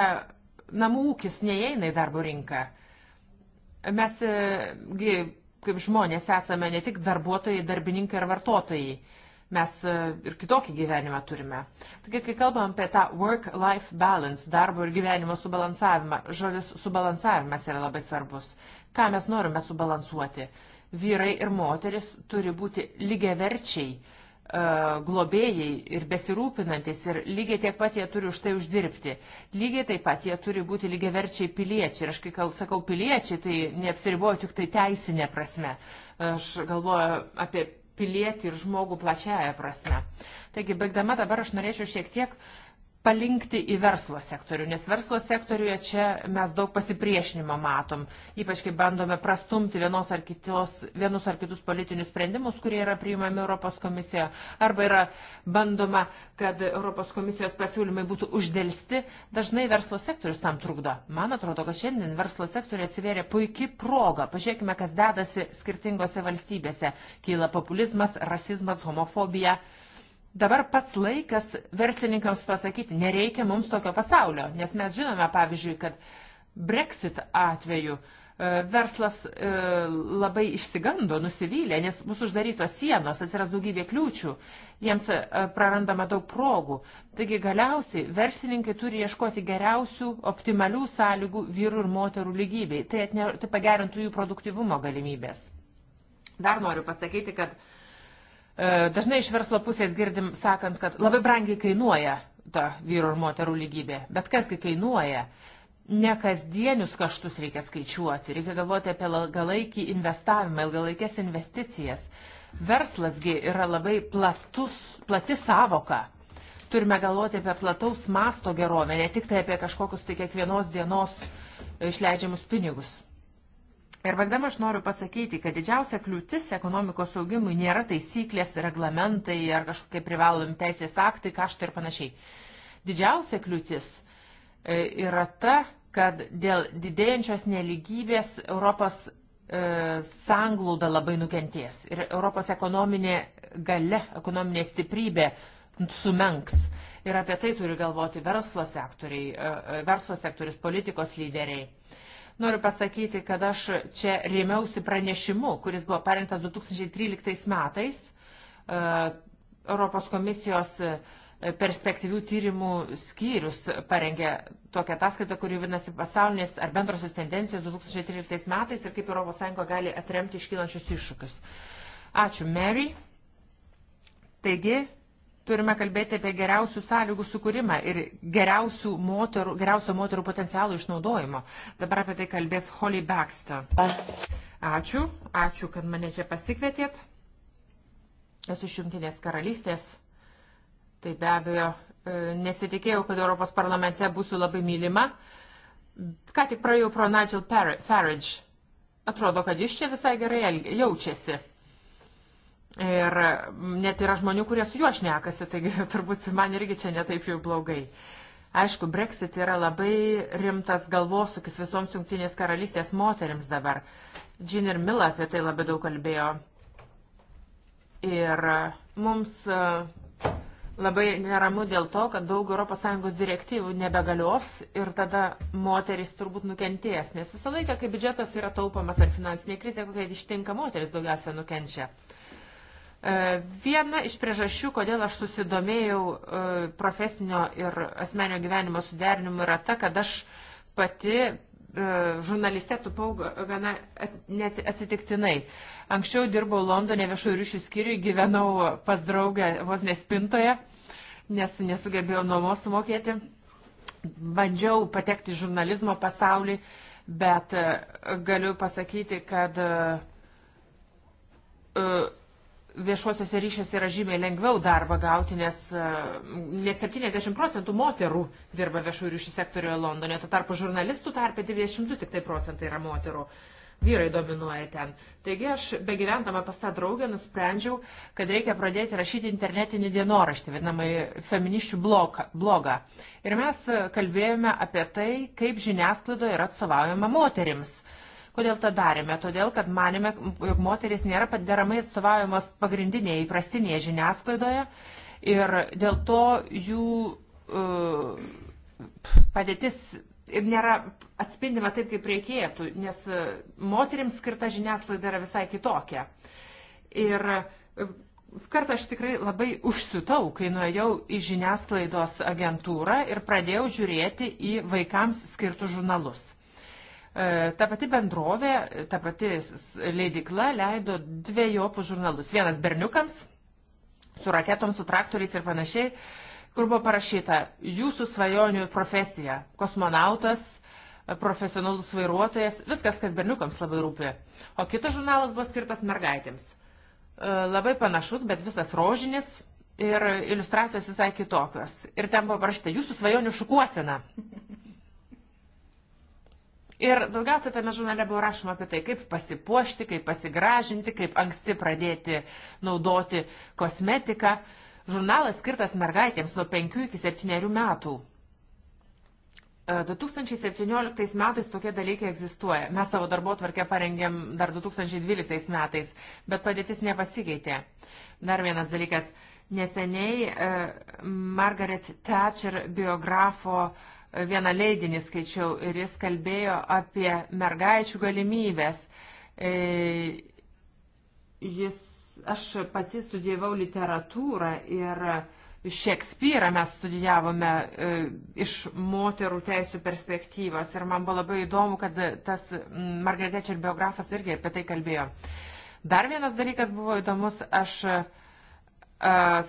namų ūkis neįeina į darbo rinką. Mes e, kaip žmonės esame ne tik darbuotojai, darbininkai ir vartotojai. Mes ir kitokį gyvenimą turime. Taigi, kai kalbam apie tą work-life balance, darbo ir gyvenimo subalansavimą, žodis subalansavimas yra labai svarbus. Ką mes norime subalansuoti? Vyrai ir moteris turi būti lygiaverčiai e, globėjai ir besirūpinantis ir lygiai tiek pat jie turi už tai uždirbti. Lygiai taip pat jie turi būti lygiaverčiai piliečiai. Ir aš kai kal, sakau piliečiai, tai neapsiriboju tik tai teisinė prasme. Aš galvoju apie pilietį ir žmogų plačiaja prasme. Taigi, baigdama dabar aš norėčiau šiek tiek uh, palinkti į verslo sektorių, nes verslo sektoriuje čia mes daug pasipriešinimo matom, ypač kai bandome prastumti vienos ar kitos, vienus ar kitus politinius sprendimus, kurie yra priimami Europos komisijoje, arba yra bandoma, kad Europos komisijos pasiūlymai būtų uždėlsti, dažnai verslo sektorius tam trukdo. Man atrodo, kad šiandien verslo sektoriuje atsiveria puikia proga. Pažiūrėkime, kas dedasi skirtingose valstybėse. Kyla populizmas, rasizmas, homofobija. Dabar pats laikas verslininkams pasakyti, nereikia mums tokio pasaulio, nes mes žinome, pavyzdžiui, kad Brexit atveju e, verslas e, labai išsigando, nusivylė, nes bus uždarytos sienos, atsiras daugybė kliūčių, jiems e, prarandama daug progų. Taigi galiausiai verslininkai turi ieškoti geriausių, optimalių sąlygų vyrų ir moterų lygybei. Tai, atne, tai pagerintų jų produktivumo galimybės. Dar noriu pasakyti, kad uh, E, dažnai iš verslo pusės girdim sakant, kad labai brangiai kainuoja ta vyru ir moterų lygybė. Bet kasgi kainuoja? Ne kasdienius kaštus reikia skaičiuoti, reikia galvoti apie ilgalaikį investavimą, ilgalaikės investicijas. Verslasgi yra labai platus, plati savoka turime galvoti apie plataus masto gerovę, ne tik tai apie kažkokius tai kiekvienos dienos e, išleidžiamus pinigus. Ir valdama aš noriu pasakyti, kad didžiausia kliūtis ekonomikos augimui nėra taisyklės, reglamentai ar kažkokie privalomi teisės aktai, kaštai ir panašiai. Didžiausia kliūtis e, yra ta, kad dėl didėjančios neligybės Europos e, sanglauda labai nukenties ir Europos ekonominė gale, ekonominė stiprybė sumenks. Ir apie tai turi galvoti verslo sektoriai, e, e verslo sektorius, politikos lyderiai. Noriu pasakyti, kad aš čia rėmiausi pranešimu, kuris buvo parengtas 2013 metais e, Europos komisijos e, perspektyvių tyrimų skyrius parengė tokią ataskaitą, kuri vadinasi pasaulinės ar bendrosios tendencijos 2013 metais ir kaip ES gali atremti iškylančius iššūkius. Ačiū, Mary. Taigi, turime kalbėti apie geriausių sąlygų sukūrimą ir geriausių moterų, geriausio moterų potencialų išnaudojimo. Dabar apie tai kalbės Holly Baxter. Ačiū, ačiū, kad mane čia pasikvietėt. Esu iš Junktinės karalystės. Tai be abejo, e, nesitikėjau, kad Europos parlamente būsiu labai mylima. Ką tik praėjau pro Nigel Farage. Atrodo, kad jis čia visai gerai jaučiasi. Ir net yra žmonių, kurie su juo šnekasi, taigi turbūt man irgi čia netaip jau blogai. Aišku, Brexit yra labai rimtas galvosūkis visoms Junktinės karalystės moteriams dabar. Džin ir Mila apie tai labai daug kalbėjo. Ir uh, mums uh, labai neramu dėl to, kad daug ES direktyvų nebegalios ir tada moteris turbūt nukentės, nes visą laiką, kai biudžetas yra taupamas ar finansinė krizė, kokia ištinka moteris daugiausia nukenčia. Uh, E, viena iš priežasčių, kodėl aš susidomėjau e, profesinio ir asmenio gyvenimo suderinimu, yra ta, kad aš pati e, žurnaliste tupau gana atsitiktinai. Anksčiau dirbau Londone viešųjų ryšių skyriui, gyvenau pas draugę vos nespintoje, nes nesugebėjau nuomos sumokėti. Bandžiau patekti žurnalizmo pasaulį, bet galiu pasakyti, kad uh, viešuosiuose ryšiuose yra žymiai lengviau darbą gauti, nes e, net 70 procentų moterų dirba viešųjų ryšių sektoriuje Londone, tuo tarpu žurnalistų tarpe 22 tik tai procentai yra moterų. Vyrai dominuoja ten. Taigi aš, begyventama pas tą draugę, nusprendžiau, kad reikia pradėti rašyti internetinį dienoraštį, vadinamai feminiščių blogą. Ir mes e, kalbėjome apie tai, kaip žiniasklaidoje yra atstovaujama moterims. Uh, Kodėl tą darėme? Todėl, kad manėme, jog moteris nėra deramai atstovaujamos pagrindinėje įprastinėje žiniasklaidoje ir dėl to jų uh, padėtis ir nėra atspindima taip, kaip reikėtų, nes moteriams skirta žiniasklaida yra visai kitokia. Ir e, kartą aš tikrai labai užsiutau, kai nuėjau į žiniasklaidos agentūrą ir pradėjau žiūrėti į vaikams skirtus žurnalus. E, ta pati bendrovė, ta pati leidikla leido dviejopus žurnalus. Vienas berniukams, su raketom, su traktoriais ir panašiai, kur buvo parašyta jūsų svajonių profesija - kosmonautas, e, profesionalus vairuotojas, viskas, kas berniukams labai rūpi. O kitas žurnalas buvo skirtas mergaitėms. E, labai panašus, bet visas rožinis ir iliustracijos visai kitokios. Ir ten buvo parašyta jūsų svajonių šukuosena. Ir daugiausia tame žurnale buvo rašoma apie tai, kaip pasipuošti, kaip pasigražinti, kaip anksti pradėti naudoti kosmetiką. Žurnalas skirtas mergaitėms nuo 5 iki 7 metų. 2017 e, metais tokie dalykai egzistuoja. Mes savo darbo tvarkę parengėm dar 2012 metais, bet padėtis nepasikeitė. Dar vienas dalykas. Neseniai e, Margaret Thatcher biografo uh, vieną leidinį skaičiau ir jis kalbėjo apie mergaičių galimybės. E, jis, aš pati studijavau literatūrą ir Šekspyrą mes studijavome e, iš moterų teisų perspektyvos ir man buvo labai įdomu, kad tas Margaret Thatcher biografas irgi apie tai kalbėjo. Dar vienas dalykas buvo įdomus, aš e,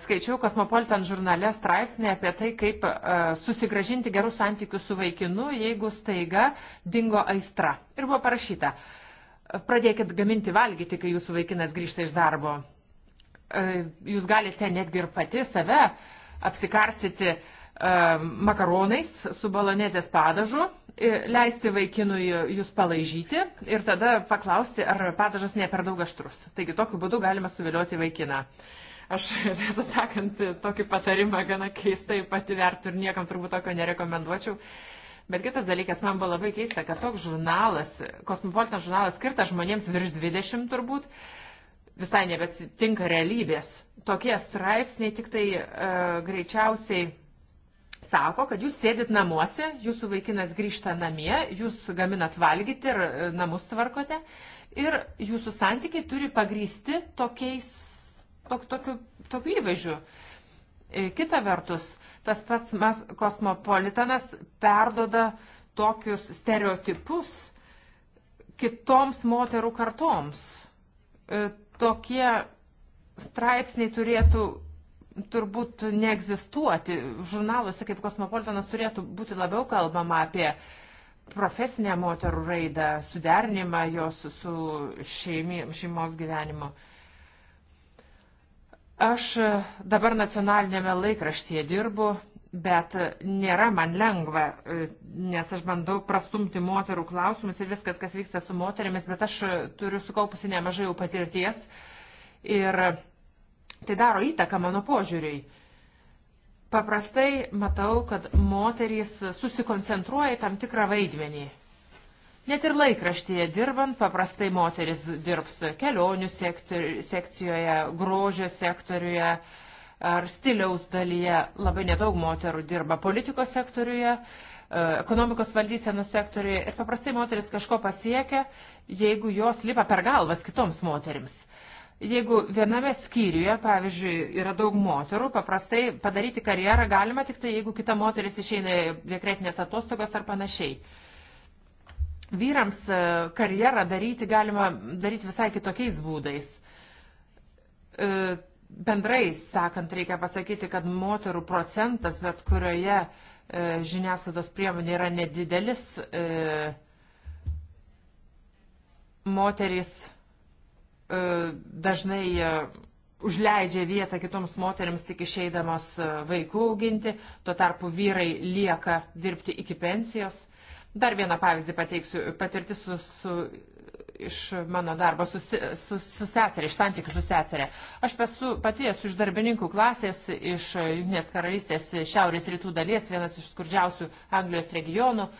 skaičiau Kosmopolitan žurnale straipsnį apie tai, kaip susigražinti gerus santykius su vaikinu, jeigu staiga dingo aistra. Ir buvo parašyta, pradėkit gaminti valgyti, kai jūsų vaikinas grįžta iš darbo. Jūs galite netgi ir pati save apsikarsyti makaronais su balonezės padažu, leisti vaikinui jūs palaižyti ir tada paklausti, ar padažas ne per daug aštrus. Taigi tokiu būdu galima suvilioti vaikiną. Uh, Aš, tiesą sakant, tokį patarimą gana keistai pati vertų ir niekam turbūt tokio nerekomenduočiau. Bet kitas dalykas, man buvo labai keista, kad toks žurnalas, kosmopolitas žurnalas skirtas žmonėms virš 20 turbūt, visai nebetinka realybės. Tokie straipsniai tik tai uh, greičiausiai sako, kad jūs sėdit namuose, jūsų vaikinas grįžta namie, jūs gaminat valgyti ir e, namus tvarkote. Ir jūsų santykiai turi pagrysti tokiais tok, tokiu, tokiu įvežiu. E, kita vertus, tas pats mes, kosmopolitanas perdoda tokius stereotipus kitoms moterų kartoms. E, tokie straipsniai turėtų turbūt neegzistuoti. Žurnaluose kaip kosmopolitanas turėtų būti labiau kalbama apie profesinę moterų raidą, suderinimą jos su šeimi, šeimos gyvenimu. Uh, Aš e, dabar nacionalinėme laikraštyje dirbu, bet nėra man lengva, e, nes aš bandau prastumti moterų klausimus ir viskas, kas vyksta su moterimis, bet aš e, turiu sukaupusi nemažai jau patirties ir tai daro įtaką mano požiūriui. Paprastai matau, kad moterys susikoncentruoja į tam tikrą vaidmenį. Net ir laikraštyje dirbant, paprastai moteris dirbs kelionių sektori, sekcijoje, grožio sektoriuje ar stiliaus dalyje. Labai nedaug moterų dirba politikos sektoriuje, e, ekonomikos valdysenos sektoriuje ir paprastai moteris kažko pasiekia, jeigu jos lipa per galvas kitoms moterims. Jeigu viename skyriuje, pavyzdžiui, yra daug moterų, paprastai padaryti karjerą galima tik tai, jeigu kita moteris išeina dekretinės atostogas ar panašiai. Vyrams e, karjerą daryti galima daryti visai kitokiais būdais. E, bendrai sakant, reikia pasakyti, kad moterų procentas bet kurioje e, žiniasklaidos priemonė yra nedidelis. Moterys dažnai užleidžia vietą kitoms moteriams tik išeidamos vaikų auginti, tuo tarpu vyrai lieka dirbti iki pensijos. Dar vieną pavyzdį pateiksiu, patirtis su, su, iš mano darbo, su, su, su seserė, iš santykių su seserė. Aš pasu, pati esu iš darbininkų klasės, iš Junės karalystės šiaurės rytų dalies, vienas iš skurdžiausių Anglijos regionų. E,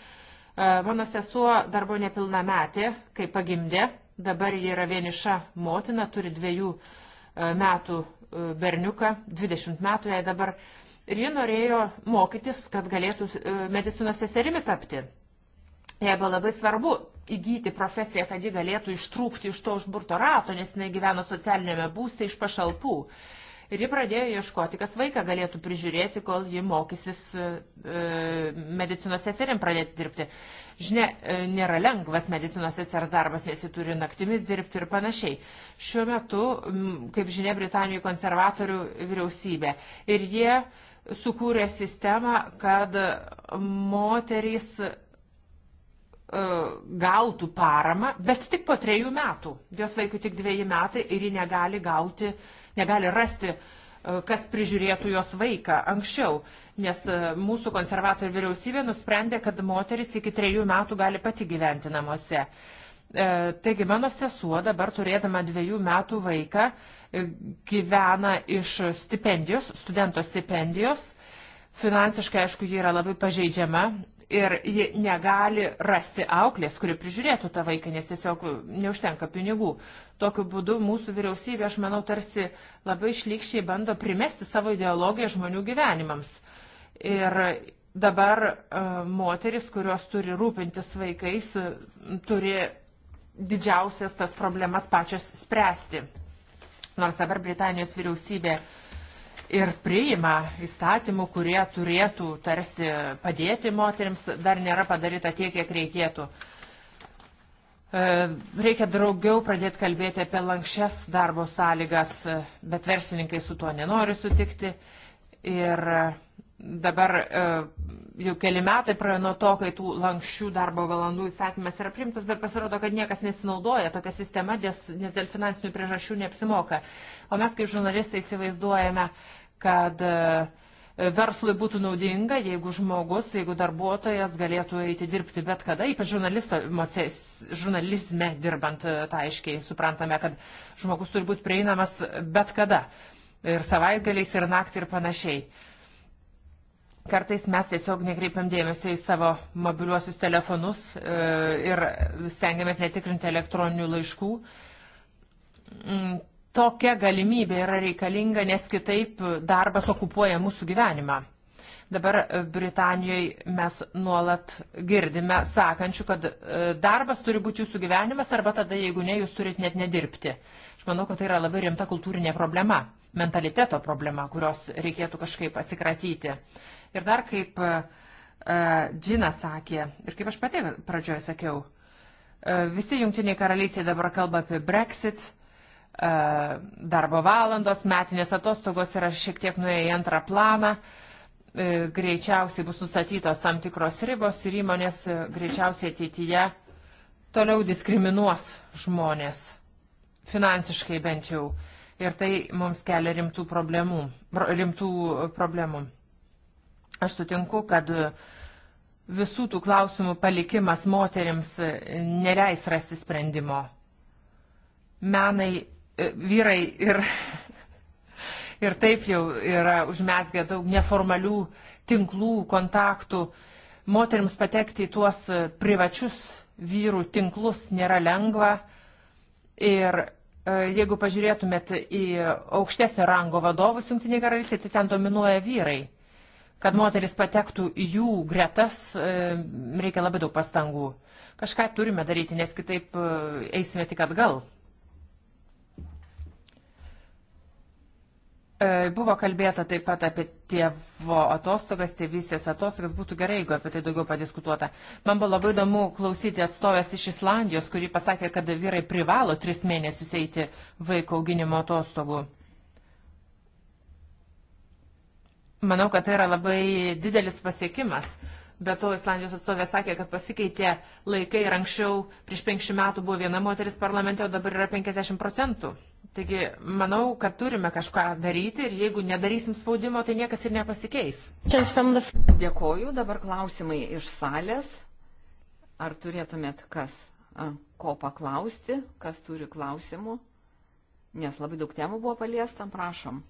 mano sesuo darbo nepilnametė, kai pagimdė, dabar ji yra vieniša motina, turi dviejų e, metų e, berniuką, 20 metų jai dabar. Ir ji norėjo mokytis, kad galėtų medicinos seserimi tapti. Jai buvo labai svarbu įgyti profesiją, kad ji galėtų ištrūkti iš to užburto rato, nes jinai gyveno socialinėme būste iš pašalpų. Ir ji pradėjo ieškoti, kas vaiką galėtų prižiūrėti, kol ji mokysis e, medicinos seserim pradėti dirbti. Žinia, e, nėra lengvas medicinos sesers darbas, nes ji turi naktimis dirbti ir panašiai. Šiuo metu, m, kaip žinia, Britanijoje konservatorių vyriausybė. Ir jie sukūrė sistemą, kad moterys E, gautų paramą, bet tik po trejų metų. Jos vaikui tik dviejų metai ir ji negali gauti, negali rasti, e, kas prižiūrėtų jos vaiką anksčiau. Nes e, mūsų konservatorių vyriausybė nusprendė, kad moteris iki trejų metų gali pati gyventi namuose. Taigi mano sesuo dabar turėdama dviejų metų vaiką gyvena iš stipendijos, studento stipendijos. Finansiškai, aišku, ji yra labai pažeidžiama, ir ji negali rasti auklės, kuri prižiūrėtų tą vaiką, nes tiesiog neužtenka pinigų. Tokiu būdu mūsų vyriausybė, aš manau, tarsi labai šlykščiai bando primesti savo ideologiją žmonių gyvenimams. Ir dabar e, moteris, kurios turi rūpintis vaikais, e, turi didžiausias tas problemas pačios spręsti. Nors dabar Britanijos vyriausybė uh, ir priima įstatymų, kurie turėtų tarsi padėti moteriams, dar nėra padaryta tiek, kiek reikėtų. E, reikia draugiau pradėti kalbėti apie lankščias darbo sąlygas, e, bet verslininkai su tuo nenori sutikti. Ir e, dabar jau keli metai praėjo nuo to, kai tų lankščių darbo valandų įstatymas yra primtas, bet pasirodo, kad niekas nesinaudoja tokia sistema, nes dėl finansinių priežasčių neapsimoka. O mes kaip žurnalistai įsivaizduojame, uh, kad e, verslui būtų naudinga, jeigu žmogus, jeigu darbuotojas galėtų eiti dirbti bet kada, ypač žurnalizme dirbant, tai aiškiai suprantame, kad žmogus turi būti prieinamas bet kada. Ir savaitgaliais, ir naktį, ir panašiai. Kartais mes tiesiog nekreipiam dėmesio į savo mobiliuosius telefonus e, ir stengiamės netikrinti elektroninių laiškų mm, tokia galimybė yra reikalinga, nes kitaip darbas okupuoja mūsų gyvenimą. Dabar e, Britanijoje mes nuolat girdime sakančių, kad e, darbas turi būti jūsų gyvenimas arba tada, jeigu ne, jūs turite net nedirbti. Aš manau, kad tai yra labai rimta kultūrinė problema, mentaliteto problema, kurios reikėtų kažkaip atsikratyti. Ir dar kaip e, Džina sakė, ir kaip aš pati pradžioje sakiau, visi jungtiniai karalysiai dabar kalba apie Brexit E, darbo valandos, metinės atostogos yra šiek tiek nuėję į antrą planą. E, greičiausiai bus nustatytos tam tikros ribos ir įmonės e, greičiausiai ateityje toliau diskriminuos žmonės, finansiškai bent jau. Ir tai mums kelia rimtų problemų. Rimtų problemų. Aš sutinku, kad visų tų klausimų palikimas moteriams nereis rasti sprendimo. Menai E, vyrai ir, ir taip jau yra užmesgę daug neformalių tinklų, kontaktų. Moterims patekti į tuos privačius vyrų tinklus nėra lengva. Ir e, jeigu pažiūrėtumėt į aukštesnio rango vadovus Junktinėje karalystėje, tai ten dominuoja vyrai. Kad moteris patektų į jų gretas, e, reikia labai daug pastangų. Kažką turime daryti, nes kitaip eisime tik atgal. E, buvo kalbėta taip pat apie tėvo atostogas, tėvysės atostogas, būtų gerai, jeigu apie tai daugiau padiskutuota. Man buvo labai įdomu klausyti atstovės iš Islandijos, kuri pasakė, kad vyrai privalo tris mėnesius eiti vaiko auginimo atostogų. Manau, kad tai yra labai didelis pasiekimas. Be to, Islandijos atstovė sakė, kad pasikeitė laikai ir anksčiau, prieš penkių metų buvo viena moteris parlamente, o dabar yra 50 procentų. Taigi, manau, kad turime kažką daryti ir jeigu nedarysim spaudimo, tai niekas ir nepasikeis. Dėkoju, dabar klausimai iš salės. Ar turėtumėt kas, ko paklausti, kas turi klausimų? Nes labai daug temų buvo paliesta, prašom.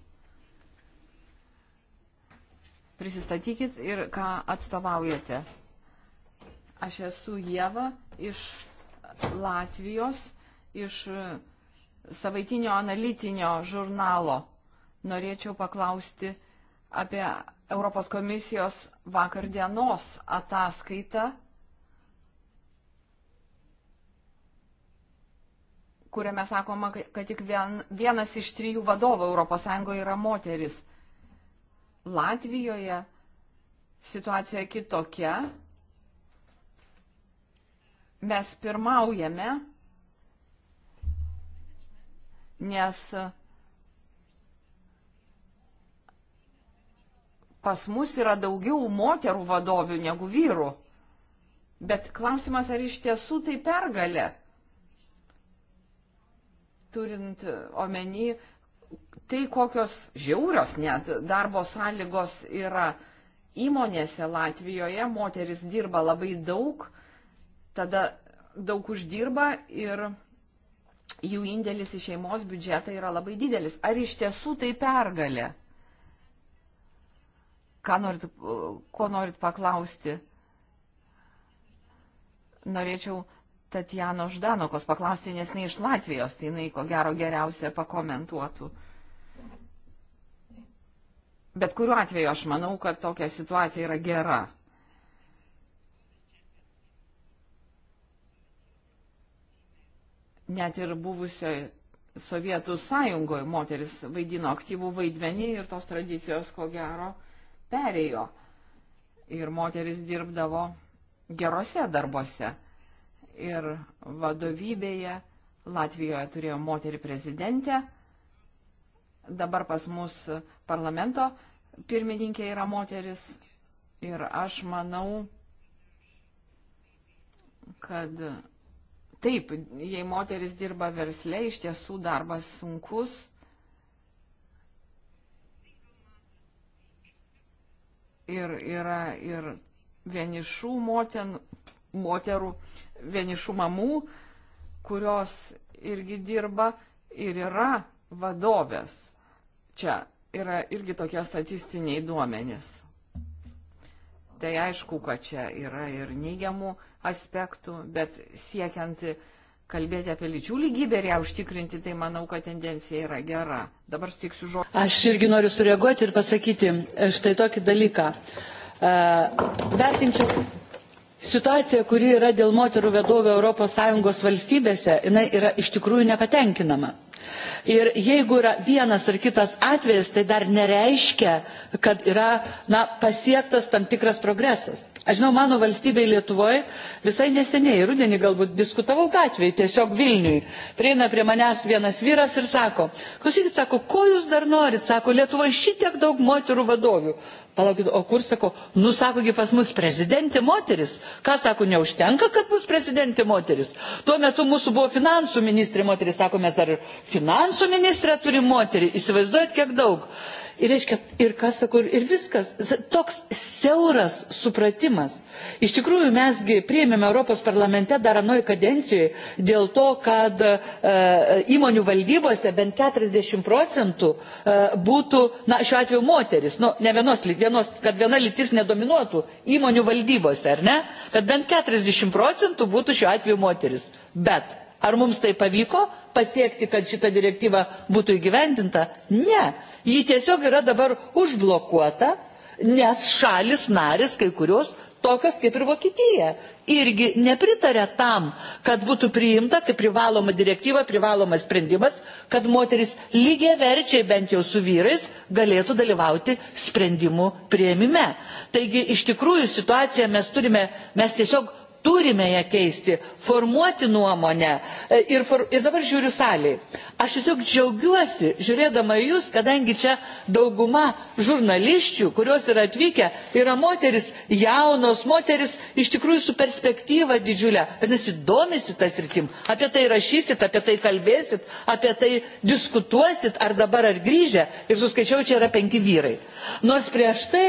Prisistatykit ir ką atstovaujate. Aš esu Jėva iš Latvijos, iš Latvijos savaitinio analitinio žurnalo norėčiau paklausti apie Europos komisijos vakar dienos ataskaitą, kuriame sakoma, kad tik vien, vienas iš trijų vadovų ES yra moteris. Latvijoje situacija kitokia. Mes pirmaujame nes pas mus yra daugiau moterų vadovių negu vyrų. Bet klausimas, ar iš tiesų tai pergalė, turint omeny tai, kokios žiaurios net darbo sąlygos yra įmonėse Latvijoje, moteris dirba labai daug, tada daug uždirba ir jų indėlis į šeimos biudžetą yra labai didelis. Ar iš tiesų tai pergalė? Ką norit, ko norit paklausti? Norėčiau Tatjano Ždanokos paklausti, nes ne iš Latvijos, tai jinai ko gero geriausia pakomentuotų. Bet kuriuo atveju aš manau, kad tokia situacija yra gera. Net ir buvusioje Sovietų sąjungoje moteris vaidino aktyvų vaidmenį ir tos tradicijos, ko gero, perėjo. Ir moteris dirbdavo gerose darbose. Ir vadovybėje Latvijoje turėjo moterį prezidentę. Dabar pas mus parlamento pirmininkė yra moteris. Ir aš manau, kad Taip, jei moteris dirba versle, iš tiesų darbas sunkus. Ir yra ir vienišų moten, moterų, vienišų mamų, kurios irgi dirba ir yra vadovės. Čia yra irgi tokie statistiniai duomenys. Tai aišku, kad čia yra ir neigiamų aspektų, bet siekiant kalbėti apie lyčių lygybę ir ją užtikrinti, tai manau, kad tendencija yra gera. Dabar stiksiu žodžiu. Aš irgi noriu sureaguoti ir pasakyti e, štai tokį dalyką. E, vertinčiau situacija, kuri yra dėl moterų vadovių ES valstybėse, jinai yra iš tikrųjų nepatenkinama Ir jeigu yra vienas ar kitas atvejis, tai dar nereiškia, kad yra na, pasiektas tam tikras progresas. Aš žinau, mano valstybėje Lietuvoje visai neseniai, rudenį galbūt diskutavau gatvėje, tiesiog Vilniui. Prieina prie manęs vienas vyras ir sako, klausykit, sako, ko jūs dar norit, sako, Lietuvoje šitiek daug moterų vadovių. Palaukit, o kur nu, sako, nu sakogi pas mus prezidentė moteris. Ką sako, neužtenka, kad bus prezidentė moteris. Tuo metu mūsų buvo finansų ministrė moteris, sako, mes dar ir finansų ministrė turi moterį. Įsivaizduojat, kiek daug. Ir, reiškia, ir ką sakau, ir viskas. Toks siauras supratimas. Iš tikrųjų, mesgi prieimėme Europos parlamente dar anoje kadencijoje dėl to, kad e, įmonių valdybose bent 40 procentų e, būtų, na, šiuo atveju moteris, nu, ne vienos, vienos, kad viena lytis nedominuotų įmonių valdybose, ar ne? Kad bent 40 procentų būtų šiuo atveju moteris. Bet ar mums tai pavyko? pasiekti, kad šita direktyva būtų įgyvendinta? Ne. Ji tiesiog yra dabar užblokuota, nes šalis narys, kai kurios, tokios kaip ir Vokietija, irgi nepritarė tam, kad būtų priimta kaip privaloma direktyva, privalomas sprendimas, kad moteris lygiai verčiai bent jau su vyrais galėtų dalyvauti sprendimų prieimime. Taigi iš tikrųjų situaciją mes turime, mes tiesiog turime ją keisti, formuoti nuomonę. E, ir, for, ir dabar žiūriu saliai. Aš tiesiog džiaugiuosi, žiūrėdama jūs, kadangi čia dauguma žurnališčių, kurios yra atvykę, yra moteris, jaunos moteris, iš tikrųjų su perspektyva didžiulė. Vadinasi, domisi tas rytim. Apie tai rašysit, apie tai kalbėsit, apie tai diskutuosit, ar dabar ar grįžę. Ir suskaičiau, čia yra penki vyrai. Nors prieš tai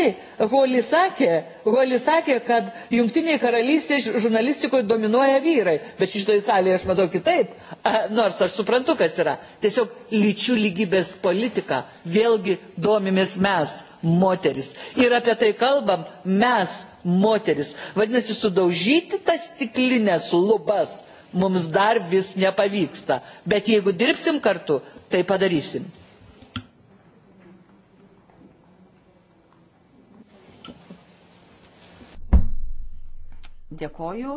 Holi sakė, Holi sakė kad Junktiniai karalystės žurnalistikoje dominuoja vyrai, bet šitoje salėje aš matau kitaip, nors aš suprantu, kas yra. Tiesiog lyčių lygybės politika vėlgi domimės mes, moteris. Ir apie tai kalbam mes, moteris. Vadinasi, sudaužyti tas stiklinės lubas mums dar vis nepavyksta. Bet jeigu dirbsim kartu, tai padarysim. Dėkoju.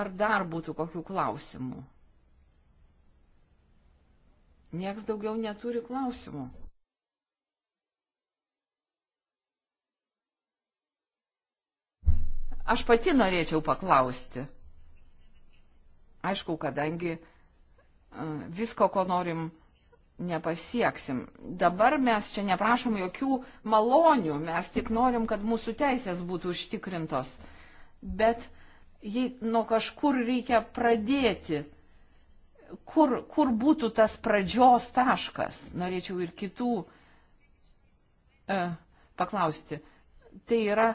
Ar dar būtų kokių klausimų? Niekas daugiau neturi klausimų. Aš pati norėčiau paklausti. Aišku, kadangi e, visko, ko norim, nepasieksim. Dabar mes čia neprašom jokių malonių, mes tik norim, kad mūsų teisės būtų užtikrintos bet jei nuo kažkur reikia pradėti, kur, kur būtų tas pradžios taškas, norėčiau ir kitų e, paklausti. Tai yra,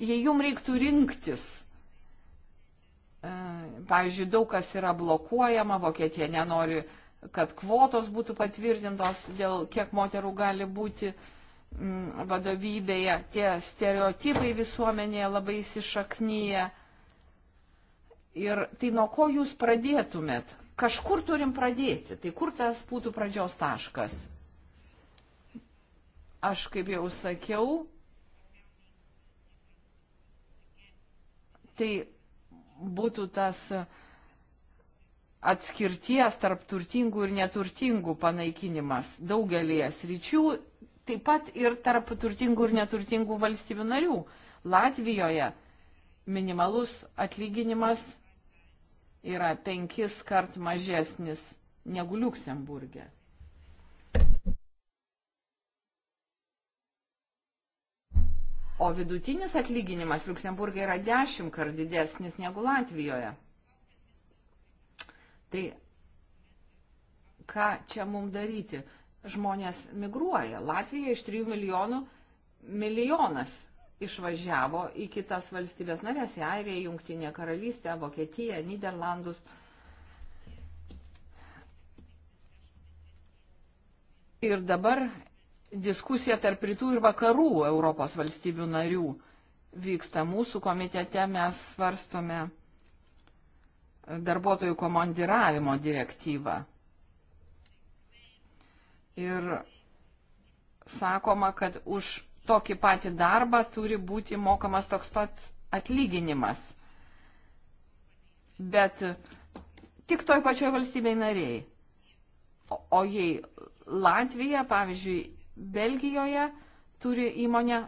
jei jum reiktų rinktis, e, pavyzdžiui, daug kas yra blokuojama, Vokietija nenori, kad kvotos būtų patvirtintos dėl kiek moterų gali būti. E, Mm, vadovybėje, tie stereotipai visuomenėje labai įsišaknyje. Ir tai nuo ko jūs pradėtumėt? Kažkur turim pradėti. Tai kur tas būtų pradžios taškas? Aš kaip jau sakiau, tai būtų tas atskirties tarp turtingų ir neturtingų panaikinimas daugelie sričių taip pat ir tarp turtingų ir neturtingų valstybių narių. Latvijoje minimalus atlyginimas yra penkis kart mažesnis negu Luksemburgė. O vidutinis atlyginimas Luksemburgė yra dešimt kart didesnis negu Latvijoje. Tai ką čia mums daryti? žmonės migruoja. Latvija iš 3 milijonų milijonas išvažiavo į kitas valstybės narės, į Airiją, Jungtinę karalystę, Vokietiją, Niderlandus. Ir dabar diskusija tarp rytų ir vakarų Europos valstybių narių vyksta. Mūsų komitete mes svarstome darbuotojų komandiravimo direktyvą ir sakoma, kad už tokį patį darbą turi būti mokamas toks pat atlyginimas. Bet tik toj pačioj valstybei nariai. O, o jei Latvija, pavyzdžiui, Belgijoje turi įmonę,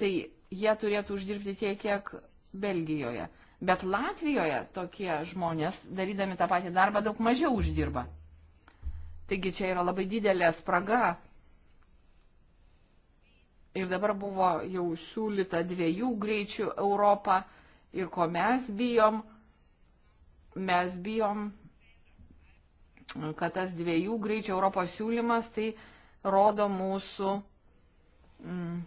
tai jie turėtų uždirbti tiek, kiek Belgijoje. Bet Latvijoje tokie žmonės, darydami tą patį darbą, daug mažiau uždirba. Taigi čia yra labai didelė spraga. Ir dabar buvo jau siūlyta dviejų greičių Europą. Ir ko mes bijom? Mes bijom, kad tas dviejų greičių Europos siūlymas tai rodo mūsų. Mm,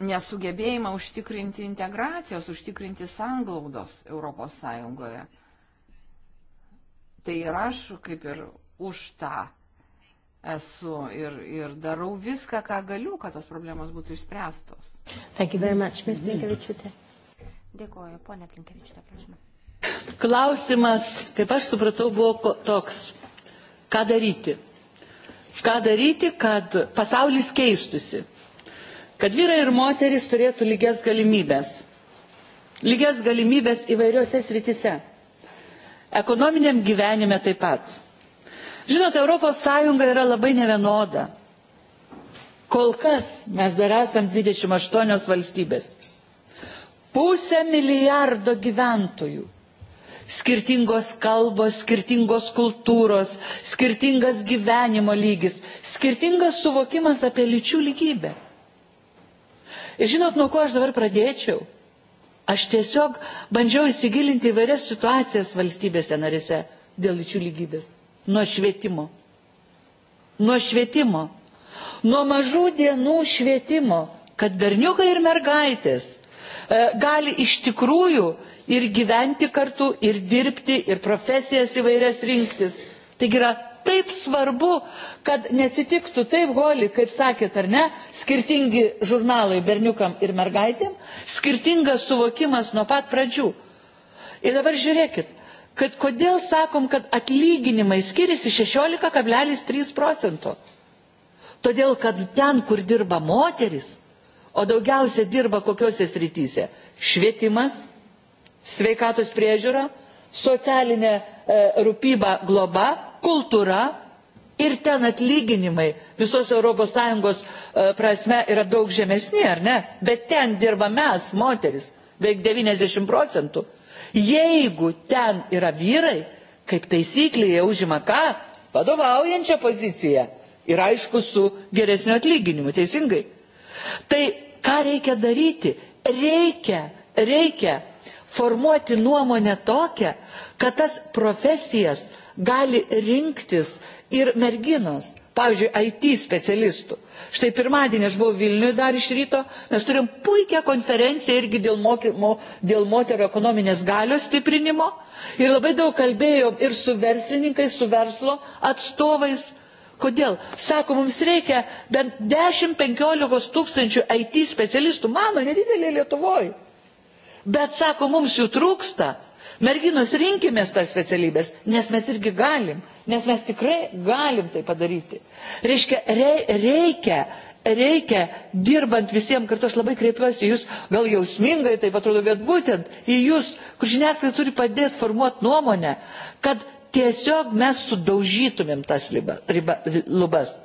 nesugebėjimą užtikrinti integracijos, užtikrinti sanglaudos Europos Sąjungoje. Tai ir aš kaip ir už tą esu ir, ir darau viską, ką galiu, kad tos problemos būtų išspręstos. Much, Dėkuoju, ponia Plinkevičiūtė, prašome. Klausimas, kaip aš supratau, buvo toks, ką daryti. Ką daryti, kad pasaulis keistusi kad vyrai ir moterys turėtų lygias galimybės. Lygias galimybės įvairiose sritise. Ekonominiam gyvenime taip pat. Žinote, ES yra labai nevienoda. Kol kas mes dar esam 28 valstybės. Pusę milijardo gyventojų. Skirtingos kalbos, skirtingos kultūros, skirtingas gyvenimo lygis, skirtingas suvokimas apie lyčių lygybę. Ir žinot, nuo ko aš dabar pradėčiau? Aš tiesiog bandžiau įsigilinti įvairias situacijas valstybėse narise dėl lyčių lygybės. Nuo švietimo. Nuo švietimo. Nuo mažų dienų švietimo, kad berniukai ir mergaitės e, gali iš tikrųjų ir gyventi kartu, ir dirbti, ir profesijas įvairias rinktis. Taigi yra taip svarbu, kad neatsitiktų taip holi, kaip sakėt ar ne, skirtingi žurnalai berniukam ir mergaitėm, skirtingas suvokimas nuo pat pradžių. Ir dabar žiūrėkit, kad kodėl sakom, kad atlyginimai skiriasi 16,3 procento. Todėl, kad ten, kur dirba moteris, o daugiausia dirba kokiuose srityse - švietimas, sveikatos priežiūra, socialinė e, rūpyba, globa, kultūra ir ten atlyginimai visos ES e, prasme yra daug žemesni, ar ne? Bet ten dirba mes, moteris, beveik 90 procentų. Jeigu ten yra vyrai, kaip taisyklė jie užima ką? Vadovaujančią poziciją. Ir aišku, su geresniu atlyginimu, teisingai. Tai ką reikia daryti? Reikia, reikia formuoti nuomonę tokią, kad tas profesijas gali rinktis ir merginos, pavyzdžiui, IT specialistų. Štai pirmadienį aš buvau Vilniuje dar iš ryto, mes turim puikią konferenciją irgi dėl, mokymo, dėl moterio ekonominės galios stiprinimo ir labai daug kalbėjom ir su verslininkais, su verslo atstovais. Kodėl? Sako, mums reikia bent 10-15 tūkstančių IT specialistų, mano nedidelė Lietuvoje. Bet sako, mums jų trūksta, Merginos, rinkimės tas specialybės, nes mes irgi galim, nes mes tikrai galim tai padaryti. Reiškia, re, reikia reikia, dirbant visiems kartu, aš labai kreipiuosi jūs, gal jausmingai tai atrodo, bet būtent į jūs, kur žiniasklaida turi padėti formuoti nuomonę, kad tiesiog mes sudaužytumėm tas liba, riba, lubas.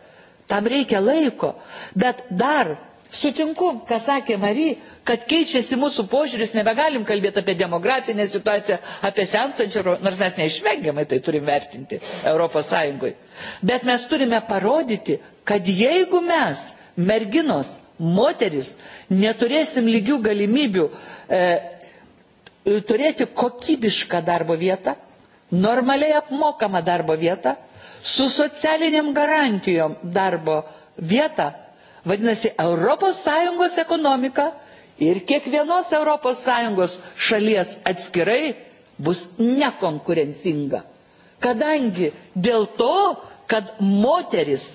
Tam reikia laiko, bet dar Sutinku, ką sakė Marija, kad keičiasi mūsų požiūris, nebegalim kalbėti apie demografinę situaciją, apie sensančią, nors mes neišvengiamai tai turim vertinti ES. Bet mes turime parodyti, kad jeigu mes, merginos, moteris, neturėsim lygių galimybių e, turėti kokybišką darbo vietą, normaliai apmokamą darbo vietą, su socialiniam garantijom darbo vietą, Vadinasi, ES ekonomika ir kiekvienos ES šalies atskirai bus nekonkurencinga. Kadangi dėl to, kad moteris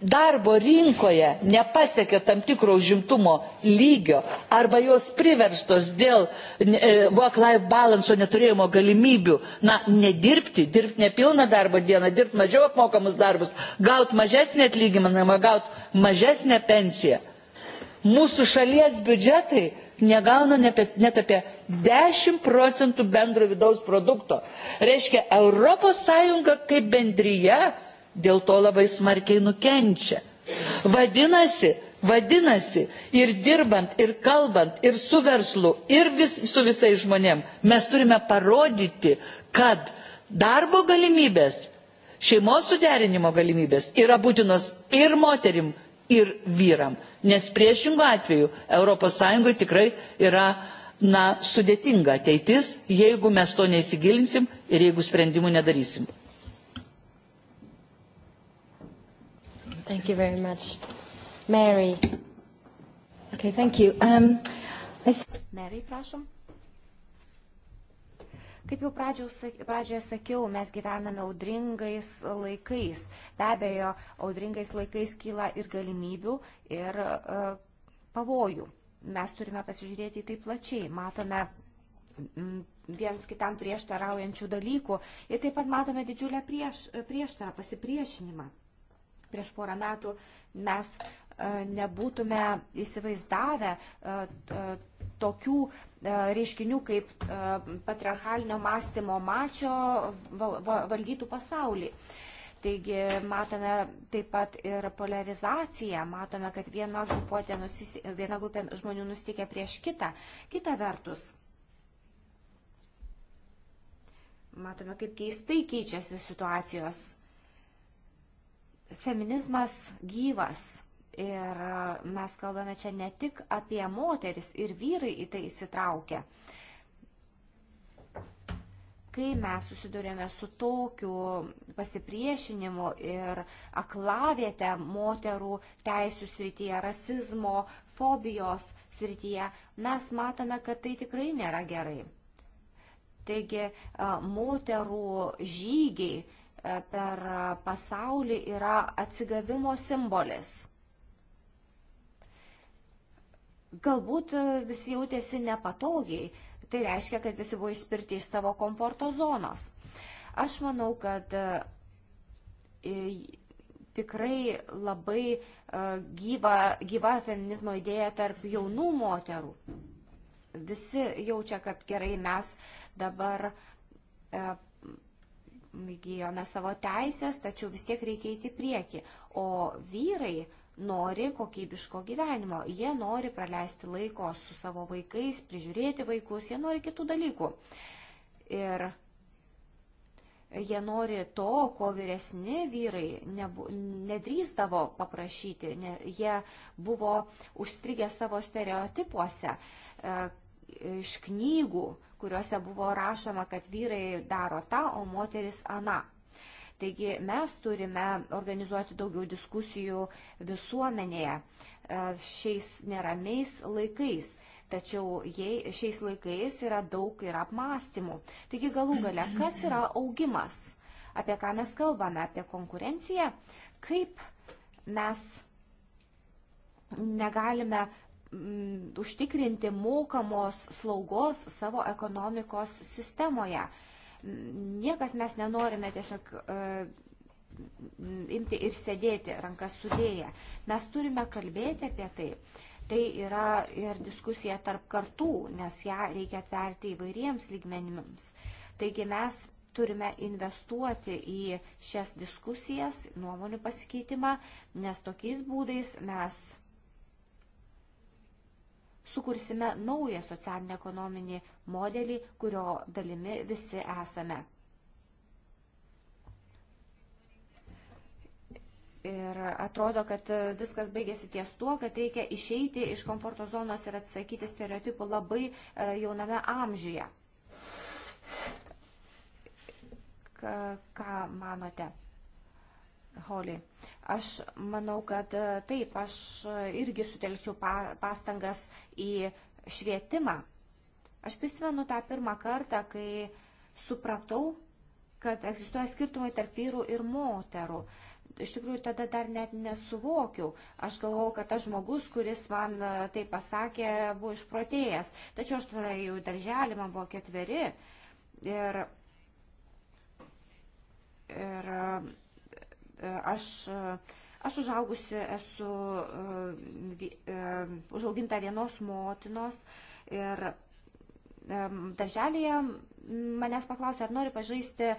darbo rinkoje nepasiekia tam tikro užimtumo lygio arba jos priverstos dėl e, work-life balanso neturėjimo galimybių, na, nedirbti, dirbti nepilną darbo dieną, dirbti mažiau apmokamus darbus, gauti mažesnį atlyginimą, gauti mažesnę pensiją. Mūsų šalies biudžetai negauna net apie 10 procentų bendro vidaus produkto. Reiškia, ES kaip bendryje dėl to labai smarkiai nukenčia. Vadinasi, vadinasi, ir dirbant, ir kalbant, ir su verslu, ir vis, su visais žmonėm, mes turime parodyti, kad darbo galimybės, šeimos suderinimo galimybės yra būtinos ir moterim, ir vyram. Nes priešingų atveju ES tikrai yra na, sudėtinga ateitis, jeigu mes to neįsigilinsim ir jeigu sprendimų nedarysim. Thank you very much. Mary. Okay, thank you. Um, I th Mary, prašom. Kaip jau pradžioje sakiau, mes gyvename audringais laikais. Be abejo, audringais laikais kyla ir galimybių, ir e, pavojų. Mes turime pasižiūrėti į tai plačiai. Matome vienas kitam prieštaraujančių dalykų ir taip pat matome didžiulę prieš, prieštarą, pasipriešinimą prieš porą metų mes e, nebūtume įsivaizdavę e, e, tokių reiškinių kaip patriarchalinio mąstymo mačio valdytų pasaulį. Taigi matome taip pat ir polarizaciją, matome, kad viena, nusis, viena grupė žmonių nustikė prieš kitą. Kita vertus, matome, kaip keistai keičiasi situacijos feminizmas gyvas. Ir mes kalbame čia ne tik apie moteris, ir vyrai į tai įsitraukia. Kai mes susidurėme su tokiu pasipriešinimu ir aklavietę moterų teisų srityje, rasizmo, fobijos srityje, mes matome, kad tai tikrai nėra gerai. Taigi moterų žygiai E, per pasaulį yra atsigavimo simbolis. Galbūt visi jautėsi nepatogiai, tai reiškia, kad visi buvo išspirti iš savo komforto zonos. Aš manau, kad e, tikrai labai e, gyva, gyva feminizmo idėja tarp jaunų moterų. Visi jaučia, kad gerai mes dabar įgyjome savo teisės, tačiau vis tiek reikia įti prieki. O vyrai nori kokybiško gyvenimo, jie nori praleisti laiko su savo vaikais, prižiūrėti vaikus, jie nori kitų dalykų. Ir jie nori to, ko vyresni vyrai nebu, nedrįsdavo paprašyti, ne, jie buvo užstrigę savo stereotipuose e, iš knygų, e, kuriuose buvo rašoma, kad vyrai daro tą, o moteris aną. Taigi mes turime organizuoti daugiau diskusijų visuomenėje e, šiais neramiais laikais. Tačiau jei šiais laikais yra daug ir apmąstymų. Taigi galų gale, kas yra augimas? Apie ką mes kalbame? Apie konkurenciją? Kaip mes negalime m, mm, užtikrinti mokamos slaugos savo ekonomikos sistemoje. Niekas mes nenorime tiesiog e, mm, imti ir sėdėti rankas sudėję. Mes turime kalbėti apie tai. Tai yra ir diskusija tarp kartų, nes ją reikia atverti įvairiems lygmenims. Taigi mes turime investuoti į šias diskusijas, nuomonių pasikeitimą, nes tokiais būdais mes sukursime naują socialinį ekonominį modelį, kurio dalimi visi esame. Ir atrodo, kad viskas baigėsi ties tuo, kad reikia išeiti iš komforto zonos ir atsisakyti stereotipų labai e, jauname amžiuje. Ką manote? Holly. Aš manau, kad e, taip, aš e, irgi sutelkčiau pastangas į švietimą. Aš prisimenu tą pirmą kartą, kai supratau, kad egzistuoja skirtumai tarp vyrų ir moterų. Iš tikrųjų, tada dar net nesuvokiau. Aš galvojau, kad tas žmogus, kuris man e, tai pasakė, buvo išprotėjęs. Tačiau aš tada jau darželį, man buvo ketveri. Ir, ir Aš, aš užaugusi esu e, e, užauginta vienos motinos ir darželėje manęs paklausė, ar nori pažaisti e,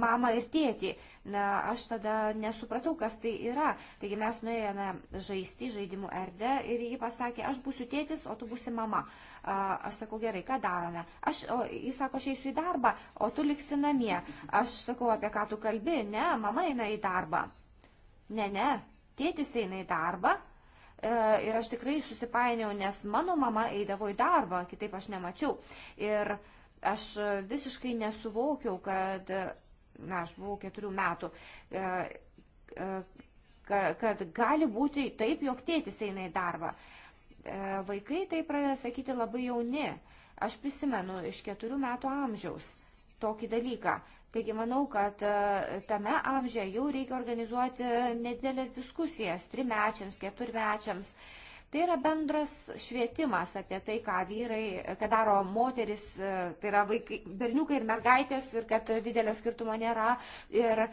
mamą ir tėtį. Na, aš tada nesupratau, kas tai yra. Taigi mes nuėjome žaisti žaidimų erdę ir ji pasakė, aš būsiu tėtis, o tu būsi mama. Aš sakau, gerai, ką darome? Aš, o, jis sako, aš eisiu į darbą, o tu liksi namie. Aš sakau, apie ką tu kalbi? Ne, mama eina į darbą. Ne, ne, tėtis eina į darbą, E, ir aš tikrai susipainiau, nes mano mama eidavo į darbą, kitaip aš nemačiau. Ir aš visiškai nesuvokiau, kad, na, aš buvau keturių metų, e, e, kad gali būti taip, jog tėtis eina į darbą. Vaikai tai pradeda sakyti labai jauni. Aš prisimenu iš keturių metų amžiaus tokį dalyką. Taigi manau, kad e, tame amžiuje jau reikia organizuoti nedėlės diskusijas trimečiams, keturmečiams. Tai yra bendras švietimas apie tai, ką vyrai, ką daro moteris, e, tai yra vaikai, berniukai ir mergaitės ir kad didelio skirtumo nėra ir e,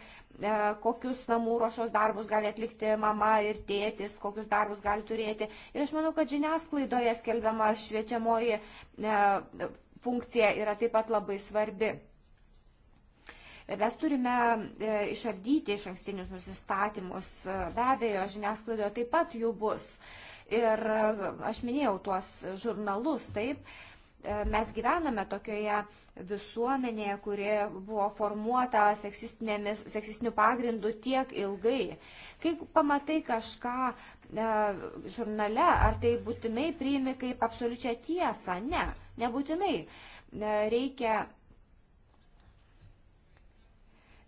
kokius namų ruošos darbus gali atlikti mama ir tėtis, kokius darbus gali turėti. Ir aš manau, kad žiniasklaidoje skelbiama šviečiamoji e, funkcija yra taip pat labai svarbi. Mes turime e, išardyti iš ankstinius nusistatymus. E, be abejo, žiniasklaidoje taip pat jų bus. Ir e, aš minėjau tuos žurnalus, taip. Mes gyvename tokioje visuomenėje, kuri buvo formuota seksistiniu pagrindu tiek ilgai. Kai pamatai kažką e, žurnale, ar tai būtinai priimi kaip absoliučią tiesą? Ne, nebūtinai. E, reikia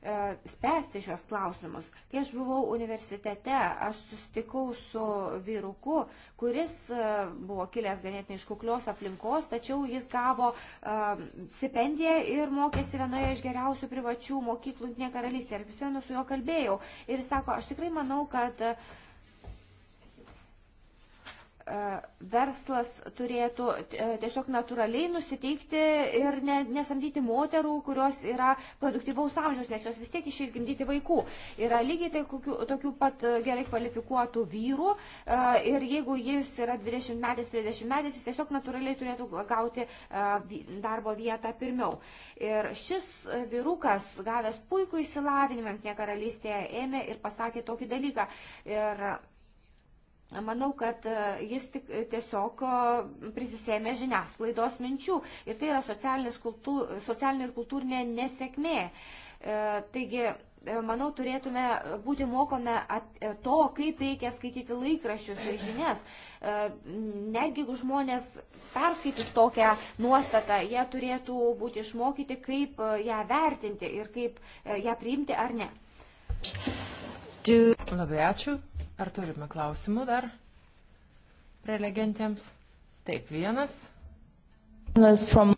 E, spręsti šios klausimus. Kai aš buvau universitete, aš susitikau su vyruku, kuris e, buvo kilęs ganėtinai iš kuklios aplinkos, tačiau jis gavo e, stipendiją ir mokėsi vienoje iš geriausių privačių mokyklų Junktinė karalystė. Ir prisimenu, su juo kalbėjau. Ir jis sako, aš tikrai manau, kad uh, E, verslas turėtų e, tiesiog natūraliai nusiteikti ir ne, nesamdyti moterų, kurios yra produktyvaus amžiaus, nes jos vis tiek išeis gimdyti vaikų. Yra lygiai tai kokių, tokių pat gerai kvalifikuotų vyrų e, ir jeigu jis yra 20 metais, 30 metais, jis tiesiog natūraliai turėtų gauti darbo vietą pirmiau. Ir šis vyrukas, gavęs puikų įsilavinimą, ne karalystėje, ėmė ir pasakė tokį dalyką. Ir Manau, kad e, jis tik, e, tiesiog e, prisisėmė žiniasklaidos minčių ir tai yra kultūr, socialinė ir kultūrinė nesėkmė. Taigi, manau, turėtume būti mokome to, kaip reikia skaityti laikraščius ir žinias. Netgi jeigu žmonės perskaitys tokią nuostatą, jie turėtų būti išmokyti, kaip ją vertinti ir kaip ją priimti ar ne. Labai ačiū. Ar turime klausimų dar prelegentėms? Taip, vienas. From...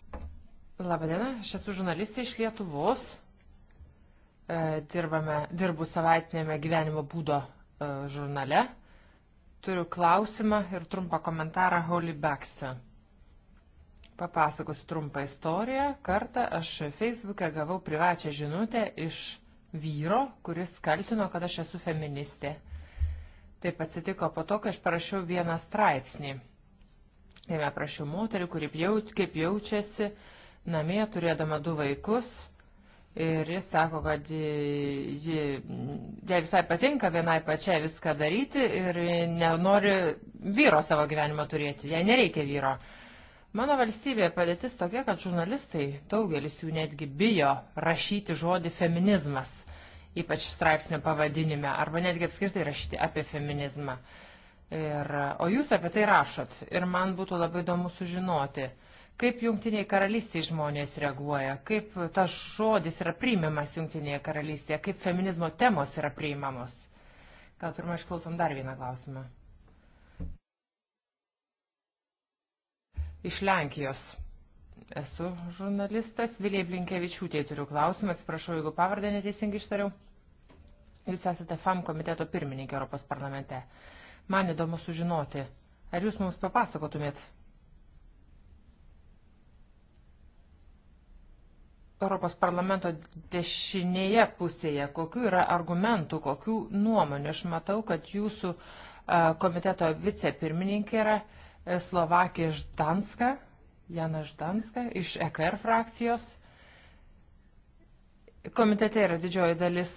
Labadiena, aš esu žurnalistė iš Lietuvos. E, dirbame, dirbu savaitinėme gyvenimo būdo e, žurnale. Turiu klausimą ir trumpą komentarą Holy Backs'e. Papasakosiu trumpą istoriją. Kartą aš Facebook'e gavau privačią žinutę iš vyro, kuris kaltino, kad aš esu feministė. Taip atsitiko po to, kai aš parašiau vieną straipsnį. Jame prašiau moterį, kuri jauč, kaip jaučiasi namie turėdama du vaikus. Ir jis sako, kad ji, jai visai patinka vienai pačiai viską daryti ir nenori vyro savo gyvenimą turėti, jai nereikia vyro. Mano valstybėje padėtis tokia, kad žurnalistai, daugelis jų netgi bijo rašyti žodį feminizmas ypač straipsnio pavadinime, arba netgi apskritai rašyti apie feminizmą. Ir, o jūs apie tai rašot ir man būtų labai įdomu sužinoti, kaip jungtiniai karalystiai žmonės reaguoja, kaip tas žodis yra priimamas jungtinėje karalystėje, kaip feminizmo temos yra priimamos. Gal pirmą išklausom dar vieną klausimą. Iš Lenkijos. Esu žurnalistas. Vilijai Blinkevičiūtė turiu klausimą. Atsiprašau, jeigu pavardę neteisingai ištariau. Jūs esate FAM komiteto pirmininkė Europos parlamente. Man įdomu sužinoti, ar jūs mums papasakotumėt Europos parlamento dešinėje pusėje, kokiu yra argumentų, kokiu nuomonių. Aš matau, kad jūsų komiteto vicepirmininkė yra e, Slovakija Ždanska, Janą Ždanską iš EKR frakcijos. Komitete yra didžioji dalis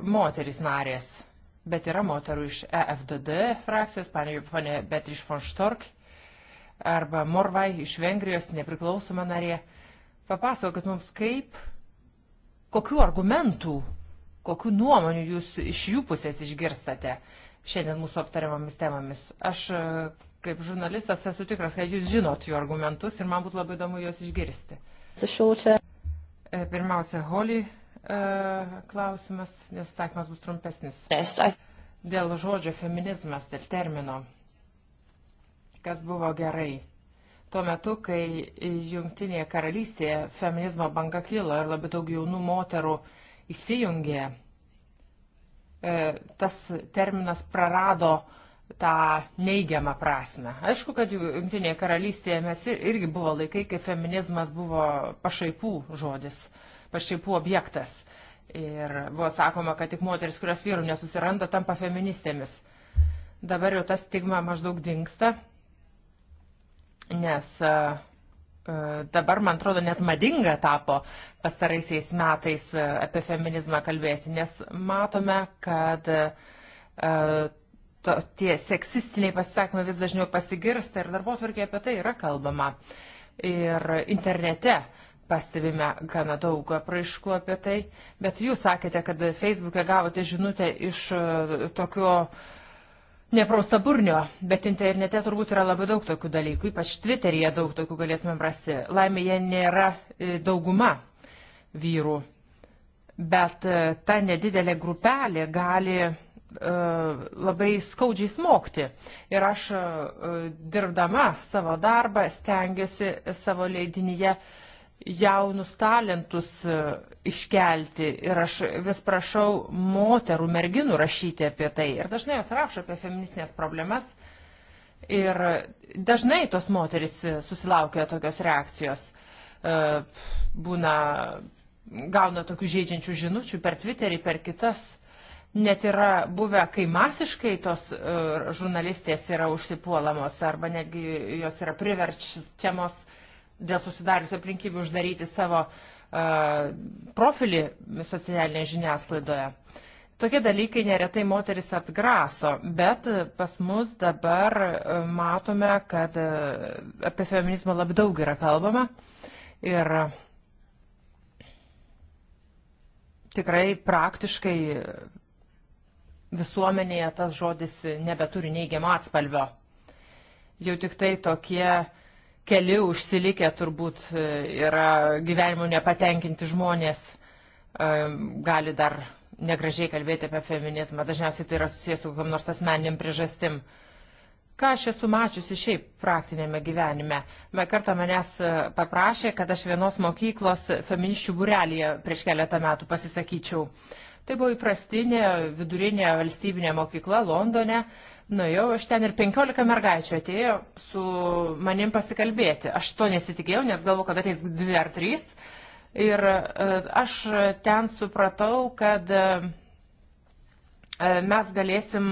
moterys narės, bet yra moterų iš EFDD frakcijos, panė Betriš von Štork arba Morvai iš Vengrijos, nepriklausoma narė. Papasakokit mums, kaip, kokiu argumentų, kokiu nuomonių jūs iš jų pusės išgirstate šiandien mūsų aptariamomis temomis. Aš e, kaip žurnalistas esu tikras, kad jūs žinot jų argumentus ir man būtų labai įdomu juos išgirsti. E, pirmiausia, Holly e, klausimas, nes sakymas bus trumpesnis. Dėl žodžio feminizmas ir termino, kas buvo gerai. Tuo metu, kai Junktinėje karalystėje feminizmo banga kilo ir labai daug jaunų moterų įsijungė E, tas terminas prarado tą neigiamą prasme. Aišku, kad Junktinėje karalystėje mes irgi buvo laikai, kai feminizmas buvo pašaipų žodis, pašaipų objektas. Ir buvo sakoma, kad tik moteris, kurios vyrų nesusiranda, tampa feministėmis. Dabar jau ta stigma maždaug dinksta, nes uh, E, dabar, man atrodo, net madinga tapo pastaraisiais metais e, apie feminizmą kalbėti, nes matome, kad e, to, tie seksistiniai pasisakymai vis dažniau pasigirsta ir darbo tvarkiai apie tai yra kalbama. Ir internete pastebime gana daug apraiškų apie tai, bet jūs sakėte, kad Facebook'e gavote žinutę iš tokio uh, neprausta burnio, bet internete turbūt yra labai daug tokių dalykų, ypač Twitteryje daug tokių galėtumėm rasti. Laimė, jie nėra e, dauguma vyrų, bet e, ta nedidelė grupelė gali e, labai skaudžiai smokti. Ir aš dirbdama savo darbą stengiuosi savo leidinyje uh, jaunus talentus e, iškelti ir aš vis prašau moterų, merginų rašyti apie tai. Ir dažnai jos rašo apie feministinės problemas ir dažnai tos moteris e, susilaukia tokios reakcijos. E, būna, gauna tokių žaidžiančių žinučių per Twitterį, per kitas. Net yra buvę, kai masiškai tos žurnalistės yra užsipuolamos arba netgi jos yra priverčiamos dėl susidariusių aplinkybių uždaryti savo uh, profilį socialinėje žiniasklaidoje. Tokie dalykai neretai moteris atgraso, bet pas mus dabar e, matome, kad e, apie feminizmą labai daug yra kalbama ir tikrai praktiškai visuomenėje tas žodis nebeturi neigiamą atspalvio. Jau tik tai tokie uh, keli užsilikę turbūt e, yra gyvenimu nepatenkinti žmonės, e, gali dar negražiai kalbėti apie feminizmą. Dažniausiai tai yra susijęs su kokiam nors asmeniniam priežastim. Ką aš esu mačiusi šiaip praktinėme gyvenime? Me kartą manęs e, paprašė, kad aš vienos mokyklos feminiščių burelėje prieš keletą metų pasisakyčiau. Uh, Tai buvo įprastinė vidurinė valstybinė mokykla Londone. Nuėjau aš ten ir 15 mergaičių atėjo su manim pasikalbėti. Aš to nesitikėjau, nes galvoju, kad ateis dvi ar trys. Ir e, aš ten supratau, kad e, e, mes galėsim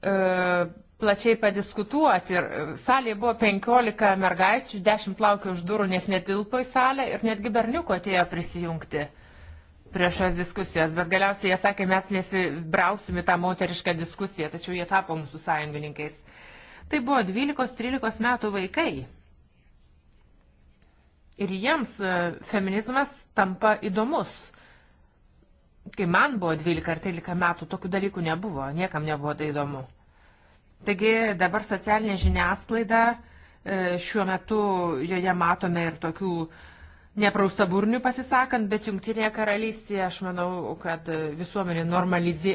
plačiai padiskutuoti. Ir salėje buvo 15 mergaičių, 10 laukė už durų, nes netilpo į salę ir netgi berniuko atėjo prisijungti. Uh, prieš šios diskusijos, bet galiausiai jie sakė, mes nesibrausim į tą moterišką diskusiją, tačiau jie tapo mūsų sąjungininkais. Tai buvo 12-13 metų vaikai. Ir jiems e, feminizmas tampa įdomus. Kai man buvo 12 ar 13 metų, tokių dalykų nebuvo, niekam nebuvo tai įdomu. Taigi dabar socialinė žiniasklaida, e, šiuo metu joje matome ir tokių uh, nepraustaburnių pasisakant, bet Junktinėje karalystėje aš manau, kad visuomenė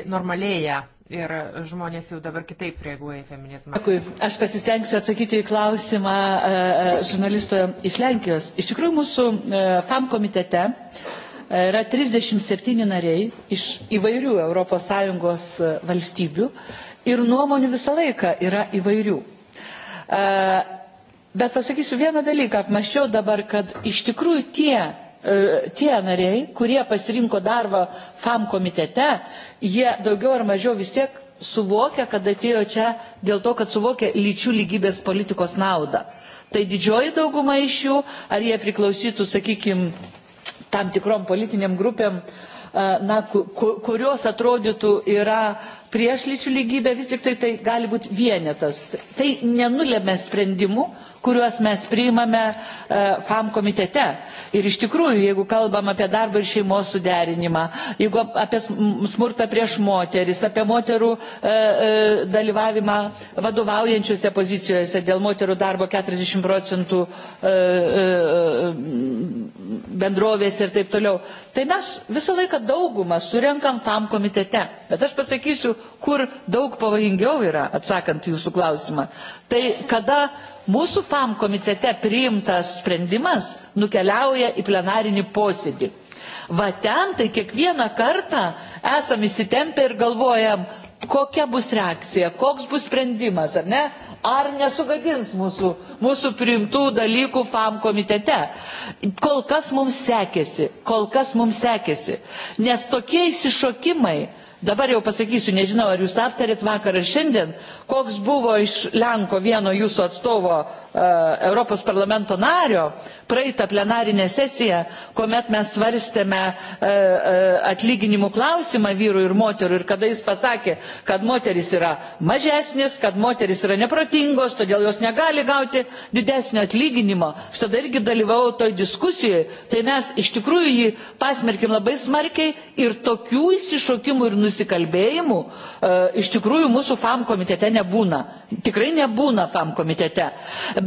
normalėja ir žmonės jau dabar kitaip reaguoja į feminizmą. Dėkui. Aš pasistengsiu atsakyti į klausimą e, e, žurnalisto iš Lenkijos. Iš tikrųjų, mūsų e, FAM komitete yra 37 nariai iš įvairių ES valstybių ir nuomonių visą laiką yra įvairių. Bet pasakysiu vieną dalyką, apmaščiau dabar, kad iš tikrųjų tie, e, tie nariai, kurie pasirinko darbą FAM komitete, jie daugiau ar mažiau vis tiek suvokia, kad atėjo čia dėl to, kad suvokia lyčių lygybės politikos naudą. Tai didžioji dauguma iš jų, ar jie priklausytų, sakykime, tam tikrom politiniam grupėm, e, na, kurios atrodytų yra prieš lyčių lygybę, vis tik tai, tai gali būti vienetas. Tai nenulėmė sprendimų, kuriuos mes priimame e, FAM komitete. Ir iš tikrųjų, jeigu kalbam apie darbą ir šeimos suderinimą, jeigu apie smurtą prieš moteris, apie moterų e, e, dalyvavimą vadovaujančiose pozicijose dėl moterų darbo 40 procentų bendrovėse ir taip toliau. Tai mes visą laiką daugumą surenkam FAM komitete. Bet aš pasakysiu, kur daug pavojingiau yra, atsakant jūsų klausimą. Tai kada mūsų FAM komitete priimtas sprendimas nukeliauja į plenarinį posėdį. Va ten tai kiekvieną kartą esam įsitempę ir galvojam, kokia bus reakcija, koks bus sprendimas, ar ne, ar nesugadins mūsų, mūsų priimtų dalykų FAM komitete. Kol kas mums sekėsi, kol kas mums sekėsi, nes tokie išsišokimai, Dabar jau pasakysiu, nežinau, ar jūs aptarėt vakar ar šiandien, koks buvo iš Lenko vieno jūsų atstovo e, Europos parlamento nario praeitą plenarinę sesiją, kuomet mes svarstėme e, e, atlyginimų klausimą vyrų ir moterų ir kada jis pasakė, kad moteris yra mažesnės, kad moteris yra neprotingos, todėl jos negali gauti didesnio atlyginimo. Aš tada irgi dalyvau toj diskusijoje, tai mes iš tikrųjų jį pasmerkim labai smarkiai ir tokių įsišokimų ir nusikaltimų susikalbėjimų e, iš tikrųjų mūsų FAM komitete nebūna. Tikrai nebūna FAM komitete.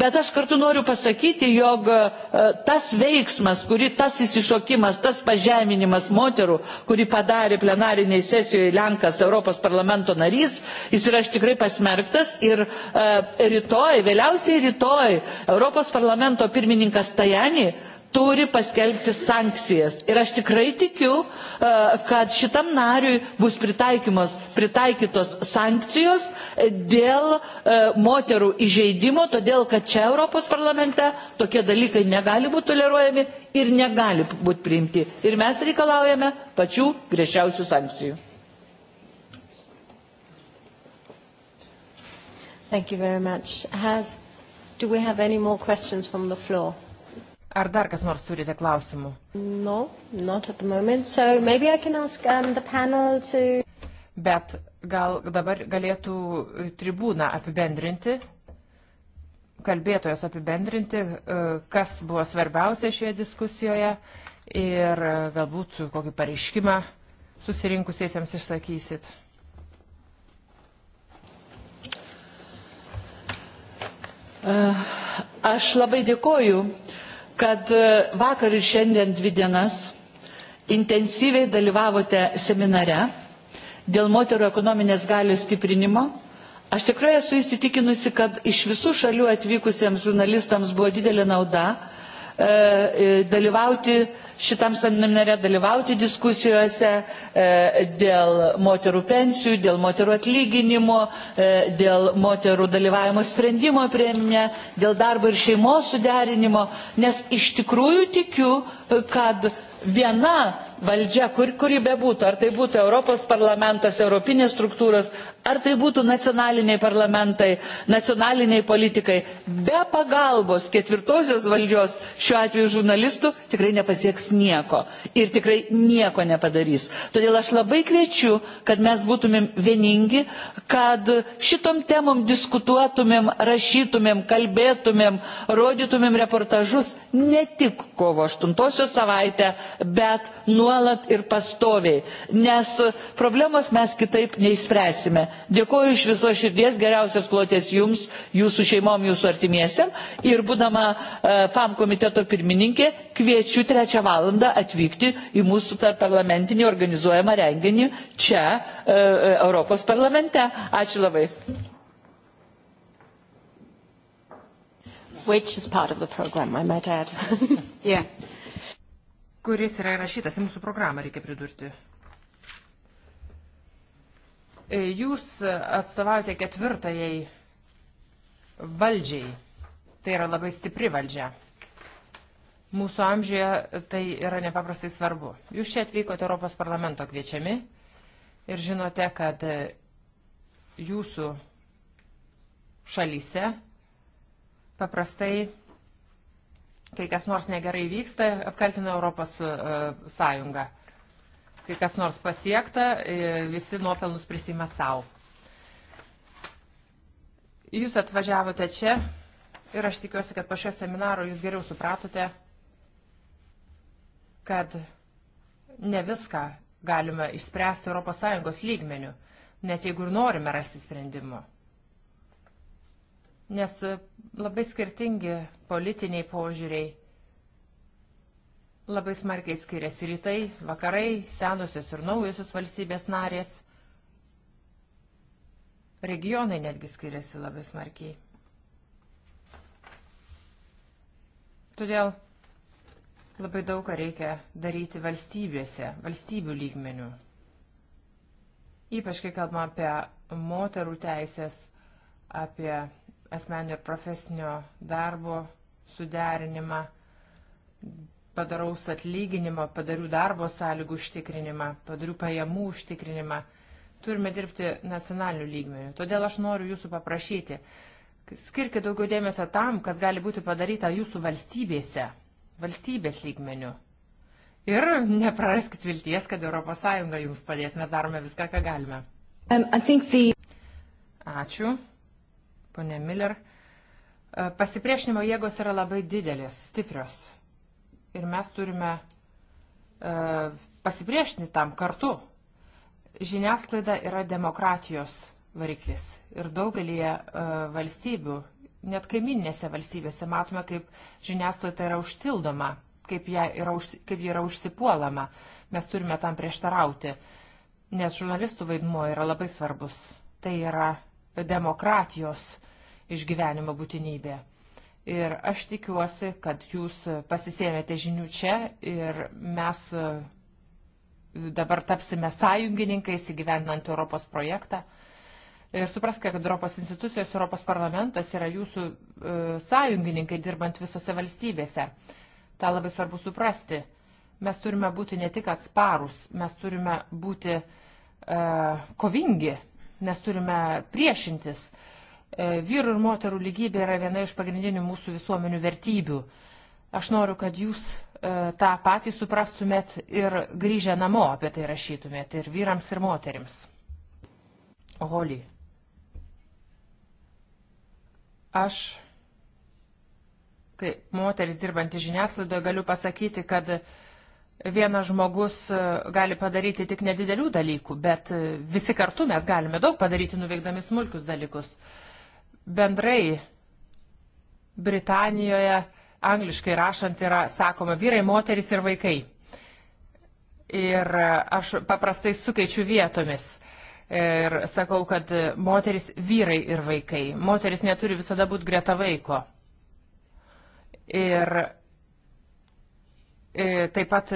Bet aš kartu noriu pasakyti, jog e, tas veiksmas, kuri tas įsišokimas, tas pažeminimas moterų, kurį padarė plenariniai sesijoje Lenkas Europos parlamento narys, jis yra tikrai pasmerktas ir e, rytoj, vėliausiai rytoj Europos parlamento pirmininkas Tajani turi paskelbti sankcijas. Ir aš tikrai tikiu, e, kad šitam nariui bus pritaikytos sankcijos e, dėl e, moterų įžeidimo, todėl kad čia Europos parlamente tokie dalykai negali būti toleruojami ir negali būti priimti. Ir mes reikalaujame pačių griežčiausių sankcijų. Thank you very much. Has, do we have any more questions from the floor? Ar dar kas nors turite klausimų? No, not at the moment. So maybe I can ask um, the panel to... Bet gal dabar galėtų e, tribūną apibendrinti, kalbėtojas apibendrinti, e, kas buvo svarbiausia šioje diskusijoje ir e, galbūt kokį pareiškimą susirinkusiesiems išsakysit. Aš labai dėkoju uh, kad e, vakar ir šiandien dvi dienas intensyviai dalyvavote seminare dėl moterų ekonominės galios stiprinimo. Aš tikrai esu įsitikinusi, kad iš visų šalių atvykusiems žurnalistams buvo didelė nauda E, e, dalyvauti šitam seminare, dalyvauti diskusijose e, dėl moterų pensijų, dėl moterų atlyginimo, dėl moterų dalyvavimo sprendimo prieminė, dėl darbo ir šeimos suderinimo, nes iš tikrųjų tikiu, kad viena valdžia, kur, kuri bebūtų, ar tai būtų Europos parlamentas, Europinės struktūros, ar tai būtų nacionaliniai parlamentai, nacionaliniai politikai, be pagalbos ketvirtosios valdžios, šiuo atveju žurnalistų, tikrai nepasieks nieko ir tikrai nieko nepadarys. Todėl aš labai kviečiu, kad mes būtumėm vieningi, kad šitom temom diskutuotumėm, rašytumėm, kalbėtumėm, rodytumėm reportažus ne tik kovo 8 savaitę, bet nuolat ir pastoviai, nes problemos mes kitaip neįspręsime. Dėkoju iš viso širdies, geriausios klotės jums, jūsų šeimom, jūsų artimiesiam. Ir būdama e, FAM komiteto pirmininkė, kviečiu trečią valandą atvykti į mūsų parlamentinį organizuojamą renginį čia, e, e, Europos parlamente. Ačiū labai. Which is part of the program, I might add. yeah. Kuris yra įrašytas į mūsų programą, reikia pridurti. E, jūs atstovaujate ketvirtajai valdžiai. Tai yra labai stipri valdžia. Mūsų amžiuje tai yra nepaprastai svarbu. Jūs čia atvykote Europos parlamento kviečiami ir žinote, kad jūsų šalyse paprastai, kai kas nors negerai vyksta, apkaltina Europos e, Sąjungą kai kas nors pasiekta, e, visi nuopelnus prisima savo. Jūs atvažiavote čia ir aš tikiuosi, kad po šio seminaro jūs geriau supratote, kad ne viską galime išspręsti ES lygmenių, net jeigu ir norime rasti sprendimų. Nes labai skirtingi politiniai požiūriai Labai smarkiai skiriasi rytai, vakarai, senosios ir naujosios valstybės narės. Regionai netgi skiriasi labai smarkiai. Todėl labai daug ką reikia daryti valstybėse, valstybių lygmenių. Ypač kai kalbame apie moterų teisės, apie asmenio ir profesinio darbo suderinimą, padaraus atlyginimo, padarių darbo sąlygų užtikrinimą, padarių pajamų užtikrinimą. Turime dirbti nacionaliniu lygmeniu. Todėl aš noriu jūsų paprašyti, skirkite daugiau dėmesio tam, kas gali būti padaryta jūsų valstybėse, valstybės lygmeniu. Ir nepraraskit vilties, kad ES jums padės, mes darome viską, ką galime. Um, the... Ačiū, ponė Miller. Uh, pasipriešinimo jėgos yra labai didelės, stiprios ir mes turime e, pasipriešinti tam kartu. Žiniasklaida yra demokratijos variklis ir daugelį e, valstybių, net kaiminėse valstybėse matome, kaip žiniasklaida yra užtildoma, kaip ji yra, už, kaip yra užsipuolama. Mes turime tam prieštarauti, nes žurnalistų vaidmuo yra labai svarbus. Tai yra demokratijos išgyvenimo būtinybė. Ir aš tikiuosi, kad jūs pasisėmėte žinių čia ir mes e, dabar tapsime sąjungininkais įgyvendinant Europos projektą. Ir supraskite, kad Europos institucijos, Europos parlamentas yra jūsų e, sąjungininkai dirbant visose valstybėse. Ta labai svarbu suprasti. Mes turime būti ne tik atsparus, mes turime būti e, kovingi, mes turime priešintis. E, E, vyrų ir moterų lygybė yra viena iš pagrindinių mūsų visuomenių vertybių. Aš noriu, kad jūs e, tą patį suprastumėt ir grįžę namo apie tai rašytumėt ir vyrams, ir moterims. Holi. Aš, kaip moteris dirbanti žiniasklaidoje, galiu pasakyti, kad vienas žmogus e, gali padaryti tik nedidelių dalykų, bet visi kartu mes galime daug padaryti, nuveikdami smulkius dalykus. Uh, Bendrai Britanijoje angliškai rašant yra sakoma vyrai, moteris ir vaikai. Ir aš paprastai sukeičiu vietomis ir sakau, kad moteris vyrai ir vaikai. Moteris neturi visada būti greta vaiko. Ir e, taip pat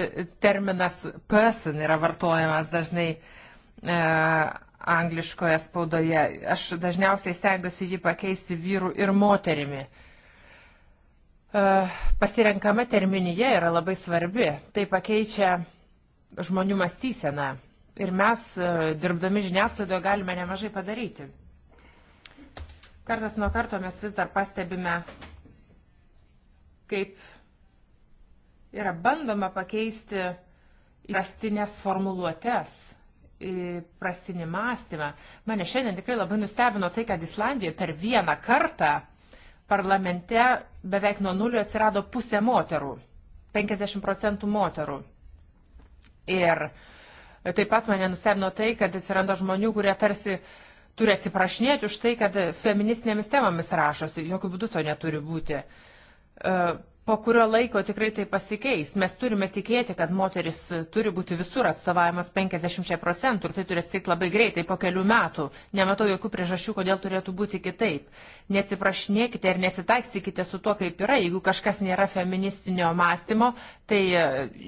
terminas person yra vartojamas dažnai e, angliškoje spaudoje. Aš dažniausiai stengiuosi jį pakeisti vyrų ir moterimi. E, pasirenkama terminija yra labai svarbi. Tai pakeičia žmonių mąstyseną. Ir mes, e, dirbdami žiniasklaidoje, galime nemažai padaryti. Kartas nuo karto mes vis dar pastebime, kaip yra bandoma pakeisti įprastinės formuluotės įprastinį mąstymą. Mane šiandien tikrai labai nustebino tai, kad Islandijoje per vieną kartą parlamente beveik nuo nulio atsirado pusė moterų, 50 procentų moterų. Ir taip pat mane nustebino tai, kad atsiranda žmonių, kurie tarsi turi atsiprašinėti už tai, kad feministinėmis temomis rašosi. Jokių būdų to neturi būti. E, po kurio laiko tikrai tai pasikeis. Mes turime tikėti, kad moteris turi būti visur atstovavimas 50 procentų ir tai turi atsitikti labai greitai po kelių metų. Nematau jokių priežasčių, kodėl turėtų būti kitaip. Neatsiprašinėkite ir nesitaiksykite su tuo, kaip yra. Jeigu kažkas nėra feministinio mąstymo, tai e,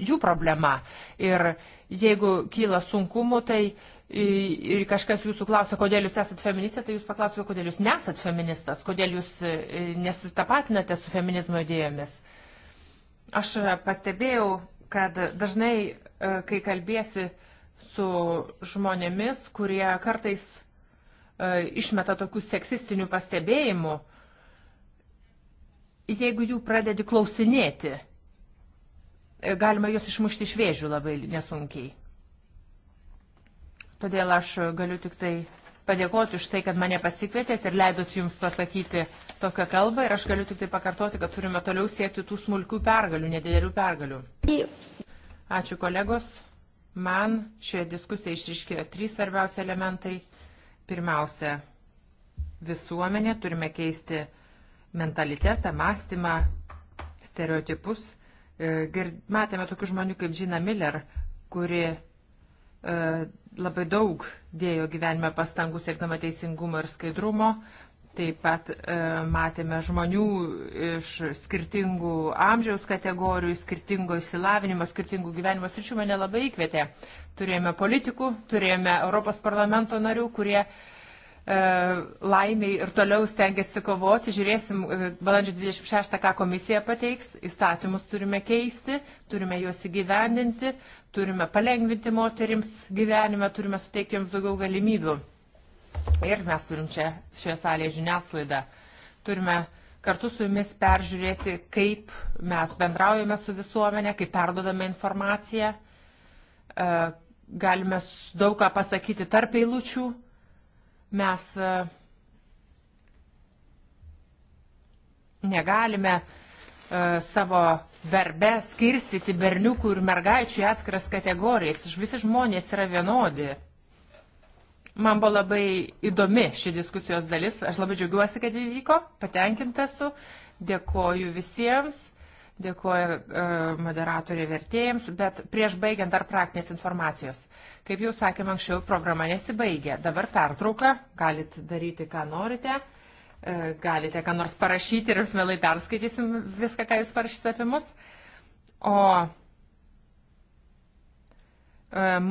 jų problema. Ir jeigu kyla sunkumų, tai uh, ir kažkas jūsų klausia, kodėl jūs esat feministė, tai jūs paklausite, kodėl jūs nesat feministas, kodėl jūs e, nesustapatinate su feminizmo idėjomis. Aš pastebėjau, kad dažnai, e, kai kalbėsi su žmonėmis, kurie kartais e, išmeta tokių seksistinių pastebėjimų, jeigu jų pradedi klausinėti, galima juos išmušti iš vėžių labai nesunkiai. Todėl aš galiu tik tai padėkoti už tai, kad mane pasikvietėt ir leidot jums pasakyti tokią kalbą. Ir aš galiu tik tai pakartoti, kad turime toliau siekti tų smulkių pergalių, nedidelių pergalių. Ačiū kolegos. Man šioje diskusijoje išriškėjo trys svarbiausi elementai. Pirmiausia, visuomenė turime keisti mentalitetą, mąstymą, stereotipus. E, matėme tokių žmonių kaip Džina Miller, kuri e, labai daug dėjo gyvenime pastangų siekdama teisingumo ir skaidrumo. Taip pat e, matėme žmonių iš skirtingų amžiaus kategorijų, skirtingo įsilavinimo, skirtingų gyvenimo sričių mane labai įkvietė. Turėjome politikų, turėjome Europos parlamento narių, kurie e, E, laimiai ir toliau stengiasi kovoti. Žiūrėsim, e, balandžio 26, ką komisija pateiks. Įstatymus turime keisti, turime juos įgyvendinti, turime palengvinti moterims gyvenime, turime suteikti jiems daugiau galimybių. Ir mes turim čia šioje salėje žiniasklaidą. Turime kartu su jumis peržiūrėti, kaip mes bendraujame su visuomenė, kaip perdodame informaciją. E, galime daug ką pasakyti tarp eilučių Mes e, negalime e, savo darbę skirstyti berniukų ir mergaičių į atskiras kategorijas. Visi žmonės yra vienodi. Man buvo labai įdomi ši diskusijos dalis. Aš labai džiaugiuosi, kad įvyko. Patenkinta esu. Dėkoju visiems dėkoju e, moderatoriai vertėjams, bet prieš baigiant dar praktinės informacijos. Kaip jau sakėm anksčiau, programa nesibaigė. Dabar pertrauka, galit daryti, ką norite, e, galite ką nors parašyti ir jūs mielai perskaitysim viską, ką jūs parašysite apie mus. O e,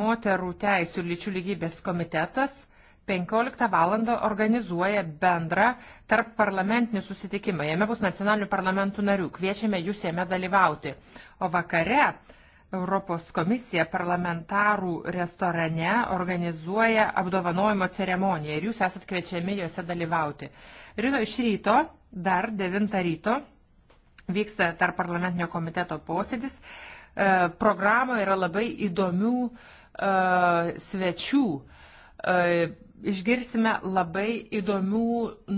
moterų teisų lyčių lygybės komitetas 15 val. organizuoja bendrą tarp parlamentinį susitikimą. Jame bus nacionalinių parlamentų narių. Kviečiame jūs jame dalyvauti. O vakare Europos komisija parlamentarų restorane organizuoja apdovanojimo ceremoniją ir jūs esat kviečiami juose dalyvauti. Ryto iš ryto, dar 9 ryto, vyksta tarp parlamentinio komiteto posėdis. E, programoje yra labai įdomių e, svečių. E, išgirsime labai įdomių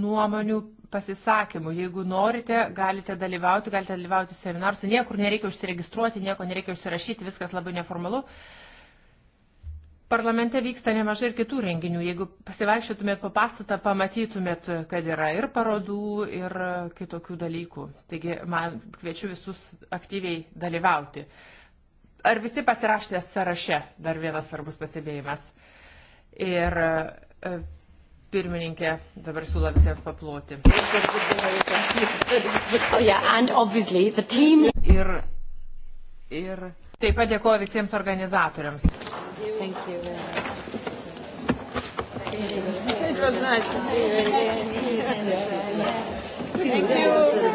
nuomonių pasisakymų. Jeigu norite, galite dalyvauti, galite dalyvauti seminaruose. Niekur nereikia užsiregistruoti, nieko nereikia užsirašyti, viskas labai neformalu. Parlamente vyksta nemažai ir kitų renginių. Jeigu pasivaikščiotumėt po pastatą, pamatytumėt, kad yra ir parodų, ir kitokių dalykų. Taigi, man kviečiu visus aktyviai dalyvauti. Ar visi pasirašėte sąraše? Dar vienas svarbus pastebėjimas. Ir E, pirmininkė dabar siūlo visiems paploti. Ir, ir taip pat dėkoju visiems organizatoriams. Thank you. It was nice to see you again. Thank you.